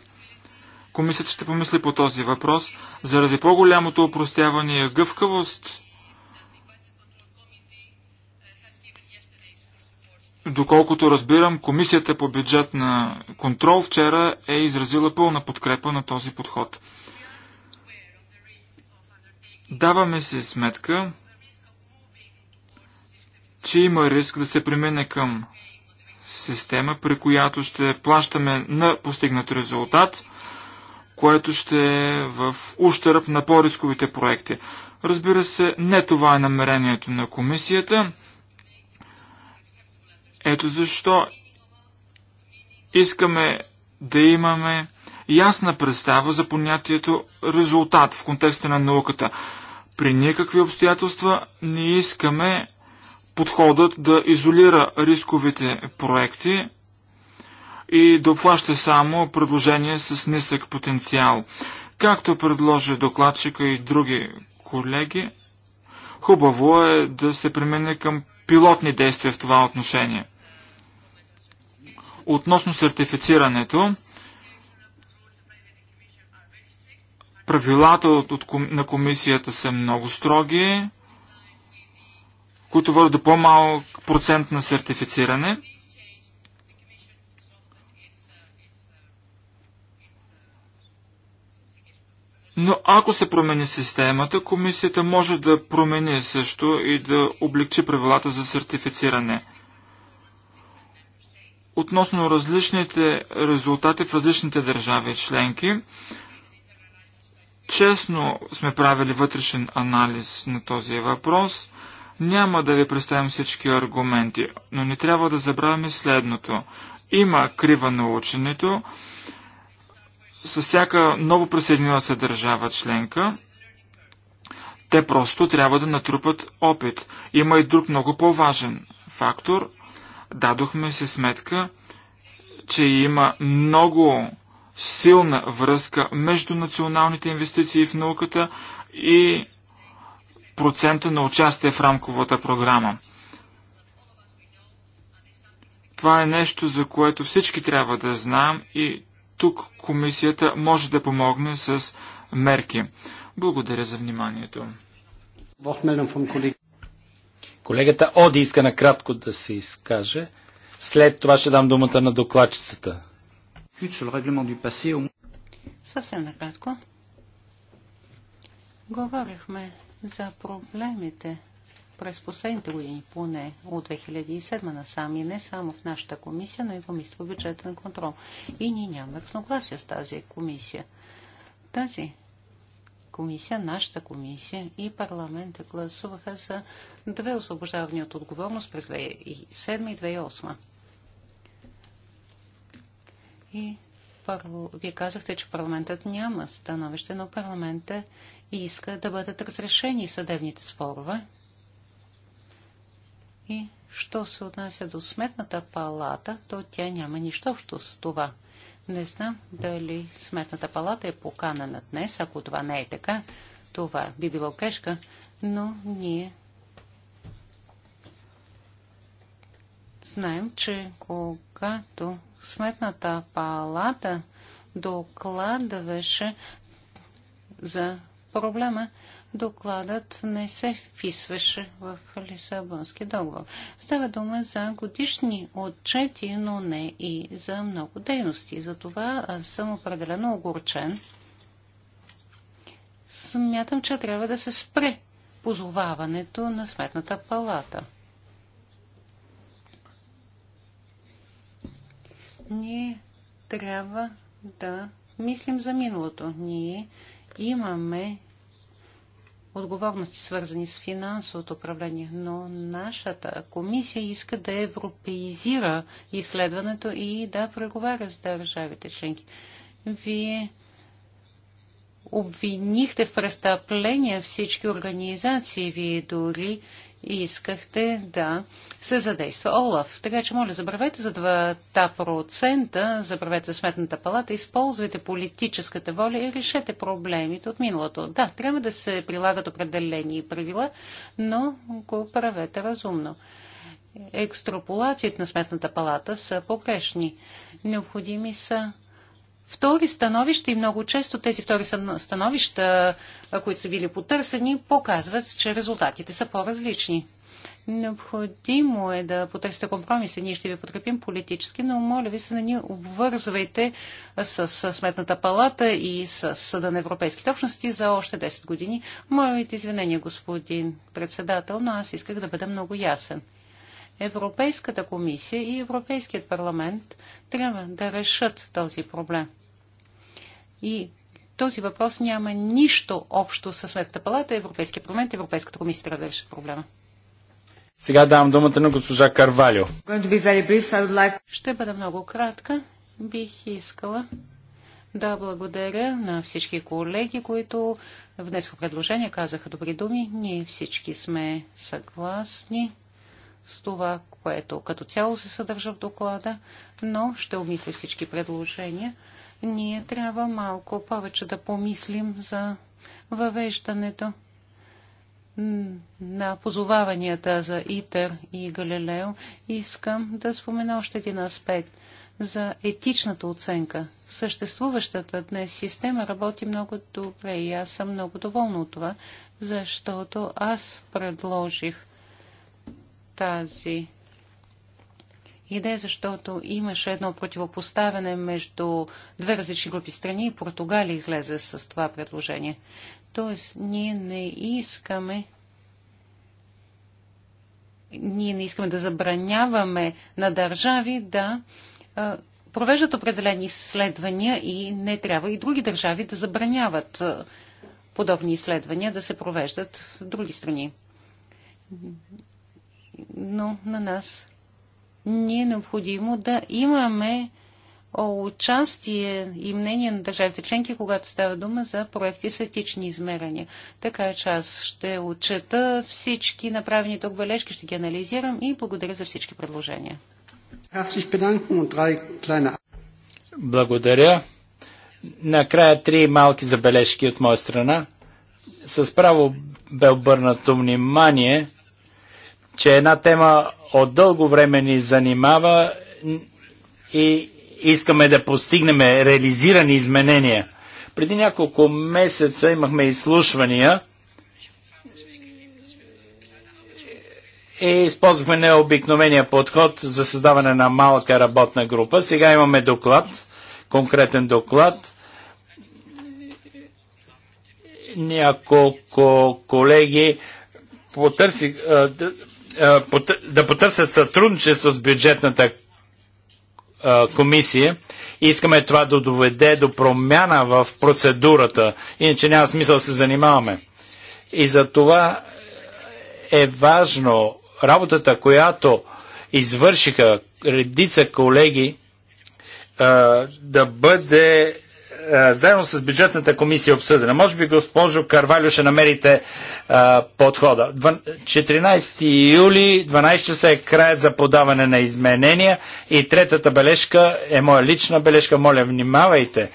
Комисията ще помисли по този въпрос. Заради по-голямото упростяване и гъвкавост Доколкото разбирам, Комисията по бюджет на контрол вчера е изразила пълна подкрепа на този подход. Даваме се сметка, че има риск да се премине към система, при която ще плащаме на постигнат резултат, което ще е в ущърп на по-рисковите проекти. Разбира се, не това е намерението на комисията – ето защо искаме да имаме ясна представа за понятието резултат в контекста на науката. При никакви обстоятелства не искаме подходът да изолира рисковите проекти и да обхваща само предложения с нисък потенциал. Както предложи докладчика и други колеги, хубаво е да се премине към пилотни действия в това отношение – Относно сертифицирането, правилата от, от, на комисията са много строги, които водят до по-малък процент на сертифициране. Но ако се промени системата, комисията може да промени също и да облегчи правилата за сертифициране относно различните резултати в различните държави членки. Честно сме правили вътрешен анализ на този въпрос. Няма да ви представим всички аргументи, но не трябва да забравяме следното. Има крива на ученето с всяка ново присъединила се държава членка. Те просто трябва да натрупат опит. Има и друг много по-важен фактор дадохме се сметка, че има много силна връзка между националните инвестиции в науката и процента на участие в рамковата програма. Това е нещо, за което всички трябва да знаем и тук комисията може да помогне с мерки. Благодаря за вниманието. Колегата Оди иска накратко да се изкаже. След това ще дам думата на докладчицата. Съвсем накратко. Говорихме за проблемите през последните години, поне от 2007 насам и не само в нашата комисия, но и в комисията по бюджетен контрол. И ние нямаме разногласия с тази комисия. Тази комисия, нашата комисия и парламента гласуваха за две освобождавания от отговорност през 2007 и 2008. И парл... вие казахте, че парламентът няма становище, но парламента иска да бъдат разрешени съдебните спорове. И що се отнася до сметната палата, то тя няма нищо общо с това – не знам дали Сметната палата е поканена днес. Ако това не е така, това би било кешка, но ние знаем, че когато Сметната палата докладваше за проблема, докладът не се вписваше в Лисабонски договор. Става дума за годишни отчети, но не и за много дейности. Затова аз съм определено огорчен. Смятам, че трябва да се спре позоваването на Сметната палата. Ние трябва да мислим за миналото. Ние имаме отговорности, свързани с финансовото управление, но нашата комисия иска да европеизира изследването и да преговаря с държавите членки. Вие обвинихте в престъпления всички организации, вие дори и искахте да се задейства Олаф. Така че, моля, забравете за 2%, забравете за Сметната палата, използвайте политическата воля и решете проблемите от миналото. Да, трябва да се прилагат определени правила, но го правете разумно. Екстраполациите на Сметната палата са погрешни. Необходими са втори становища и много често тези втори становища, които са били потърсени, показват, че резултатите са по-различни. Необходимо е да потърсите компромиси. Ние ще ви подкрепим политически, но моля ви се да ни обвързвайте с, Сметната палата и с Съда на Европейските общности за още 10 години. Моите извинения, господин председател, но аз исках да бъда много ясен. Европейската комисия и Европейският парламент трябва да решат този проблем. И този въпрос няма нищо общо с Сметната палата, Европейския парламент, Европейската комисия трябва да решат проблема. Сега давам думата на госпожа Карвалио. Ще бъда много кратка. Бих искала да благодаря на всички колеги, които внесоха предложения, казаха добри думи. Ние всички сме съгласни с това, което като цяло се съдържа в доклада, но ще обмисля всички предложения. Ние трябва малко повече да помислим за въвеждането на позоваванията за Итер и Галилео. Искам да спомена още един аспект – за етичната оценка. Съществуващата днес система работи много добре и аз съм много доволна от това, защото аз предложих тази идея, защото имаше едно противопоставяне между две различни групи страни и Португалия излезе с това предложение. Тоест, ние не искаме ние не искаме да забраняваме на държави да провеждат определени изследвания и не трябва и други държави да забраняват подобни изследвания да се провеждат в други страни но на нас ни е необходимо да имаме участие и мнение на държавите членки, когато става дума за проекти с етични измерения. Така че аз ще отчета всички направени тук бележки, ще ги анализирам и благодаря за всички предложения. Благодаря. Накрая три малки забележки от моя страна. С право бе обърнато внимание че една тема от дълго време ни занимава и искаме да постигнем реализирани изменения. Преди няколко месеца имахме изслушвания и използвахме необикновения подход за създаване на малка работна група. Сега имаме доклад, конкретен доклад. Няколко колеги потърси да потърсят сътрудничество с бюджетната комисия и искаме това да доведе до промяна в процедурата. Иначе няма смисъл да се занимаваме. И за това е важно работата, която извършиха редица колеги, да бъде е, заедно с бюджетната комисия обсъдена. Може би, госпожо Карвалю, ще намерите а, е, подхода. 14 юли, 12 часа е краят за подаване на изменения и третата бележка е моя лична бележка. Моля, внимавайте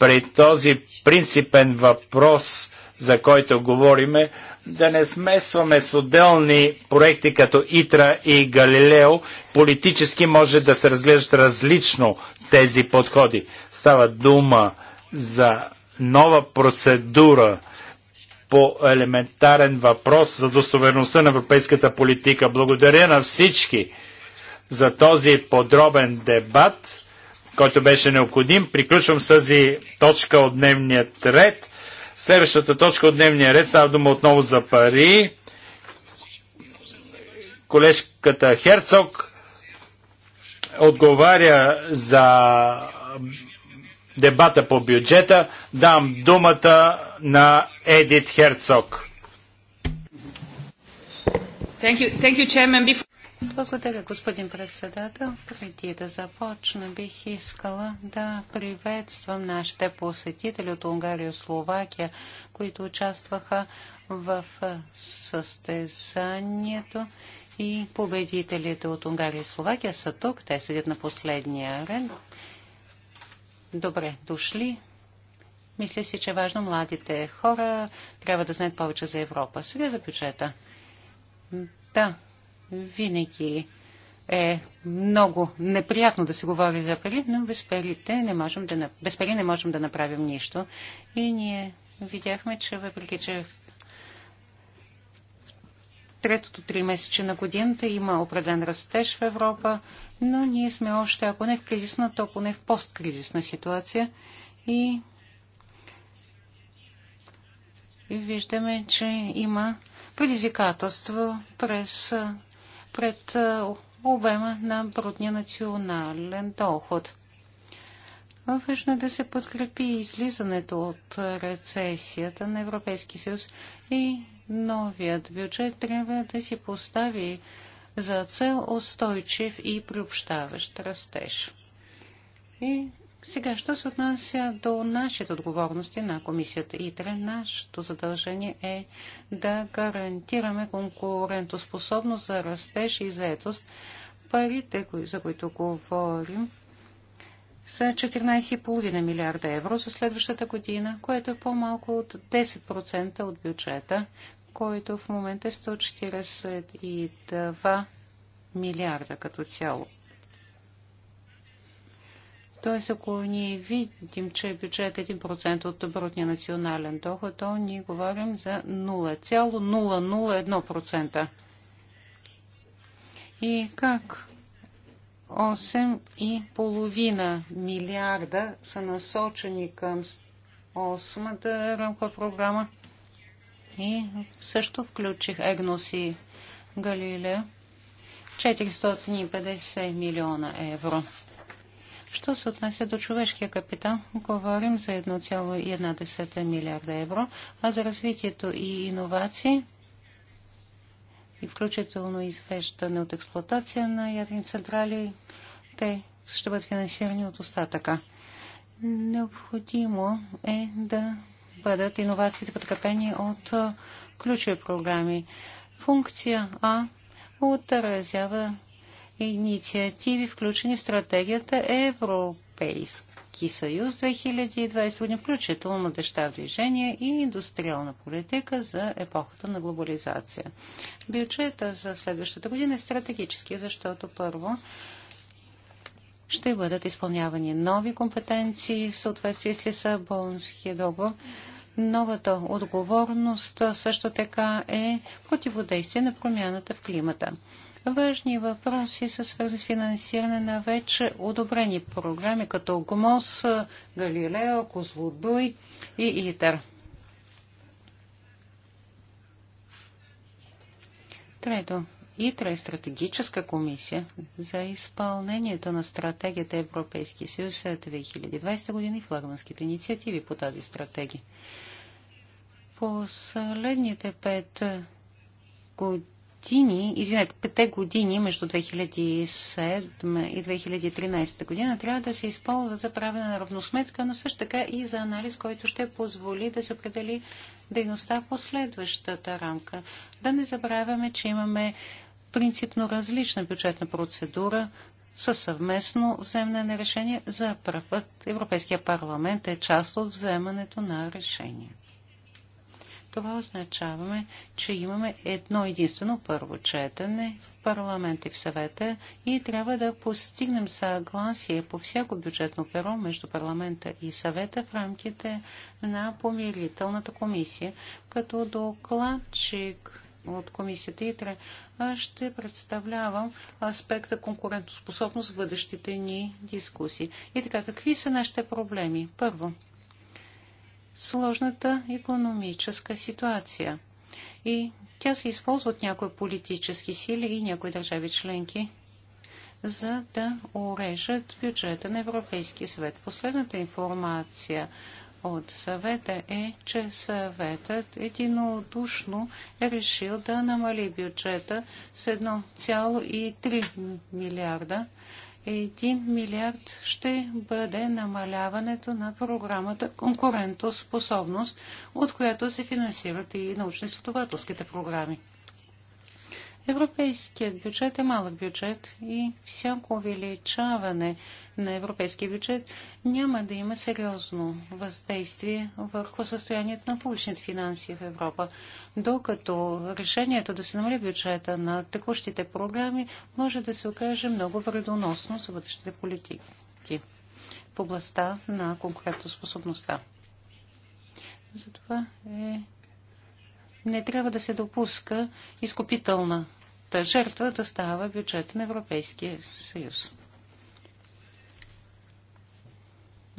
при този принципен въпрос, за който говориме, да не смесваме с отделни проекти като Итра и Галилео, политически може да се разглеждат различно тези подходи. Става дума за нова процедура по елементарен въпрос за достоверността на европейската политика. Благодаря на всички за този подробен дебат, който беше необходим. Приключвам с тази точка от дневния ред. Следващата точка от дневния ред става дума отново за пари. Колежката Херцог отговаря за дебата по бюджета, дам думата на Едит Херцог. Thank you, thank you, Before... Благодаря, господин председател. Преди да започна, бих искала да приветствам нашите посетители от Унгария и Словакия, които участваха в състезанието и победителите от Унгария и Словакия са тук. Те седят на последния ред добре дошли. Мисля си, че е важно младите хора трябва да знаят повече за Европа. Сега за бюджета. Да, винаги е много неприятно да се говори за пари, но без, парите не можем да, без пари не можем да направим нищо. И ние видяхме, че въпреки, че третото три месече на годината има определен растеж в Европа, но ние сме още, ако не в кризисна, то поне в посткризисна ситуация и виждаме, че има предизвикателство през, пред обема на брутния национален доход. Важно е да се подкрепи излизането от рецесията на Европейския съюз и новият бюджет трябва да си постави за цел устойчив и приобщаващ растеж. И сега, що се отнася до нашите отговорности на комисията ИТРЕ, нашето задължение е да гарантираме конкурентоспособност за растеж и заетост. Парите, за които говорим, са 14,5 милиарда евро за следващата година, което е по-малко от 10% от бюджета, който в момента е 142 милиарда като цяло. Тоест, ако ние видим, че бюджет е 1% от брутния национален доход, то ние говорим за 0,001%. И как 8,5 милиарда са насочени към 8-та рамка програма и също включих Егнос и Галилея. 450 милиона евро. Що се отнася до човешкия капитал, говорим за 1,1 милиарда евро, а за развитието и иновации и включително извеждане от експлуатация на ядрени централи те ще бъдат финансирани от остатъка. Необходимо е да бъдат иновациите подкрепени от ключови програми. Функция А отразява инициативи, включени в стратегията Европейски съюз 2020 година, включително младеща в движение и индустриална политика за епохата на глобализация. Бюджета за следващата година е стратегически, защото първо ще бъдат изпълнявани нови компетенции в съответствие с Лисабонския договор. Новата отговорност също така е противодействие на промяната в климата. Важни въпроси са свързани с финансиране на вече одобрени програми, като ГМОС, Галилео, Козлодуй и ИТЕР. Трето, ИТРА е стратегическа комисия за изпълнението на стратегията Европейски съюз 2020 година и флагманските инициативи по тази стратегия. Последните пет години, извинете, пете години между 2007 и 2013 година трябва да се използва за правене на равносметка, но също така и за анализ, който ще позволи да се определи дейността в последващата рамка. Да не забравяме, че имаме принципно различна бюджетна процедура със съвместно вземане на решение. За първ път Европейския парламент е част от вземането на решение. Това означаваме, че имаме едно единствено първо четене в парламент и в съвета и трябва да постигнем съгласие по всяко бюджетно перо между парламента и съвета в рамките на помирителната комисия. Като докладчик от комисията ИТРА аз ще представлявам аспекта конкурентоспособност в бъдещите ни дискусии. И така, какви са нашите проблеми? Първо, сложната економическа ситуация. И тя се използва от някои политически сили и някои държави членки, за да урежат бюджета на Европейския съвет. Последната информация от съвета е, че съветът единодушно е решил да намали бюджета с 1,3 милиарда. 1 милиард ще бъде намаляването на програмата конкурентоспособност, от която се финансират и научно-изследователските програми. Европейският бюджет е малък бюджет и всяко увеличаване на европейския бюджет няма да има сериозно въздействие върху състоянието на публичните финанси в Европа, докато решението да се намали бюджета на текущите програми може да се окаже много вредоносно за бъдещите политики в областта на конкурентоспособността. Затова е... не трябва да се допуска изкупителната жертва да става бюджет на Европейския съюз.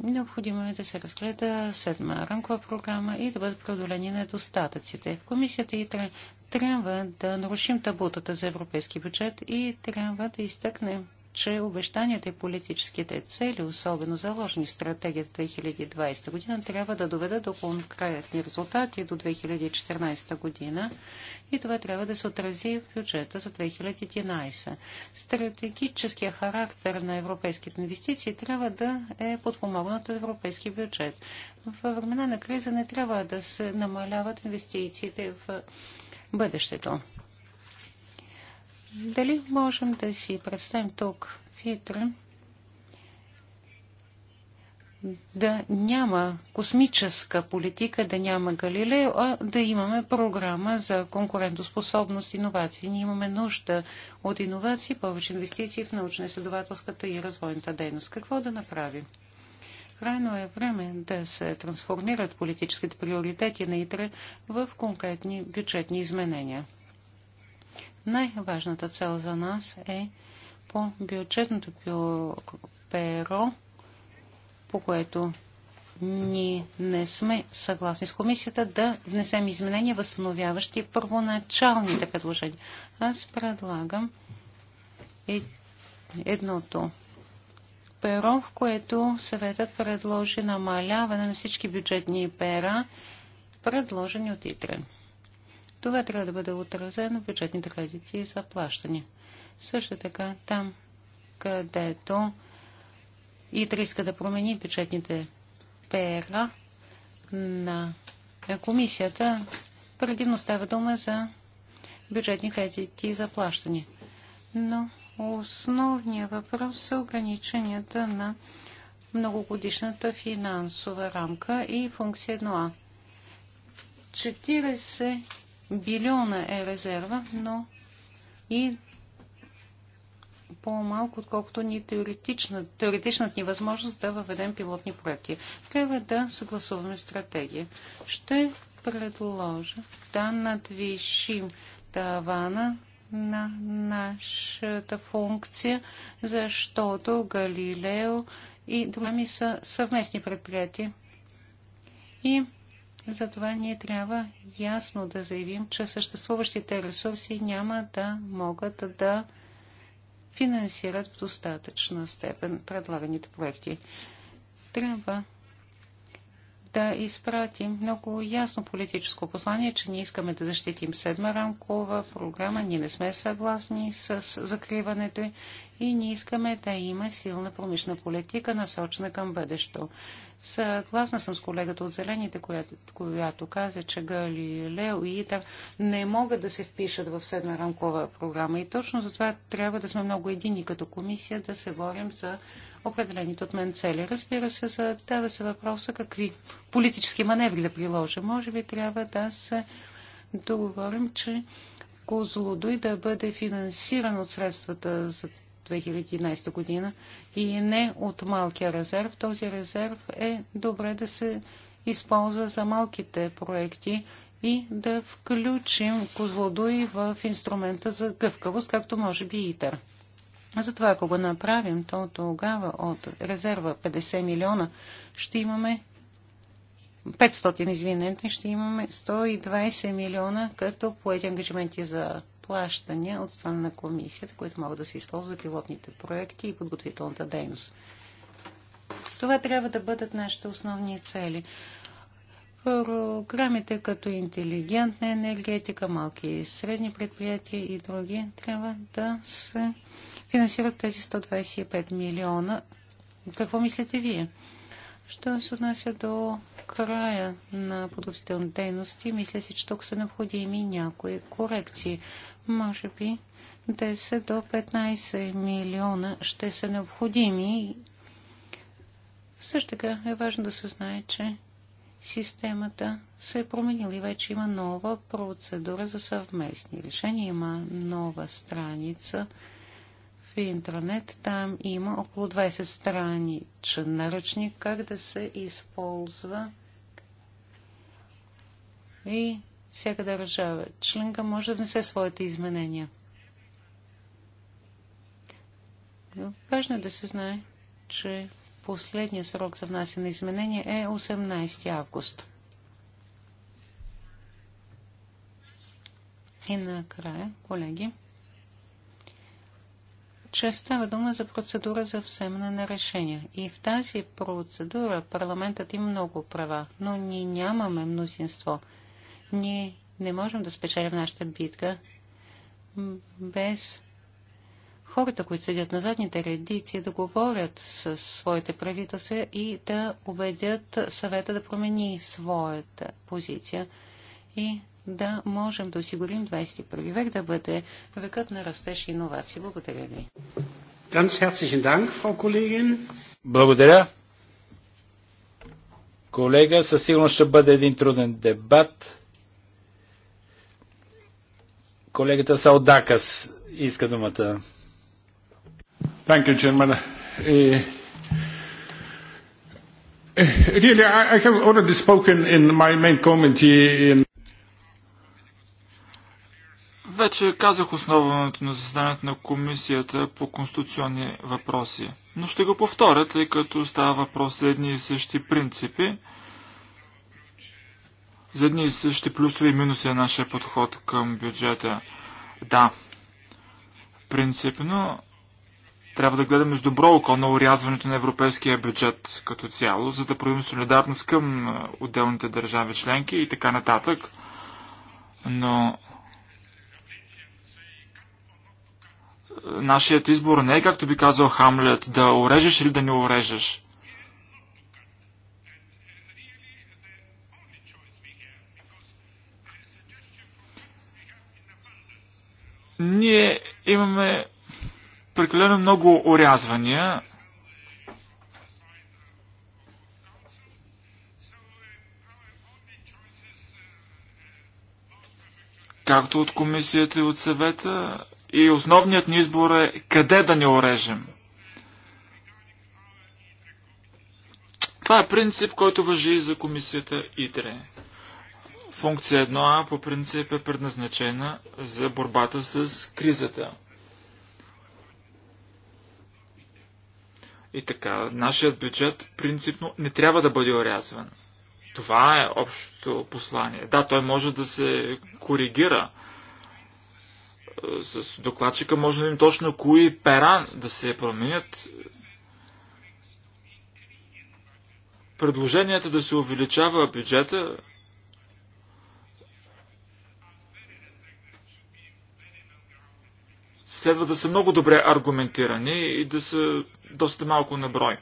Необходимо е да се разгледа седма рамкова програма и да бъдат преодолени недостатъците. В комисията и трябва да нарушим табутата за европейски бюджет и трябва да изтъкнем че обещанията и политическите цели, особено заложени в стратегията 2020 година, трябва да доведат до конкретни резултати до 2014 година и това трябва да се отрази в бюджета за 2011. Стратегическия характер на европейските инвестиции трябва да е подпомогнат от европейски бюджет. В времена на криза не трябва да се намаляват инвестициите в бъдещето. Дали можем да си представим тук в Итра да няма космическа политика, да няма Галилео, а да имаме програма за конкурентоспособност, иновации. Ние имаме нужда от иновации, повече инвестиции в научно-изследователската и развойната дейност. Какво да направим? Крайно е време да се трансформират политическите приоритети на ИТРЕ в конкретни бюджетни изменения. Най-важната цел за нас е по бюджетното перо, по което ние не сме съгласни с комисията да внесем изменения, възстановяващи първоначалните предложения. Аз предлагам едното перо, в което съветът предложи намаляване на всички бюджетни пера, предложени от ИТРЕ. Това трябва да бъде отразено в бюджетните кредити и заплащания. Също така, там, където и иска да промени бюджетните Пра на комисията, предимно става дума за бюджетни кредити и заплащания. Но основният въпрос е ограниченията на многогодишната финансова рамка и функция 1А. 40 билиона е резерва, но и по-малко, отколкото ни теоретична, теоретичната ни възможност да въведем пилотни проекти. Трябва да съгласуваме стратегия. Ще предложа да надвишим тавана на нашата функция, защото Галилео и Драми са съвместни предприятия. И затова ние трябва ясно да заявим, че съществуващите ресурси няма да могат да финансират в достатъчна степен предлаганите проекти. Трябва да изпратим много ясно политическо послание, че ние искаме да защитим седма рамкова програма, ние не сме съгласни с закриването и ние искаме да има силна промишна политика, насочена към бъдещето. Съгласна съм с колегата от Зелените, която, която каза, че Галилео и Итар не могат да се впишат в седма рамкова програма. И точно затова трябва да сме много едини като комисия да се борим за определените от мен цели. Разбира се, задава се въпроса какви политически маневри да приложим. Може би трябва да се договорим, че Козлодой да бъде финансиран от средствата за 2011 година и не от малкия резерв. Този резерв е добре да се използва за малките проекти и да включим Козлодой в инструмента за гъвкавост, както може би ИТАР. Затова, ако го направим, то тогава от резерва 50 милиона ще имаме 500, извинете, ще имаме 120 милиона като поети ангажименти за плащания от страна на комисията, които могат да се използват за пилотните проекти и подготвителната дейност. Това трябва да бъдат нашите основни цели. Програмите като интелигентна енергетика, малки и средни предприятия и други трябва да се финансират тези 125 милиона. Какво мислите вие? Що се отнася до края на подготвителни дейности, мисля си, че тук са необходими някои корекции. Може би 10 до 15 милиона ще са необходими. Също така е важно да се знае, че системата се е променила и вече има нова процедура за съвместни решения. Има нова страница в интернет. Там има около 20 страничен наръчник как да се използва и всяка държава членка може да внесе своите изменения. Важно е да се знае, че последния срок за внасяне на изменения е 18 август. И накрая, колеги, че става дума за процедура за вземане на решения. И в тази процедура парламентът има много права, но ние нямаме мнозинство. Ние не можем да спечелим нашата битка без хората, които седят на задните редици, да говорят с своите правителства и да убедят съвета да промени своята позиция. И да можем да осигурим 21 век да бъде векът на растеж и иновации. Благодаря ви. Благодаря. Колега, със сигурност ще бъде един труден дебат. Колегата Саудакас иска думата. Thank you, Chairman. Uh, е, е, е, really, I, I have already spoken in my main committee in вече казах основаното на заседанието на Комисията по конституционни въпроси, но ще го повторя, тъй като става въпрос за едни и същи принципи, за едни и същи плюсове и минуси на нашия подход към бюджета. Да, принципно трябва да гледаме с добро око на урязването на европейския бюджет като цяло, за да проявим солидарност към отделните държави членки и така нататък. Но нашият избор не е, както би казал Хамлет, да урежеш или да не урежеш. Ние имаме прекалено много урязвания. Както от комисията и от съвета, и основният ни избор е къде да ни орежем. Това е принцип, който въжи и за комисията ИТРЕ. Функция 1А по принцип е предназначена за борбата с кризата. И така, нашият бюджет принципно не трябва да бъде орязван. Това е общото послание. Да, той може да се коригира с докладчика може да видим точно кои пера да се променят. Предложението да се увеличава бюджета следва да са много добре аргументирани и да са доста малко на брой.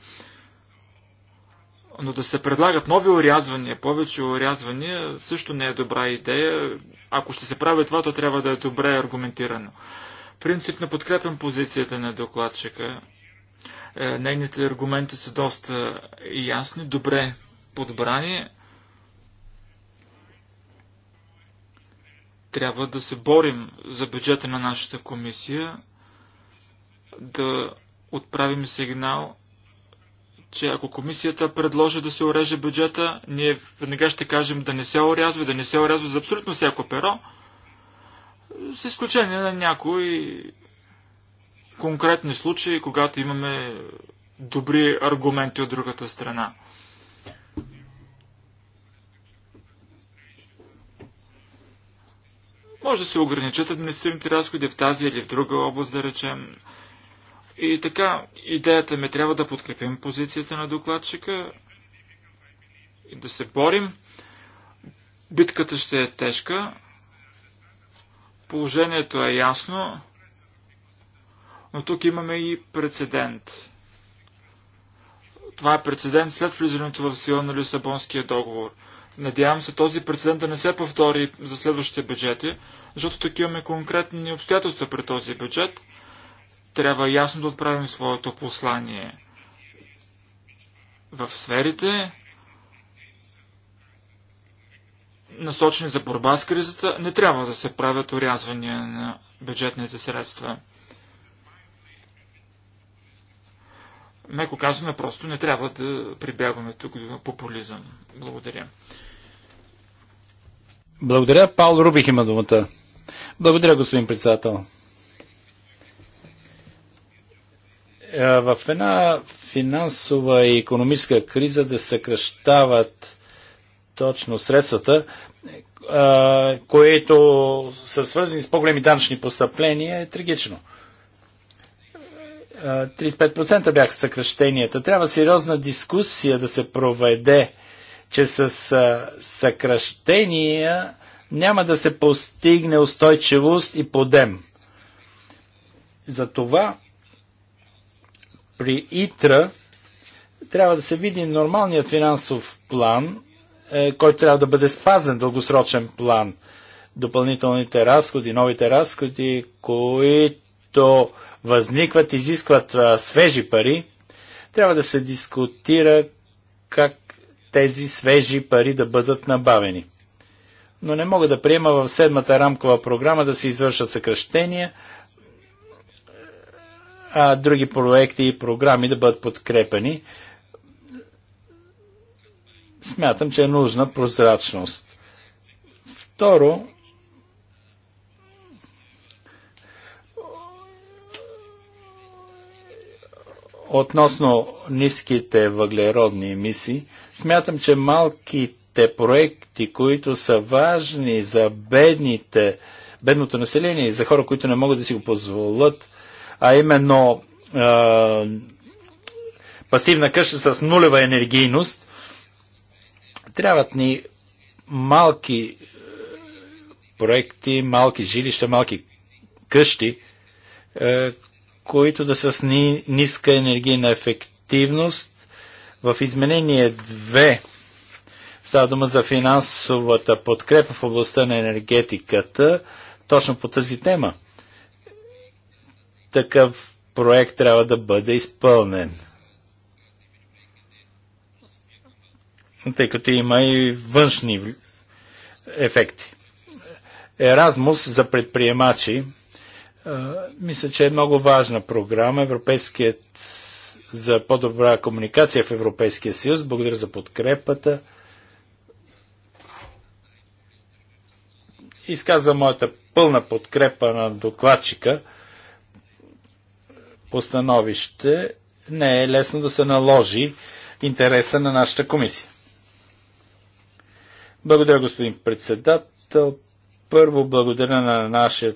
Но да се предлагат нови урязвания, повече урязвания, също не е добра идея. Ако ще се прави това, то трябва да е добре аргументирано. Принципно подкрепям позицията на докладчика. Е, нейните аргументи са доста ясни, добре подбрани. Трябва да се борим за бюджета на нашата комисия, да отправим сигнал че ако комисията предложи да се уреже бюджета, ние веднага ще кажем да не се орязва, да не се орязва за абсолютно всяко перо, с изключение на някои конкретни случаи, когато имаме добри аргументи от другата страна. Може да се ограничат административните разходи в тази или в друга област, да речем. И така, идеята ми е, трябва да подкрепим позицията на докладчика и да се борим. Битката ще е тежка. Положението е ясно. Но тук имаме и прецедент. Това е прецедент след влизането в сила на Лисабонския договор. Надявам се този прецедент да не се повтори за следващите бюджети, защото тук имаме конкретни обстоятелства при този бюджет – трябва ясно да отправим своето послание в сферите, насочени за борба с кризата, не трябва да се правят урязвания на бюджетните средства. Меко казваме, просто не трябва да прибягваме тук до популизъм. Благодаря. Благодаря. Паул Рубих има думата. Благодаря, господин председател. Е, в една финансова и економическа криза да съкръщават точно средствата, е, които са свързани с по-големи данъчни постъпления, е трагично. 35% е, бяха съкръщенията. Трябва сериозна дискусия да се проведе, че с съкръщения няма да се постигне устойчивост и подем. Затова при ИТРА трябва да се види нормалният финансов план, е, който трябва да бъде спазен дългосрочен план. Допълнителните разходи, новите разходи, които възникват, изискват свежи пари, трябва да се дискутира как тези свежи пари да бъдат набавени. Но не мога да приема в седмата рамкова програма да се извършат съкръщения – а, други проекти и програми да бъдат подкрепени. Смятам, че е нужна прозрачност. Второ, относно ниските въглеродни емисии, смятам, че малките проекти, които са важни за бедните, бедното население и за хора, които не могат да си го позволят, а именно е, пасивна къща с нулева енергийност, трябват ни малки проекти, малки жилища, малки къщи, е, които да са с ни, ниска енергийна ефективност. В изменение 2 става дума за финансовата подкрепа в областта на енергетиката, точно по тази тема такъв проект трябва да бъде изпълнен. Тъй като има и външни ефекти. Еразмус за предприемачи мисля, че е много важна програма. Европейският за по-добра комуникация в Европейския съюз. Благодаря за подкрепата. Изказа моята пълна подкрепа на докладчика становище, не е лесно да се наложи интереса на нашата комисия. Благодаря, господин председател. Първо благодаря на нашия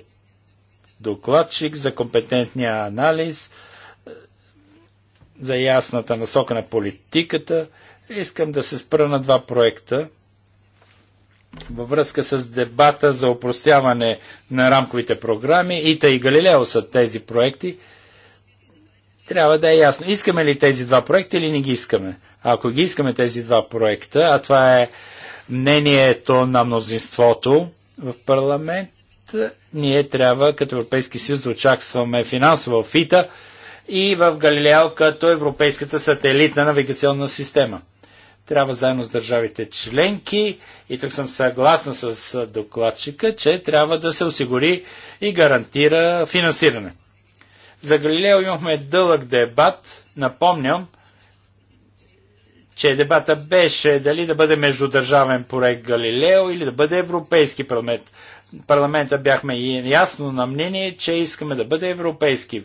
докладчик за компетентния анализ, за ясната насока на политиката. Искам да се спра на два проекта във връзка с дебата за упростяване на рамковите програми. ИТА и Галилео са тези проекти – трябва да е ясно. Искаме ли тези два проекта или не ги искаме? ако ги искаме тези два проекта, а това е мнението на мнозинството в парламент, ние трябва като Европейски съюз да очакваме финансова фита и в Галилео като Европейската сателитна навигационна система. Трябва заедно с държавите членки, и тук съм съгласна с докладчика, че трябва да се осигури и гарантира финансиране. За Галилео имахме дълъг дебат. Напомням, че дебата беше дали да бъде междудържавен проект Галилео или да бъде европейски парламент. Парламента бяхме и ясно на мнение, че искаме да бъде европейски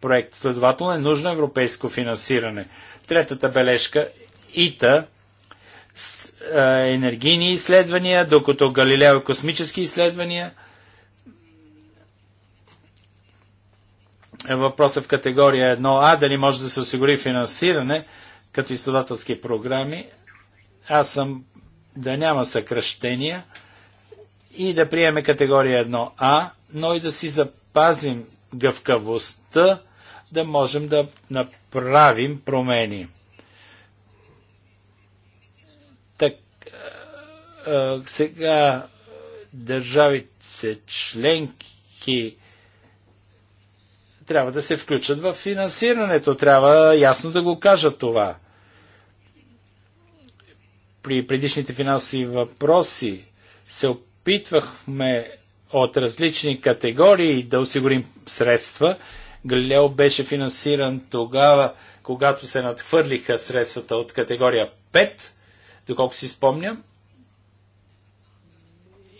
проект. Следователно е нужно европейско финансиране. Третата бележка ИТА е, енергийни изследвания, докато Галилео е космически изследвания – Е, въпроса в категория 1А, дали може да се осигури финансиране като изследователски програми. Аз съм да няма съкръщения и да приеме категория 1А, но и да си запазим гъвкавостта, да можем да направим промени. Так, а, сега държавите членки трябва да се включат в финансирането. Трябва ясно да го кажат това. При предишните финансови въпроси се опитвахме от различни категории да осигурим средства. Галилео беше финансиран тогава, когато се надхвърлиха средствата от категория 5, доколко си спомням,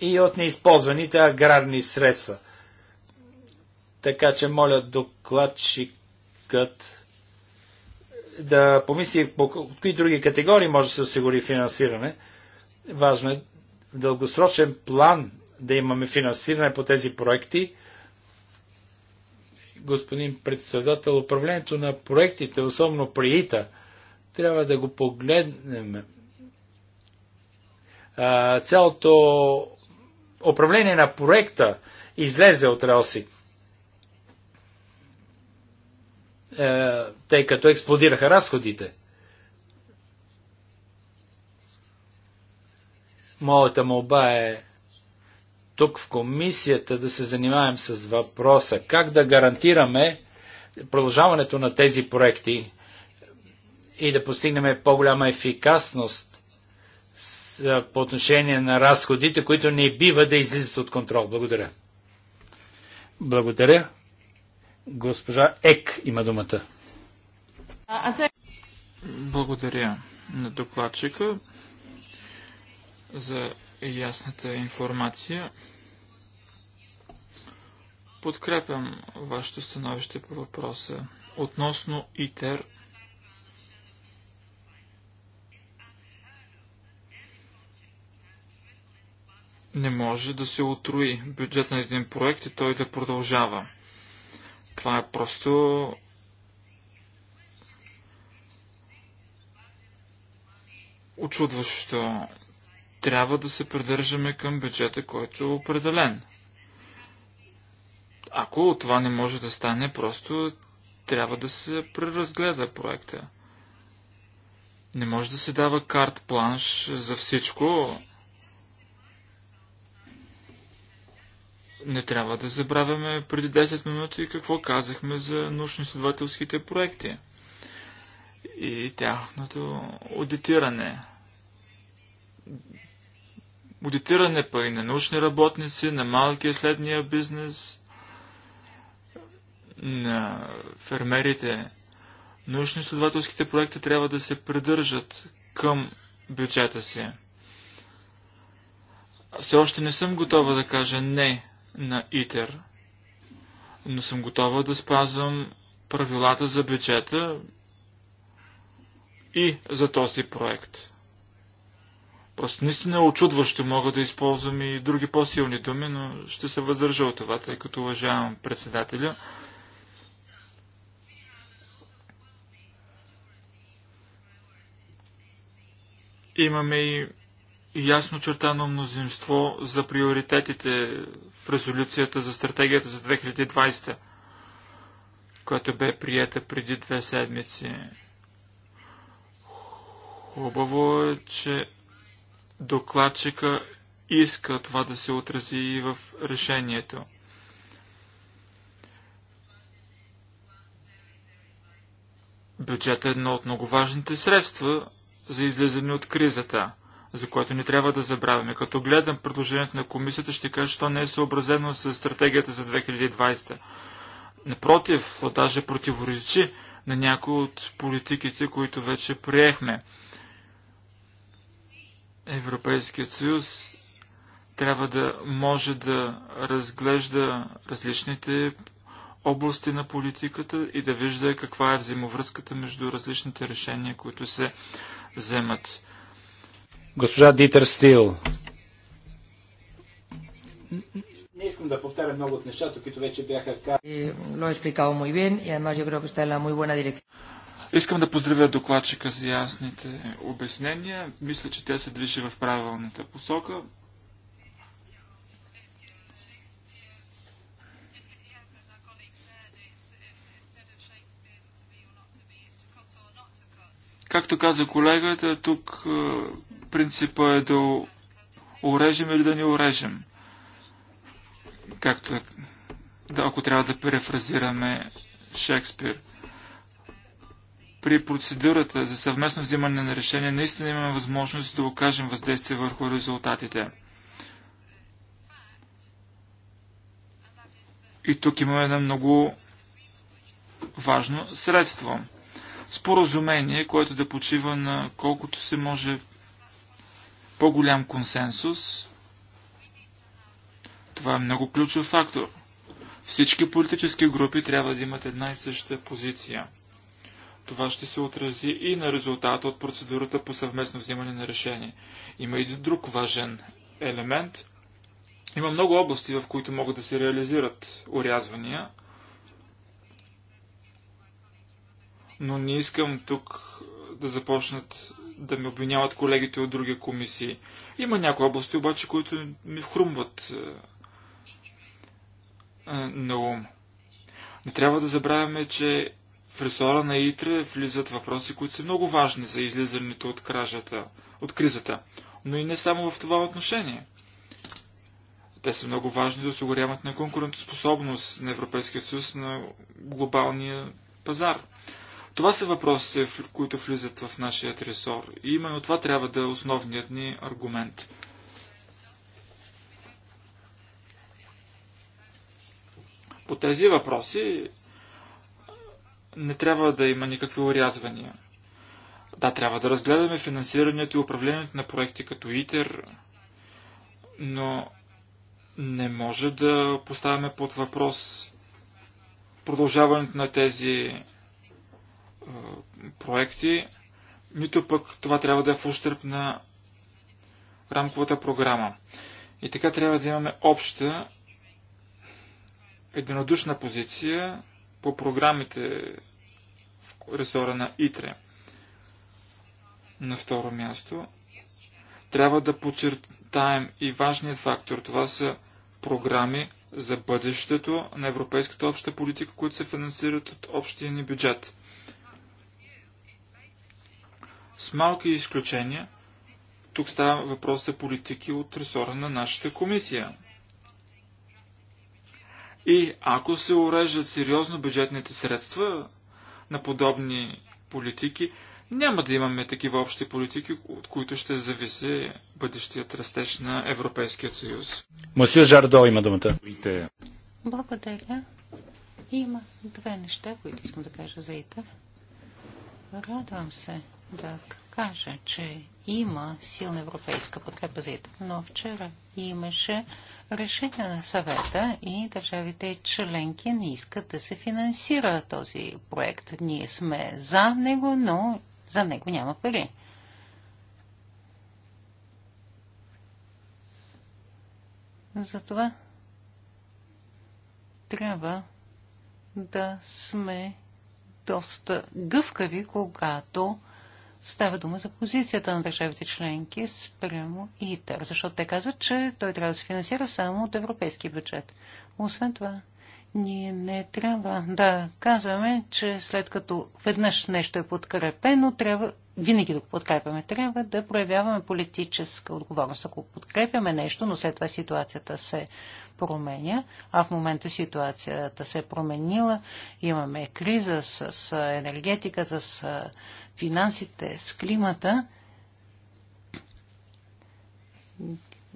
и от неизползваните аграрни средства – така че моля докладчикът да помисли по кои други категории може да се осигури финансиране. Важно е в дългосрочен план да имаме финансиране по тези проекти. Господин председател, управлението на проектите, особено при ИТА, трябва да го погледнем. цялото управление на проекта излезе от релси. Е, тъй като експлодираха разходите. Моята молба е тук в комисията да се занимаем с въпроса как да гарантираме продължаването на тези проекти и да постигнем по-голяма ефикасност е, по отношение на разходите, които не бива да излизат от контрол. Благодаря. Благодаря. Госпожа Ек има думата. Благодаря на докладчика за ясната информация. Подкрепям вашето становище по въпроса относно ИТЕР. Не може да се отруи бюджет на един проект и той да продължава. Това е просто очудващо. Трябва да се придържаме към бюджета, който е определен. Ако това не може да стане, просто трябва да се преразгледа проекта. Не може да се дава карт планш за всичко, Не трябва да забравяме преди 10 минути какво казахме за научно-изследователските проекти и тяхното аудитиране. Аудитиране па и на научни работници, на малкия следния бизнес, на фермерите. Научно-изследователските проекти трябва да се придържат към бюджета си. Все още не съм готова да кажа не на ИТЕР. Но съм готова да спазвам правилата за бюджета и за този проект. Просто наистина е очудващо. Мога да използвам и други по-силни думи, но ще се въздържа от това, тъй като уважавам председателя. Имаме и ясно чертано мнозинство за приоритетите в резолюцията за стратегията за 2020, която бе приета преди две седмици. Хубаво е, че докладчика иска това да се отрази и в решението. Бюджет е едно от много важните средства за излизане от кризата – за което не трябва да забравяме. Като гледам предложението на комисията, ще кажа, че то не е съобразено с стратегията за 2020. Напротив, даже противоречи на някои от политиките, които вече приехме. Европейският съюз трябва да може да разглежда различните области на политиката и да вижда каква е взаимовръзката между различните решения, които се вземат. Госпожа Дитер Стил. Не искам да повтарям много от нещата, които вече бяха казани. Е, е искам да поздравя докладчика за ясните обяснения. Мисля, че тя се движи в правилната посока. Както каза колегата, тук е, принципа е да урежем или да не урежем. Както е, да, ако трябва да перефразираме Шекспир. При процедурата за съвместно взимане на решение наистина имаме възможност да окажем въздействие върху резултатите. И тук имаме едно много важно средство споразумение, което да почива на колкото се може по-голям консенсус. Това е много ключов фактор. Всички политически групи трябва да имат една и съща позиция. Това ще се отрази и на резултата от процедурата по съвместно взимане на решение. Има и друг важен елемент. Има много области, в които могат да се реализират урязвания – но не искам тук е, да започнат да ме обвиняват колегите от други комисии. Има някои области обаче, които ми хрумват е, е, на ум. Не трябва да забравяме, че в ресора на ИТРЕ влизат въпроси, които са много важни за излизането от, кражата, от кризата, но и не само в това отношение. Те са много важни за осигуряването на конкурентоспособност на Европейския съюз на глобалния пазар. Това са въпросите, които влизат в нашия ресор. И именно това трябва да е основният ни аргумент. По тези въпроси не трябва да има никакви урязвания. Да, трябва да разгледаме финансирането и управлението на проекти като ИТЕР, но не може да поставяме под въпрос продължаването на тези проекти, нито пък това трябва да е в ущърп на рамковата програма. И така трябва да имаме обща единодушна позиция по програмите в ресора на ИТРЕ. На второ място трябва да подчертаем и важният фактор. Това са програми за бъдещето на европейската обща политика, които се финансират от общия ни бюджет с малки изключения. Тук става въпрос за политики от ресора на нашата комисия. И ако се урежат сериозно бюджетните средства на подобни политики, няма да имаме такива общи политики, от които ще зависи бъдещият растеж на Европейския съюз. Масио Жардо има думата. Благодаря. Има две неща, които искам да кажа за ИТАР. Радвам се, да кажа, че има силна европейска подкрепа за ИТА, но вчера имаше решение на съвета и държавите членки не искат да се финансира този проект. Ние сме за него, но за него няма пари. Затова трябва да сме доста гъвкави, когато става дума за позицията на държавите членки спрямо ИТЕР, защото те казват, че той трябва да се финансира само от европейски бюджет. Освен това, ние не трябва да казваме, че след като веднъж нещо е подкрепено, трябва винаги да го подкрепяме. Трябва да проявяваме политическа отговорност. Ако подкрепяме нещо, но след това ситуацията се променя, а в момента ситуацията се е променила, имаме криза с енергетиката, с финансите, с климата,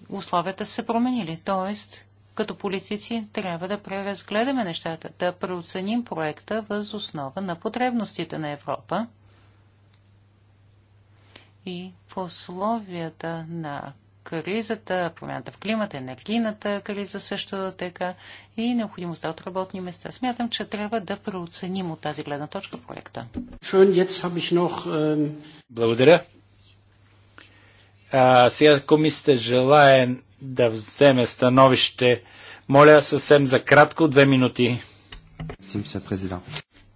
условията са се променили. Тоест, като политици трябва да преразгледаме нещата, да преоценим проекта въз основа на потребностите на Европа и в условията на кризата, промяната в климата, енергийната криза също е така и необходимостта от работни места. Смятам, че трябва да преоценим от тази гледна точка проекта. Ähm, Благодаря. А, сега комисията желая да вземе становище. Моля съвсем за кратко, две минути.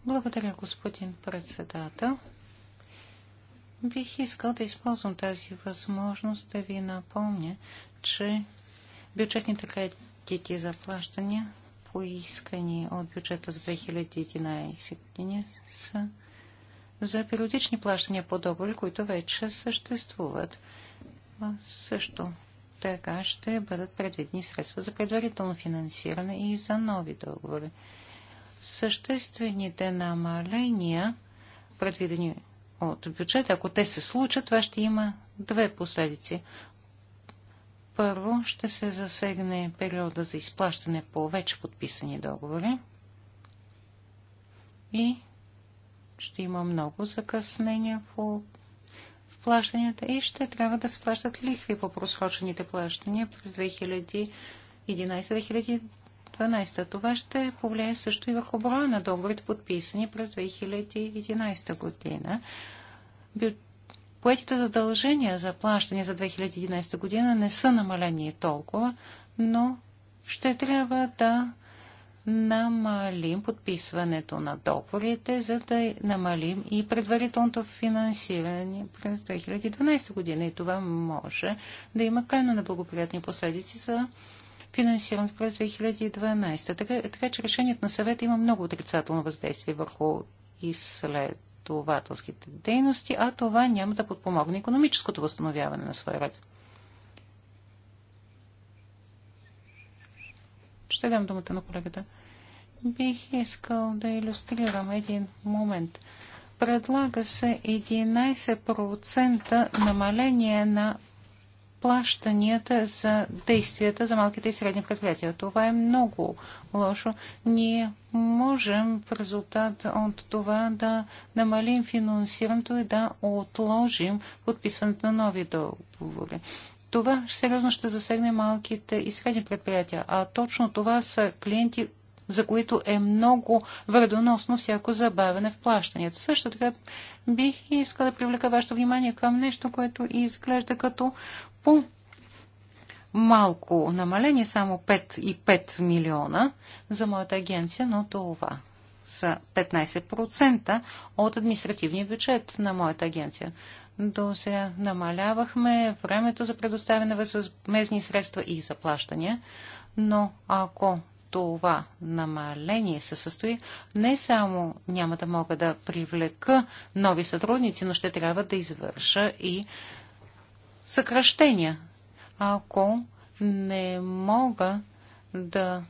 Благодаря, господин председател. Бих искал да използвам тази възможност да ви напомня, че бюджетните кредити за плащания, поискани от бюджета за 2011 година, са за периодични плащания по договори, които вече съществуват. А също така ще бъдат предвидени средства за предварително финансиране и за нови договори. Съществените намаления, предвидени от бюджета, ако те се случат, това ще има две последици. Първо ще се засегне периода за изплащане по вече подписани договори и ще има много закъснения по плащанията и ще трябва да се плащат лихви по просрочените плащания през 2011-2012 2012. Това ще повлияе също и върху броя на договорите, подписани през 2011 година. Поетите задължения за плащане за 2011 година не са намалени толкова, но ще трябва да намалим подписването на договорите, за да намалим и предварителното финансиране през 2012 година. И това може да има крайно неблагоприятни последици за финансиран през 2012. Така, така че решението на съвета има много отрицателно въздействие върху изследователските дейности, а това няма да подпомогне економическото възстановяване на своя ред. Ще дам думата на колегата. Бих искал да иллюстрирам един момент. Предлага се 11% намаление на плащанията за действията за малките и средни предприятия. Това е много лошо. Ние можем в резултат от това да намалим финансирането и да отложим подписването на нови договори. Това сериозно ще засегне малките и средни предприятия, а точно това са клиенти, за които е много вредоносно всяко забавяне в плащанията. Също така бих искала да привлека вашето внимание към нещо, което изглежда като по малко намаление, само 5,5 милиона за моята агенция, но това са 15% от административния бюджет на моята агенция. До сега намалявахме времето за предоставяне възмезни средства и заплащания, но ако това намаление се състои, не само няма да мога да привлека нови сътрудници, но ще трябва да извърша и съкръщения. Ако не мога да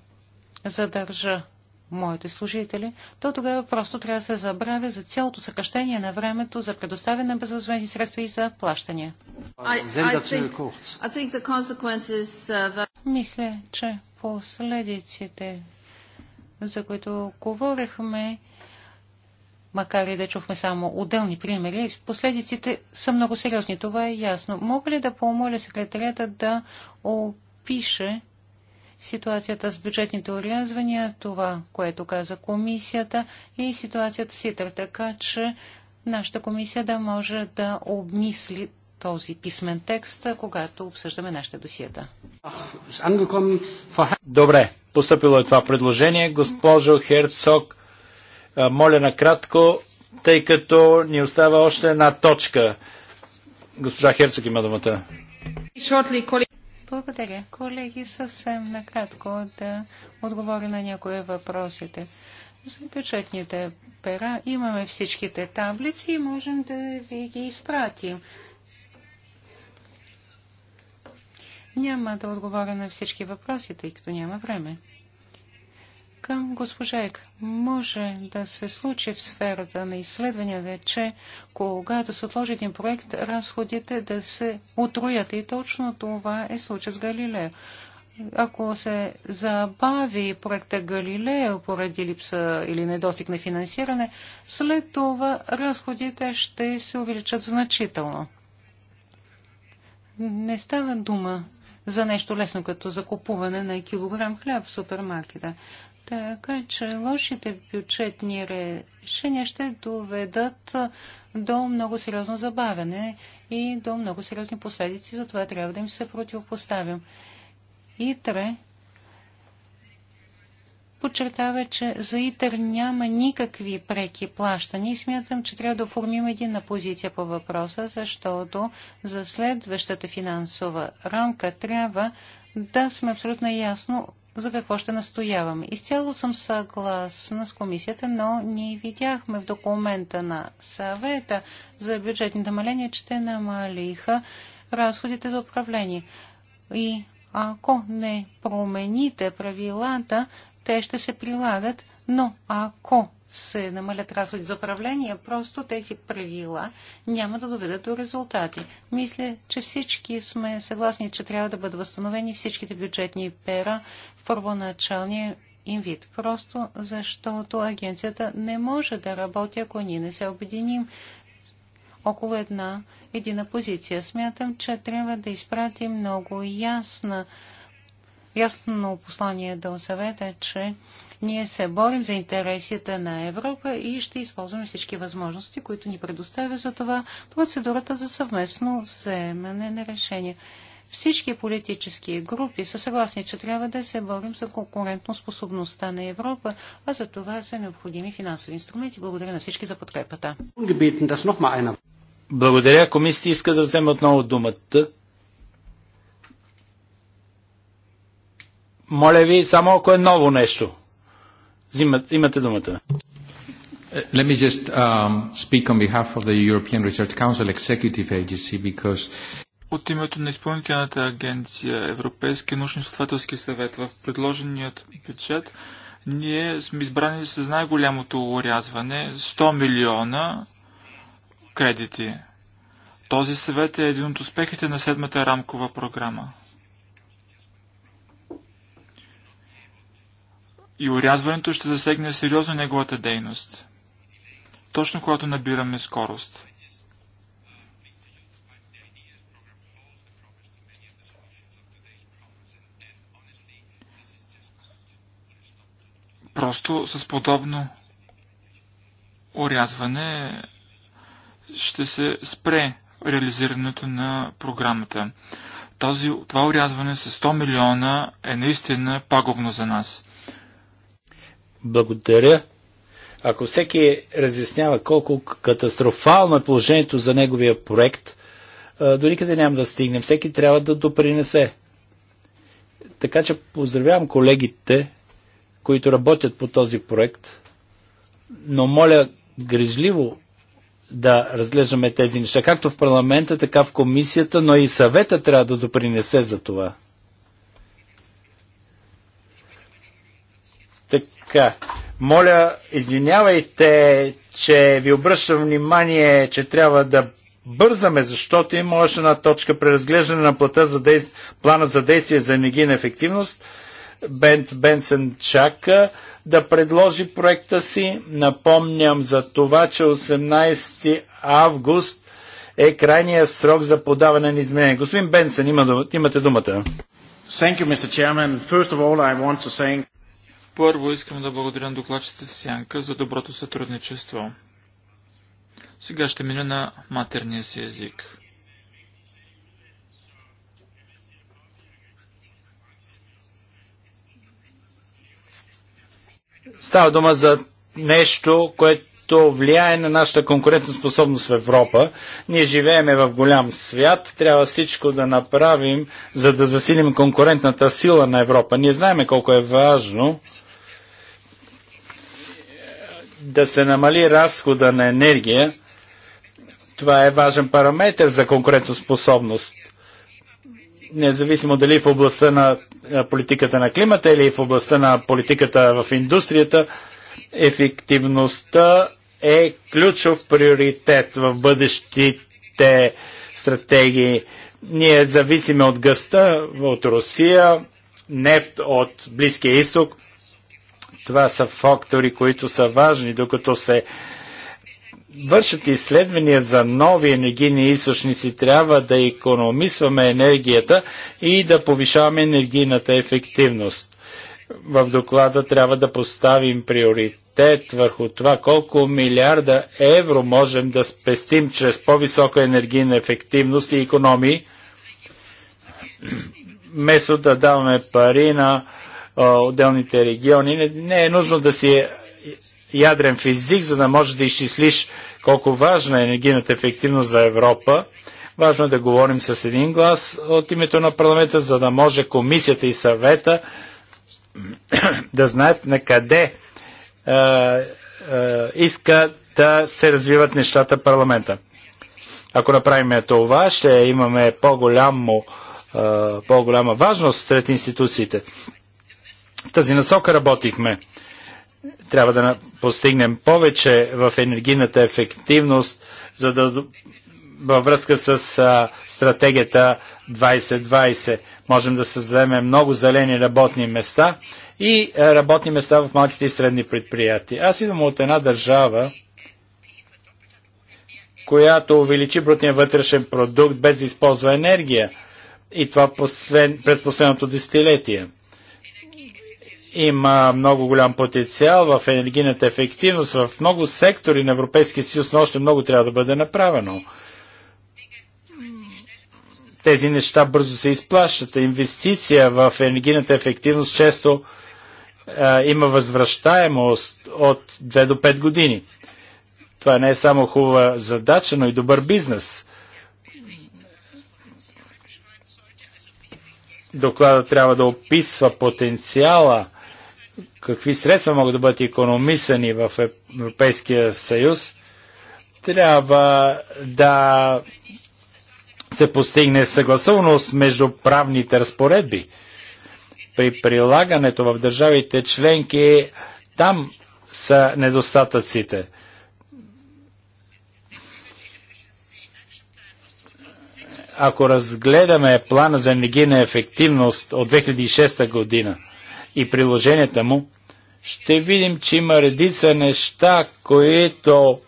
задържа моите служители, то тогава просто трябва да се забравя за цялото съкръщение на времето за предоставяне на безвъзмезни средства и за плащания. I, I think, I think uh, that... Мисля, че последиците, за които говорихме, макар и да чухме само отделни примери, последиците са много сериозни. Това е ясно. Мога ли да помоля секретарята да опише ситуацията с бюджетните урязвания, това, което каза комисията и ситуацията с ИТР, така че нашата комисия да може да обмисли този писмен текст, когато обсъждаме нашите досиета. Добре, поступило е това предложение. Госпожо Херцог, моля накратко, тъй като ни остава още една точка. Госпожа Херцог има думата. Благодаря. Колеги, съвсем накратко да отговоря на някои въпросите. За бюджетните пера имаме всичките таблици и можем да ви ги изпратим. Няма да отговоря на всички въпроси, тъй като няма време. Към госпожа Ек, може да се случи в сферата на изследванията, че когато се отложи един проект, разходите да се отруят. И точно това е случай с Галилео ако се забави проекта Галилео поради липса или недостиг на финансиране, след това разходите ще се увеличат значително. Не става дума за нещо лесно, като закупуване на килограм хляб в супермаркета. Така че лошите бюджетни решения ще доведат до много сериозно забавяне и до много сериозни последици. Затова трябва да им се противопоставим. И тре подчертава, че за ИТР няма никакви преки плащания и смятам, че трябва да оформим единна позиция по въпроса, защото за следващата финансова рамка трябва да сме абсолютно ясно за какво ще настояваме. Изцяло съм съгласна с комисията, но ние видяхме в документа на съвета за бюджетни намаления, че те намалиха разходите за управление. И ако не промените правилата, те ще се прилагат, но ако се намалят разходи за управление, просто тези правила няма да доведат до резултати. Мисля, че всички сме съгласни, че трябва да бъдат възстановени всичките бюджетни пера в първоначалния им вид. Просто защото агенцията не може да работи, ако ние не се обединим около една едина позиция. Смятам, че трябва да изпрати много ясна ясно послание до съвета, че ние се борим за интересите на Европа и ще използваме всички възможности, които ни предоставя за това процедурата за съвместно вземане на решение. Всички политически групи са съгласни, че трябва да се борим за конкурентоспособността на Европа, а за това са необходими финансови инструменти. Благодаря на всички за подкрепата. Благодаря. Комисията иска да вземе отново думата. Моля ви, само ако е ново нещо. Взимат, имате думата. Uh, let me just um, speak on behalf of the European Research Council Executive Agency because от името на изпълнителната агенция Европейския научно-изследователски съвет в предложеният бюджет ние сме избрани с най-голямото урязване 100 милиона кредити. Този съвет е един от успехите на седмата рамкова програма. и урязването ще засегне сериозно неговата дейност. Точно когато набираме скорост. Просто с подобно урязване ще се спре реализирането на програмата. Този, това урязване с 100 милиона е наистина пагубно за нас. Благодаря. Ако всеки разяснява колко катастрофално е положението за неговия проект, дори къде няма да стигнем. Всеки трябва да допринесе. Така че поздравявам колегите, които работят по този проект, но моля грижливо да разглеждаме тези неща, както в парламента, така в комисията, но и съвета трябва да допринесе за това. Така, моля, извинявайте, че ви обръщам внимание, че трябва да бързаме, защото има още една точка при разглеждане на плата за дейс... плана за действие за енергийна ефективност. Бент Бенсен чака да предложи проекта си. Напомням за това, че 18 август е крайният срок за подаване на изменения. Господин Бенсен, имате думата. Thank you, Mr. Chairman. First of all, I want to thank... Първо искам да благодаря на докладчите в Сянка за доброто сътрудничество. Сега ще мина на матерния си език. Става дума за нещо, което влияе на нашата конкурентоспособност в Европа. Ние живееме в голям свят, трябва всичко да направим, за да засилим конкурентната сила на Европа. Ние знаеме колко е важно да се намали разхода на енергия. Това е важен параметр за конкурентоспособност. Независимо дали в областта на политиката на климата или в областта на политиката в индустрията, ефективността е ключов приоритет в бъдещите стратегии. Ние зависиме от гъста, от Русия, нефт от Близкия изток, това са фактори, които са важни, докато се вършат изследвания за нови енергийни източници, трябва да економисваме енергията и да повишаваме енергийната ефективност. В доклада трябва да поставим приоритет върху това колко милиарда евро можем да спестим чрез по-висока енергийна ефективност и економии, вместо да даваме пари на отделните региони. Не, не е нужно да си е ядрен физик, за да можеш да изчислиш колко важна е енергийната ефективност за Европа. Важно е да говорим с един глас от името на парламента, за да може комисията и съвета да знаят на къде е, е, иска да се развиват нещата парламента. Ако направим това, ще имаме по-голямо, е, по-голяма важност сред институциите. В тази насока работихме. Трябва да постигнем повече в енергийната ефективност, за да във връзка с а, стратегията 2020. Можем да създадем много зелени работни места и а, работни места в малките и средни предприятия. Аз идвам от една държава, която увеличи брутния вътрешен продукт без да използва енергия. И това послед... през последното десетилетие. Има много голям потенциал в енергийната ефективност. В много сектори на Европейския съюз, но още много трябва да бъде направено. Тези неща бързо се изплащат. Инвестиция в енергийната ефективност често а, има възвръщаемост от 2 до 5 години. Това не е само хубава задача, но и добър бизнес. Докладът трябва да описва потенциала какви средства могат да бъдат економисани в Европейския съюз, трябва да се постигне съгласуваност между правните разпоредби. При прилагането в държавите членки там са недостатъците. Ако разгледаме плана за енергийна ефективност от 2006 година – и приложенията му, ще видим, че има редица неща, които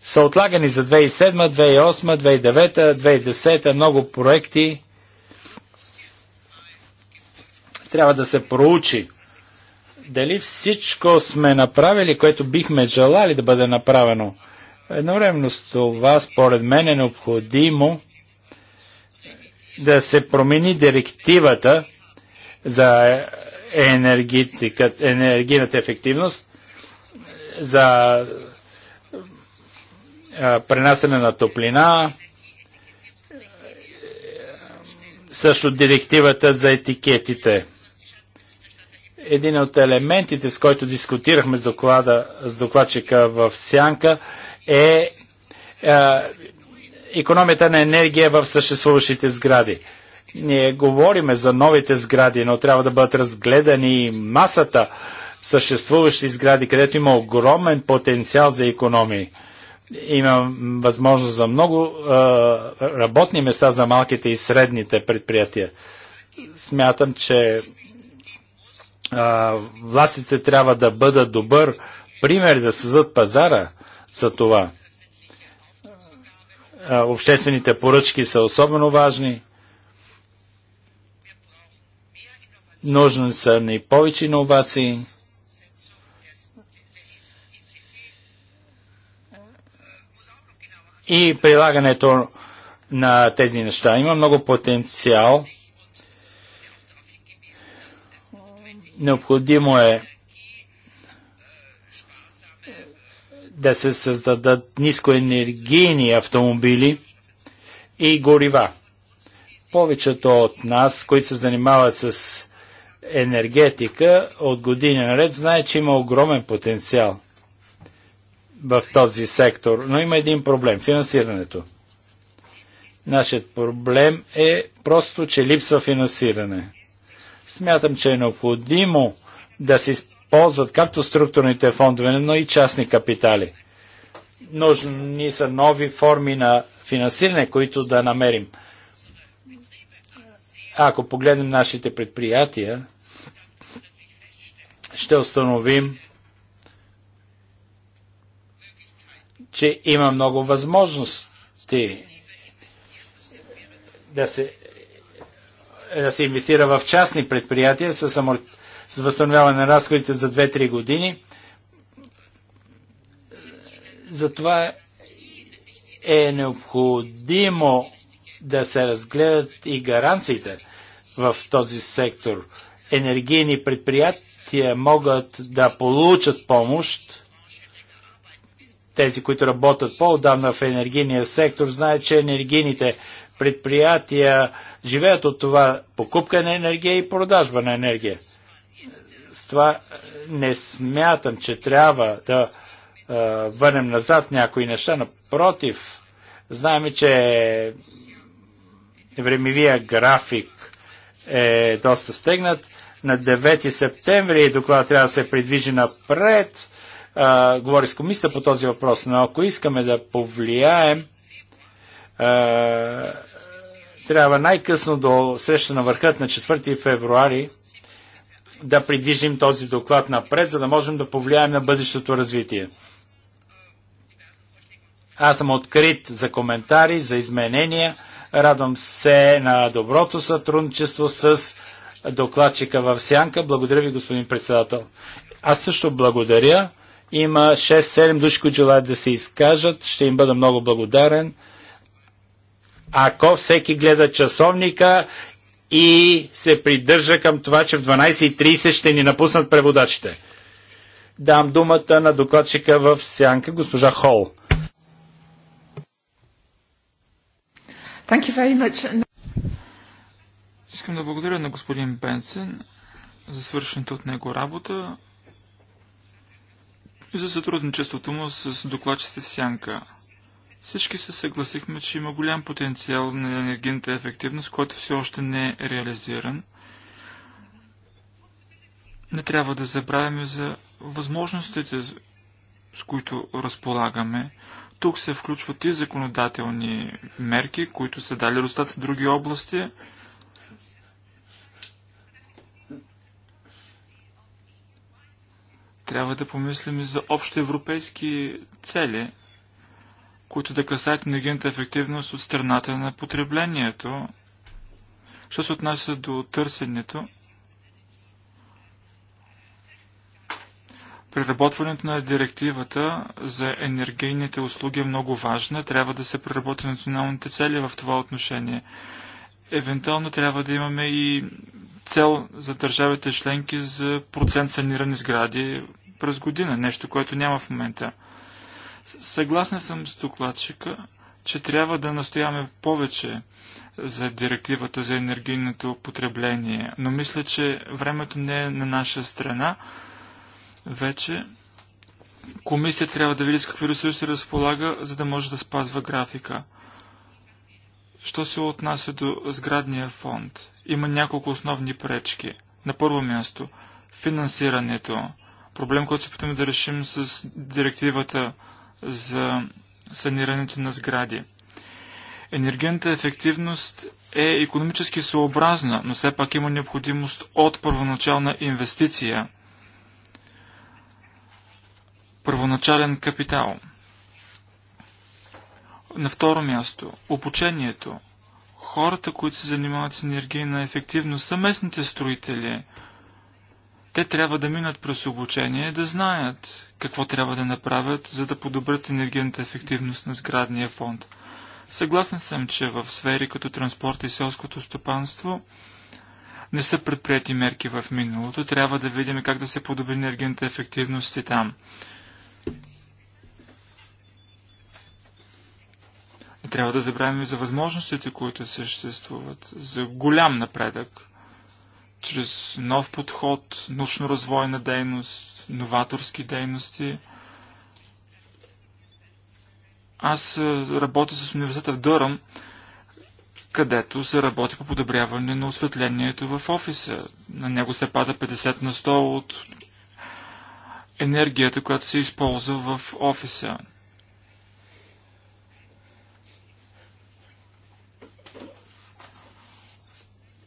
са отлагани за 2007, 2008, 2009, 2010, много проекти. Трябва да се проучи дали всичко сме направили, което бихме желали да бъде направено. Едновременно с това, според мен е необходимо да се промени директивата за енергийната ефективност, за пренасене на топлина, също директивата за етикетите. Един от елементите, с който дискутирахме с, доклада, с докладчика в Сянка, е, економията на енергия в съществуващите сгради. Ние говориме за новите сгради, но трябва да бъдат разгледани масата съществуващи сгради, където има огромен потенциал за економии. Има възможност за много е, работни места за малките и средните предприятия. Смятам, че е, властите трябва да бъдат добър пример да създадат пазара за това. Е, обществените поръчки са особено важни Нужни са ни повече иновации. И прилагането на тези неща има много потенциал. Необходимо е да се създадат нискоенергийни автомобили и горива. Повечето от нас, които се занимават с енергетика от години наред знае, че има огромен потенциал в този сектор, но има един проблем – финансирането. Нашият проблем е просто, че липсва финансиране. Смятам, че е необходимо да се използват както структурните фондове, но и частни капитали. Нужни са нови форми на финансиране, които да намерим. Ако погледнем нашите предприятия, ще установим, че има много възможности да се, да се инвестира в частни предприятия с, амор... с възстановяване на разходите за 2-3 години. Затова е необходимо да се разгледат и гаранциите в този сектор. Енергийни предприятия предприятия могат да получат помощ, тези, които работят по-отдавна в енергийния сектор, знаят, че енергийните предприятия живеят от това покупка на енергия и продажба на енергия. С това не смятам, че трябва да а, върнем назад някои неща. Напротив, знаем, че времевия график е доста стегнат на 9 септември и доклад трябва да се придвижи напред. А, говори с комисията по този въпрос, но ако искаме да повлияем, а, трябва най-късно до среща на върхът на 4 февруари да придвижим този доклад напред, за да можем да повлияем на бъдещото развитие. Аз съм открит за коментари, за изменения. Радвам се на доброто сътрудничество с докладчика в Сянка. Благодаря ви, господин председател. Аз също благодаря. Има 6-7 души, които желаят да се изкажат. Ще им бъда много благодарен. Ако всеки гледа часовника и се придържа към това, че в 12.30 ще ни напуснат преводачите. Дам думата на докладчика в Сянка, госпожа Хол. Thank you very much. Искам да благодаря на господин Бенсен за свършената от него работа и за сътрудничеството му с докладчите в Сянка. Всички се съгласихме, че има голям потенциал на енергийната ефективност, който все още не е реализиран. Не трябва да забравяме за възможностите, с които разполагаме. Тук се включват и законодателни мерки, които са дали резултат в други области – Трябва да помислим и за общо европейски цели, които да касаят енергийната ефективност от страната на потреблението. Що се отнася до търсенето, Преработването на директивата за енергийните услуги е много важна. Трябва да се преработи националните цели в това отношение. Евентуално трябва да имаме и цел за държавите членки за процент санирани сгради през година, нещо, което няма в момента. Съгласен съм с докладчика, че трябва да настояваме повече за директивата за енергийното потребление, но мисля, че времето не е на наша страна. Вече комисия трябва да види с какви ресурси разполага, за да може да спазва графика. Що се отнася до сградния фонд? Има няколко основни пречки. На първо място, финансирането. Проблем, който се опитаме да решим с директивата за санирането на сгради. Енергийната ефективност е економически съобразна, но все пак има необходимост от първоначална инвестиция. Първоначален капитал – на второ място, обучението. Хората, които се занимават с енергийна ефективност, са местните строители. Те трябва да минат през обучение, да знаят какво трябва да направят, за да подобрят енергийната ефективност на сградния фонд. Съгласен съм, че в сфери като транспорт и селското стопанство не са предприяти мерки в миналото. Трябва да видим как да се подобри енергийната ефективност и там. трябва да забравим и за възможностите, които съществуват, за голям напредък, чрез нов подход, научно-развойна дейност, новаторски дейности. Аз работя с университета в Дъръм, където се работи по подобряване на осветлението в офиса. На него се пада 50 на 100 от енергията, която се използва в офиса.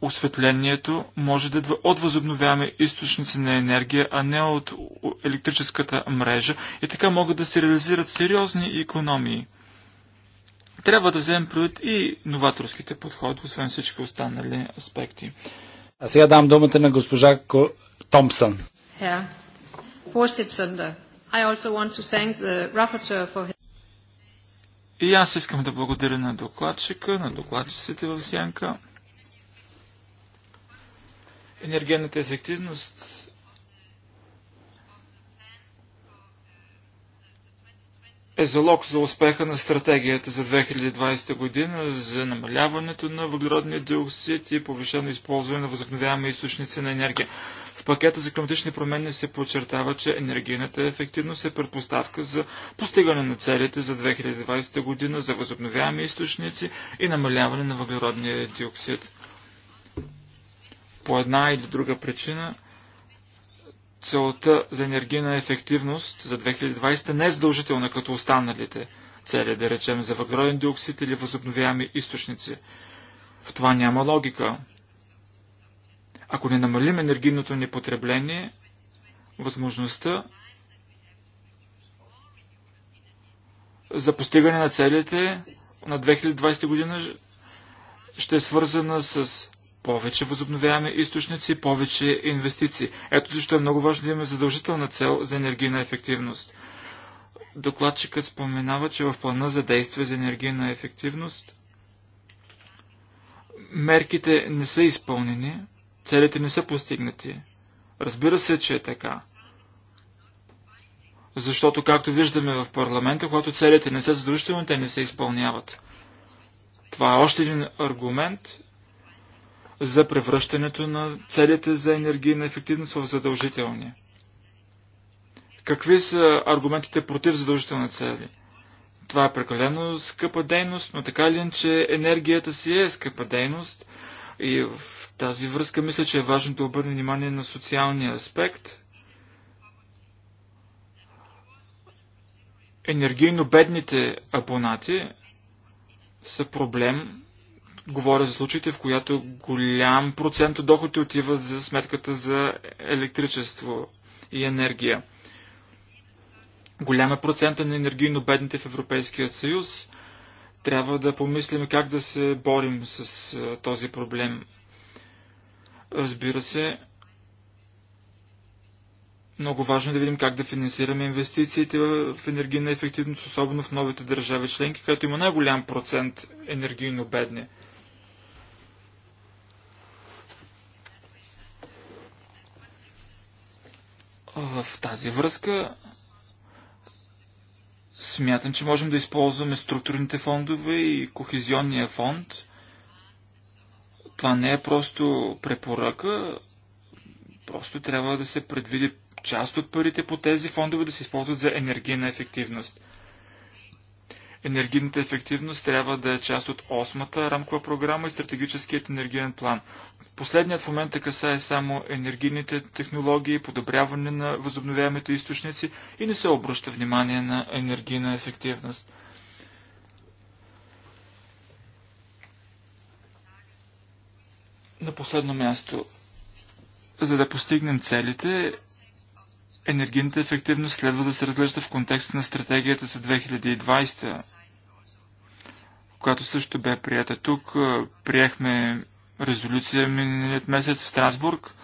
осветлението може да идва от възобновяваме източници на енергия, а не от електрическата мрежа и така могат да се реализират сериозни економии. Трябва да вземем предвид и новаторските подходи, освен всички останали аспекти. А сега дам думата на госпожа Ко... Томпсън. И аз искам да благодаря на докладчика, на докладчиците в Сянка енергийната ефективност е залог за успеха на стратегията за 2020 година за намаляването на въглеродния диоксид и повишено използване на възобновяеми източници на енергия. В пакета за климатични промени се подчертава, че енергийната ефективност е предпоставка за постигане на целите за 2020 година за възобновяеми източници и намаляване на въглеродния диоксид по една или друга причина целта за енергийна ефективност за 2020 не е задължителна като останалите цели, да речем за въглероден диоксид или възобновяеми източници. В това няма логика. Ако не намалим енергийното ни потребление, възможността за постигане на целите на 2020 година ще е свързана с повече възобновяваме източници, повече инвестиции. Ето защо е много важно да имаме задължителна цел за енергийна ефективност. Докладчикът споменава, че в плана за действие за енергийна ефективност мерките не са изпълнени, целите не са постигнати. Разбира се, че е така. Защото, както виждаме в парламента, когато целите не са задължителни, те не се изпълняват. Това е още един аргумент за превръщането на целите за енергийна ефективност в задължителни. Какви са аргументите против задължителни цели? Това е прекалено скъпа дейност, но така ли, е, че енергията си е скъпа дейност и в тази връзка мисля, че е важно да обърне внимание на социалния аспект. Енергийно бедните абонати са проблем, Говоря за случаите, в която голям процент от доходите отиват за сметката за електричество и енергия. Голям е процента на енергийно бедните в Европейския съюз. Трябва да помислим как да се борим с този проблем. Разбира се, много важно е да видим как да финансираме инвестициите в енергийна ефективност, особено в новите държави членки, където има най-голям процент енергийно бедни. В тази връзка смятам, че можем да използваме структурните фондове и кохезионния фонд. Това не е просто препоръка, просто трябва да се предвиди част от парите по тези фондове да се използват за енергийна ефективност. Енергийната ефективност трябва да е част от осмата рамкова програма и стратегическият енергиен план. Последният в момента касае само енергийните технологии, подобряване на възобновяемите източници и не се обръща внимание на енергийна ефективност. На последно място, за да постигнем целите, енергийната ефективност следва да се разглежда в контекста на стратегията за 2020 която също бе прията тук. Е, приехме резолюция миналият месец в Страсбург.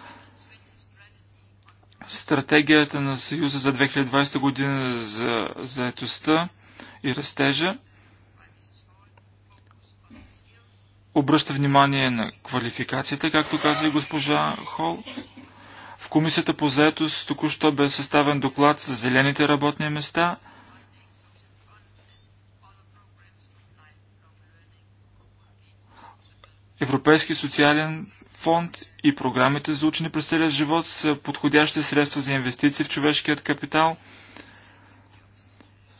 Стратегията на Съюза за 2020 година за заетостта и растежа обръща внимание на квалификацията, както каза и госпожа Хол. В Комисията по заетост току-що бе съставен доклад за зелените работни места – Европейски социален фонд и програмите за учене през целия живот са подходящи средства за инвестиции в човешкият капитал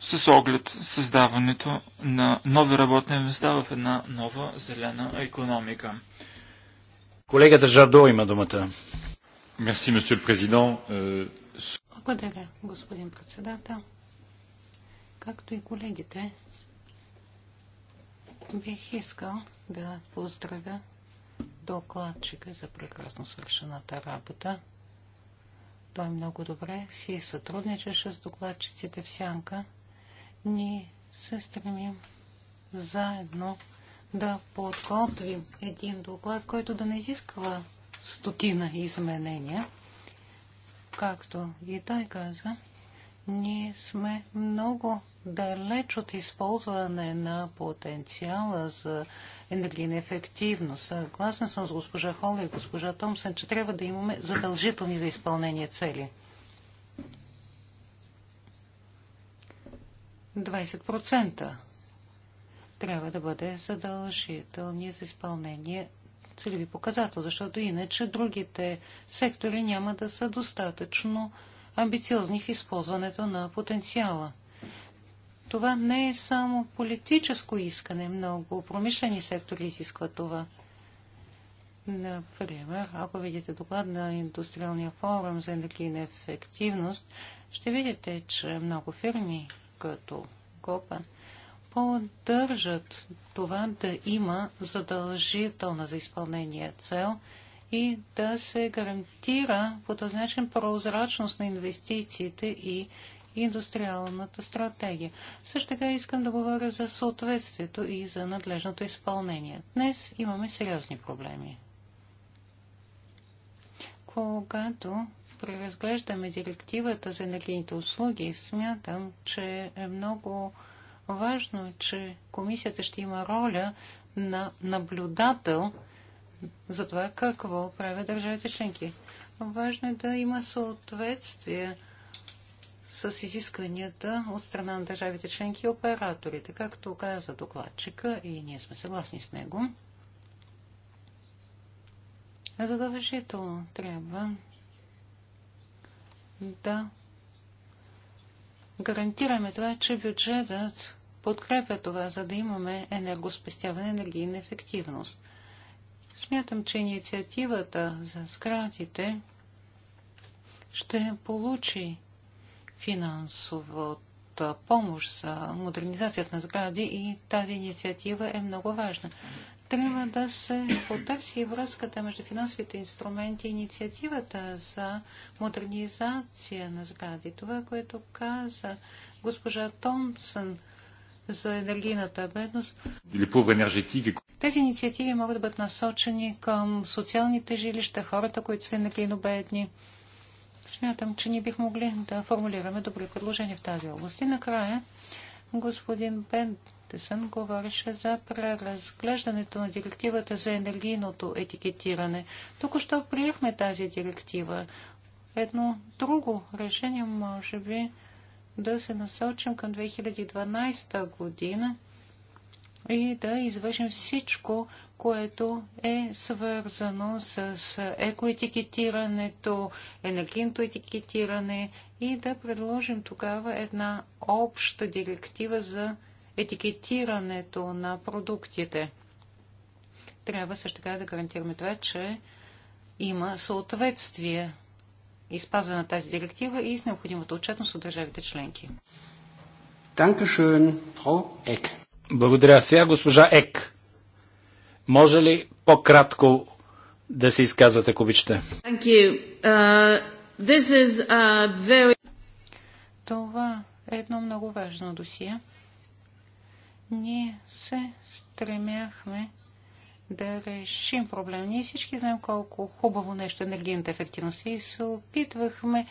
с оглед създаването на нови работни места в една нова зелена економика. Колегата Жардо, има думата. Мерси, месье президент. Благодаря, господин председател. Както и колегите, Бих искал да поздравя докладчика за прекрасно свършената работа. Той много добре си сътрудничаше с докладчиците в Сянка. Ние се стремим заедно да подготвим един доклад, който да не изисква стотина изменения. Както и той каза, ние сме много далеч от използване на потенциала за енергийна ефективност. Съгласна съм с госпожа Хола и госпожа Томсен, че трябва да имаме задължителни за изпълнение цели. 20% трябва да бъде задължителни за изпълнение целеви показател, защото иначе другите сектори няма да са достатъчно амбициозни в използването на потенциала. Това не е само политическо искане. Много промишлени сектори изискват това. Например, ако видите доклад на Индустриалния форум за енергийна ефективност, ще видите, че много фирми, като ГОПА, поддържат това да има задължителна за изпълнение цел и да се гарантира по този начин прозрачност на инвестициите и индустриалната стратегия. Също така искам да говоря за съответствието и за надлежното изпълнение. Днес имаме сериозни проблеми. Когато преразглеждаме директивата за енергийните услуги, смятам, че е много важно, че комисията ще има роля на наблюдател за това какво правят държавите членки. Важно е да има съответствие с изискванията от страна на държавите членки и операторите, както каза докладчика и ние сме съгласни с него. Задължително трябва да гарантираме това, че бюджетът подкрепя това, за да имаме енергоспестяване, енергийна ефективност. Смятам, че инициативата за сградите ще получи финансовата помощ за модернизацията на сгради и тази инициатива е много важна. Трябва да се потърси връзката между финансовите инструменти и инициативата за модернизация на сгради. Това, което каза госпожа Томсън, за енергийната бедност. Тези инициативи могат да бъдат насочени към социалните жилища, хората, които са енергийно бедни. Смятам, че ние бих могли да формулираме добри предложения в тази област. И накрая господин Бендесън говореше за преразглеждането на директивата за енергийното етикетиране. Току-що приехме тази директива. Едно друго решение може би да се насочим към 2012 година и да извършим всичко, което е свързано с екоетикетирането, енергийното етикетиране и да предложим тогава една обща директива за етикетирането на продуктите. Трябва също така да гарантираме това, че има съответствие и спазване на тази директива и с необходимата отчетност от държавите членки. Благодаря. Сега госпожа Ек. Може ли по-кратко да се изказвате, ако обичате? Uh, very... Това е едно много важно досие. Ние се стремяхме да решим проблем. Ние всички знаем колко хубаво нещо е енергийната ефективност и се опитвахме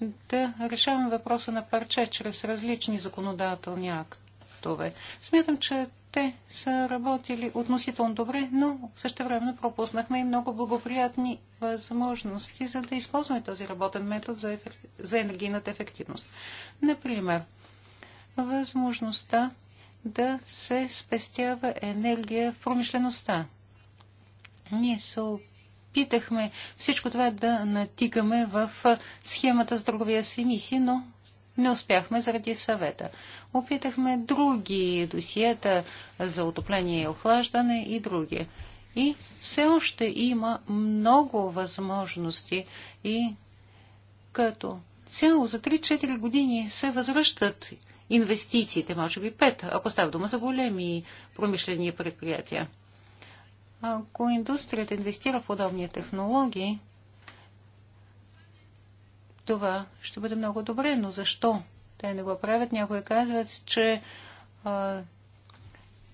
да решаваме въпроса на парче чрез различни законодателни актове. Смятам, че те са работили относително добре, но също време пропуснахме и много благоприятни възможности, за да използваме този работен метод за, ефер... за енергийната ефективност. Например, възможността да се спестява енергия в промишлеността. Ние се опитахме всичко това да натикаме в схемата с друговия с емисии, но не успяхме заради съвета. Опитахме други досиета за отопление и охлаждане и други. И все още има много възможности и като цяло за 3-4 години се възвръщат инвестициите, може би 5, ако става дума за големи промишлени предприятия. Ако индустрията инвестира в подобни технологии, това ще бъде много добре, но защо те не го правят? Някои казват, че а,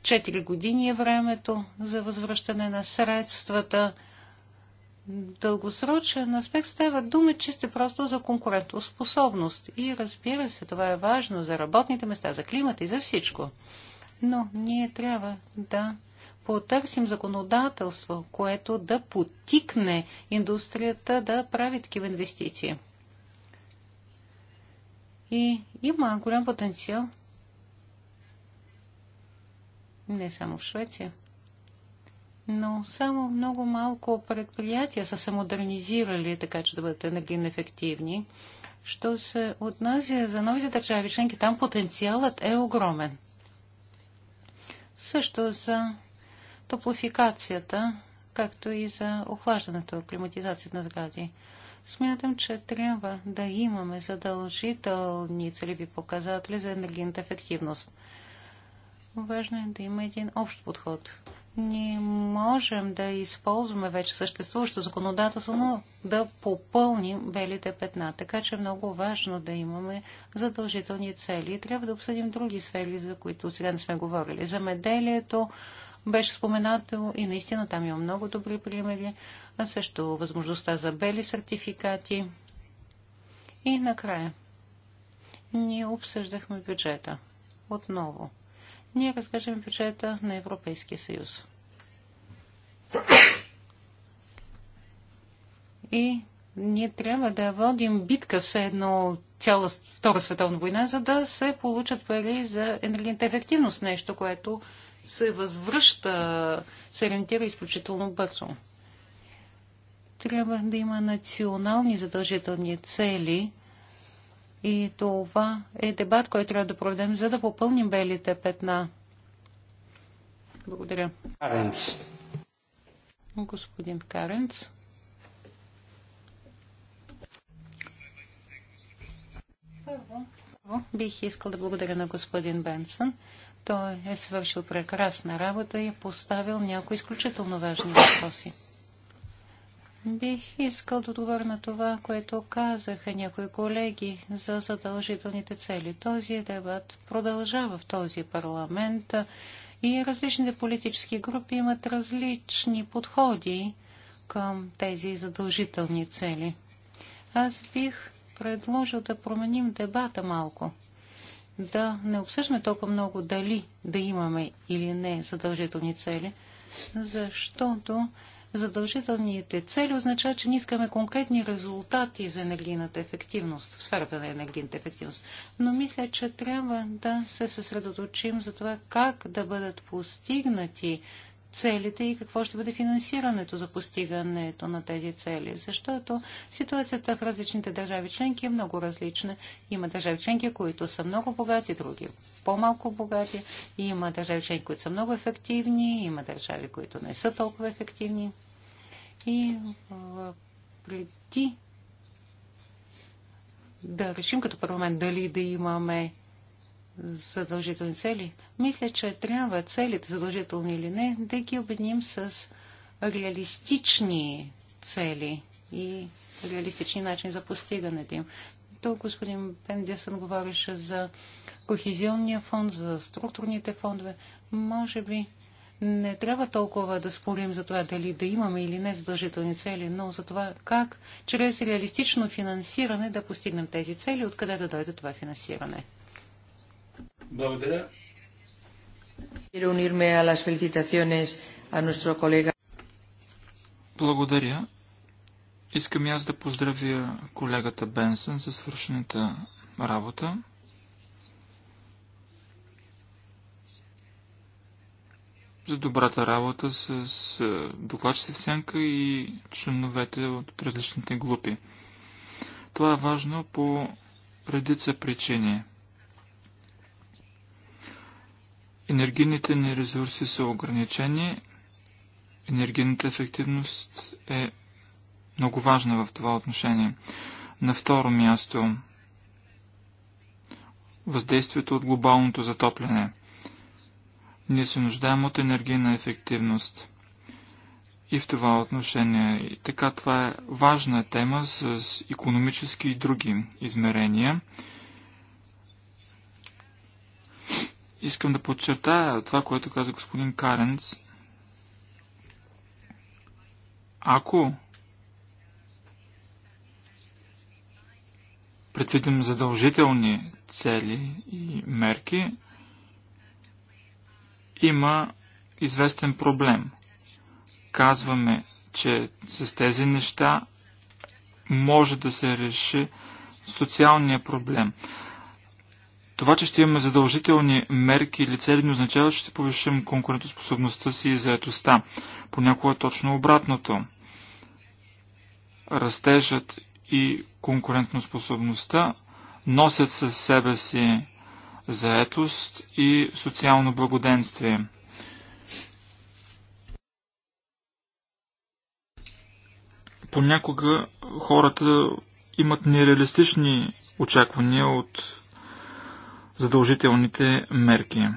4 години е времето за възвръщане на средствата. Дългосрочен аспект става дума чисто просто за конкурентоспособност. И разбира се, това е важно за работните места, за климата и за всичко. Но ние трябва да потърсим законодателство, което да потикне индустрията да прави такива инвестиции. И има голям потенциал не само в Швеция, но само много малко предприятия са се модернизирали, така че да бъдат енергийно ефективни. Що се отнася за новите държави членки, там потенциалът е огромен. Също за топлофикацията, както и за охлаждането, климатизацията на сгради. Смятам, че трябва да имаме задължителни целеви показатели за енергийната ефективност. Важно е да има един общ подход. Ние можем да използваме вече съществуващо законодателство, но да попълним белите петна. Така че е много важно да имаме задължителни цели. Трябва да обсъдим други сфери, за които сега не сме говорили. Замеделието беше споменато и наистина там има много добри примери а също възможността за бели сертификати. И накрая ние обсъждахме бюджета. Отново. Ние разкажем бюджета на Европейския съюз. И ние трябва да водим битка все едно цяла Втора световна война, за да се получат пари за енергийната ефективност. Нещо, което се възвръща, се ориентира изключително бързо трябва да има национални задължителни цели и това е дебат, който трябва да проведем, за да попълним белите петна. Благодаря. Каренц. Господин Каренц. Първо, бих искал да благодаря на господин Бенсън. Той е свършил прекрасна работа и е поставил някои изключително важни въпроси. Бих искал да отговоря на това, което казаха някои колеги за задължителните цели. Този дебат продължава в този парламент и различните политически групи имат различни подходи към тези задължителни цели. Аз бих предложил да променим дебата малко. Да не обсъждаме толкова много дали да имаме или не задължителни цели, защото Задължителните цели означава, че ние искаме конкретни резултати за енергийната ефективност, в сферата на енергийната ефективност. Но мисля, че трябва да се съсредоточим за това как да бъдат постигнати целите и какво ще бъде финансирането за постигането на тези цели. Защото ситуацията в различните държави членки е много различна. Има държави членки, които са много богати, други по-малко богати. Има държави членки, които са много ефективни, има държави, които не са толкова ефективни. И преди да решим като парламент дали да имаме задължителни цели, мисля, че трябва целите, задължителни или не, да ги обедним с реалистични цели и реалистични начини за постигането им. Тук господин Пендесън говореше за кохезионния фонд, за структурните фондове. Може би не трябва толкова да спорим за това дали да имаме или не задължителни цели, но за това как чрез реалистично финансиране да постигнем тези цели, откъде да дойде това финансиране. Благодаря. Благодаря. Искам аз да поздравя колегата Бенсън за свършената работа. за добрата работа с докладчите в сянка и членовете от различните групи. Това е важно по редица причини. Енергийните ни ресурси са ограничени. Енергийната ефективност е много важна в това отношение. На второ място въздействието от глобалното затопляне. Ние се нуждаем от енергийна ефективност. И в това отношение. И така това е важна тема с економически и други измерения. Искам да подчертая това, което каза господин Каренц. Ако предвидим задължителни цели и мерки, има известен проблем. Казваме, че с тези неща може да се реши социалния проблем. Това, че ще имаме задължителни мерки или цели, не означава, че ще повишим конкурентоспособността си и заетостта. Понякога е точно обратното. Растежът и конкурентоспособността носят със себе си заетост и социално благоденствие. Понякога хората имат нереалистични очаквания от задължителните мерки.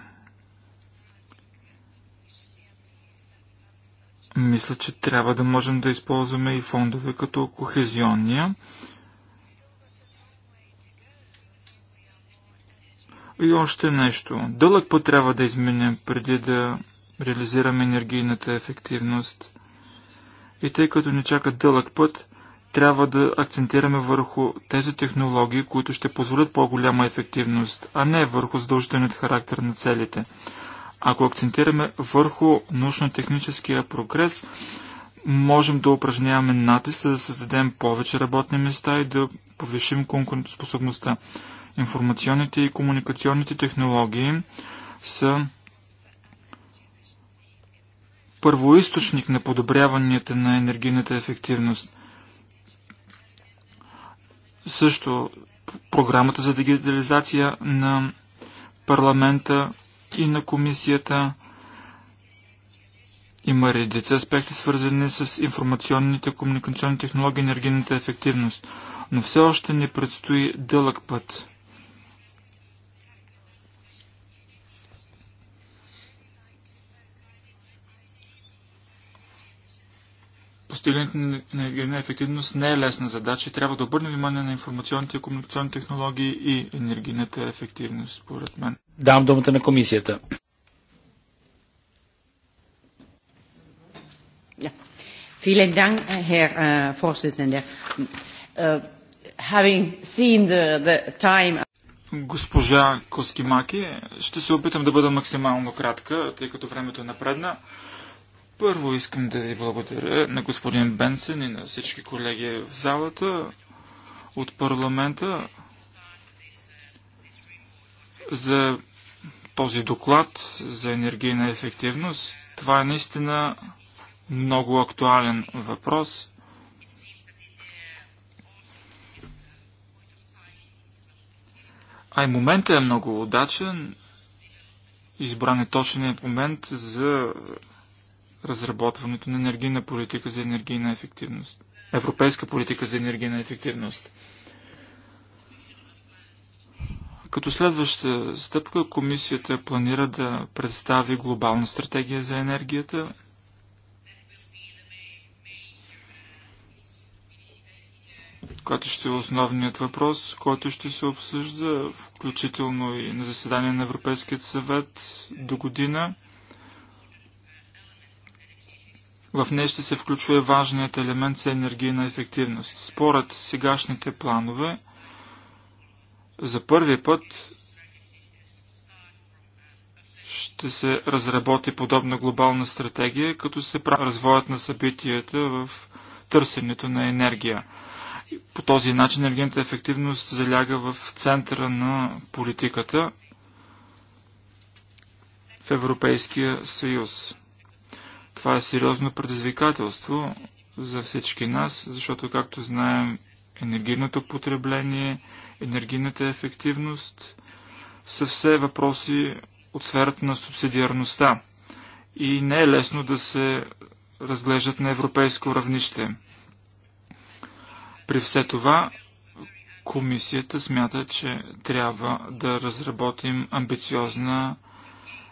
Мисля, че трябва да можем да използваме и фондове като кохезионния. И още нещо. Дълъг път трябва да изменим преди да реализираме енергийната ефективност. И тъй като ни чака дълъг път, трябва да акцентираме върху тези технологии, които ще позволят по-голяма ефективност, а не върху задължителният характер на целите. Ако акцентираме върху научно-техническия прогрес, можем да упражняваме натиск, да създадем повече работни места и да повишим конкурентоспособността. Информационните и комуникационните технологии са първоисточник на подобряванията на енергийната ефективност – също програмата за дигитализация на парламента и на комисията има редица аспекти, свързани с информационните, комуникационни технологии и енергийната ефективност, но все още не предстои дълъг път. Постигането на енергийна ефективност не е лесна задача. и Трябва да обърне внимание на информационните и комуникационни технологии и енергийната ефективност, според мен. Давам думата на комисията. Vielen Dank, Herr äh, Vorsitzender. Äh, having seen the, the time госпожа Коскимаки. Ще се опитам да бъда максимално кратка, тъй като времето е напредна. Първо искам да ви благодаря на господин Бенсен и на всички колеги в залата от парламента за този доклад за енергийна ефективност. Това е наистина много актуален въпрос. А и момента е много удачен. Избран е точен момент за разработването на енергийна политика за енергийна ефективност. Европейска политика за енергийна ефективност. Като следваща стъпка, комисията планира да представи глобална стратегия за енергията. Който ще е основният въпрос, който ще се обсъжда, включително и на заседание на Европейският съвет до година. В нея ще се включва и важният елемент за енергийна ефективност. Според сегашните планове, за първи път ще се разработи подобна глобална стратегия, като се прави развоят на събитията в търсенето на енергия. По този начин енергийната ефективност заляга в центъра на политиката в Европейския съюз. Това е сериозно предизвикателство за всички нас, защото, както знаем, енергийното потребление, енергийната ефективност са все въпроси от сферата на субсидиарността и не е лесно да се разглеждат на европейско равнище. При все това, комисията смята, че трябва да разработим амбициозна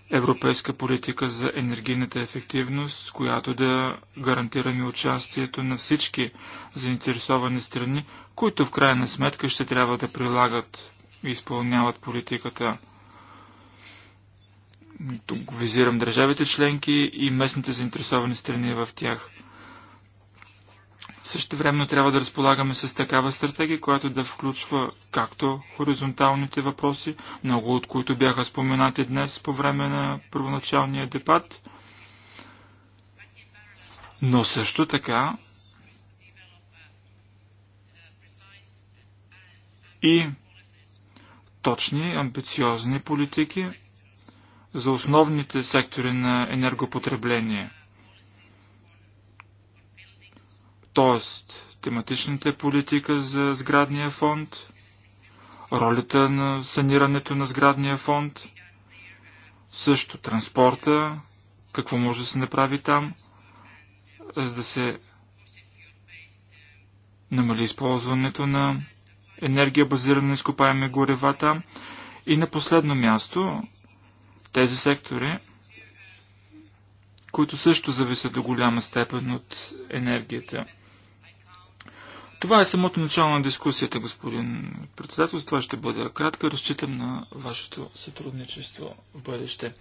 европейска политика за енергийната ефективност, която да гарантираме участието на всички заинтересовани страни, които в крайна сметка ще трябва да прилагат и изпълняват политиката. Тук визирам държавите членки и местните заинтересовани страни в тях. Също времено трябва да разполагаме с такава стратегия, която да включва както хоризонталните въпроси, много от които бяха споменати днес по време на първоначалния дебат, но също така и точни, амбициозни политики за основните сектори на енергопотребление – Т.е. тематичната е политика за сградния фонд, ролята на санирането на сградния фонд, също транспорта, какво може да се направи там, за да се намали използването на енергия базирана на изкопаеми горева там. И на последно място, тези сектори, които също зависят до голяма степен от енергията. Това е самото начало на дискусията, господин председател. За това ще бъде кратка. Разчитам на вашето сътрудничество в бъдеще.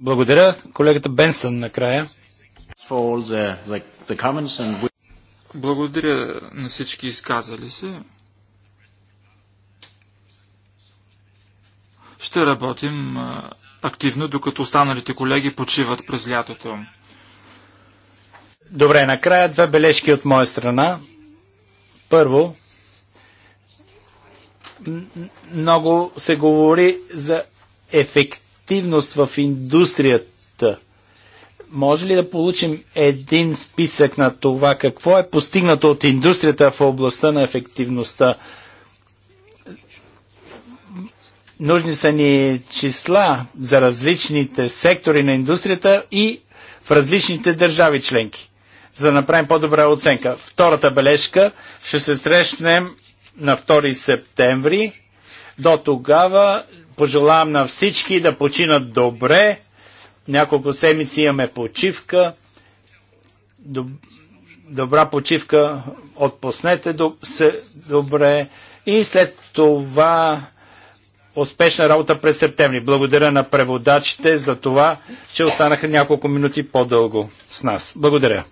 Благодаря. Колегата Бенсън накрая. The, the, the and... Благодаря на всички изказали се. Ще работим активно, докато останалите колеги почиват през лятото. Добре, накрая две бележки от моя страна. Първо, много се говори за ефективност в индустрията. Може ли да получим един списък на това какво е постигнато от индустрията в областта на ефективността? Нужни са ни числа за различните сектори на индустрията и в различните държави членки за да направим по-добра оценка. Втората бележка ще се срещнем на 2 септември. До тогава пожелавам на всички да починат добре. Няколко седмици имаме почивка. Добра почивка. Отпуснете се добре. И след това успешна работа през септември. Благодаря на преводачите за това, че останаха няколко минути по-дълго с нас. Благодаря.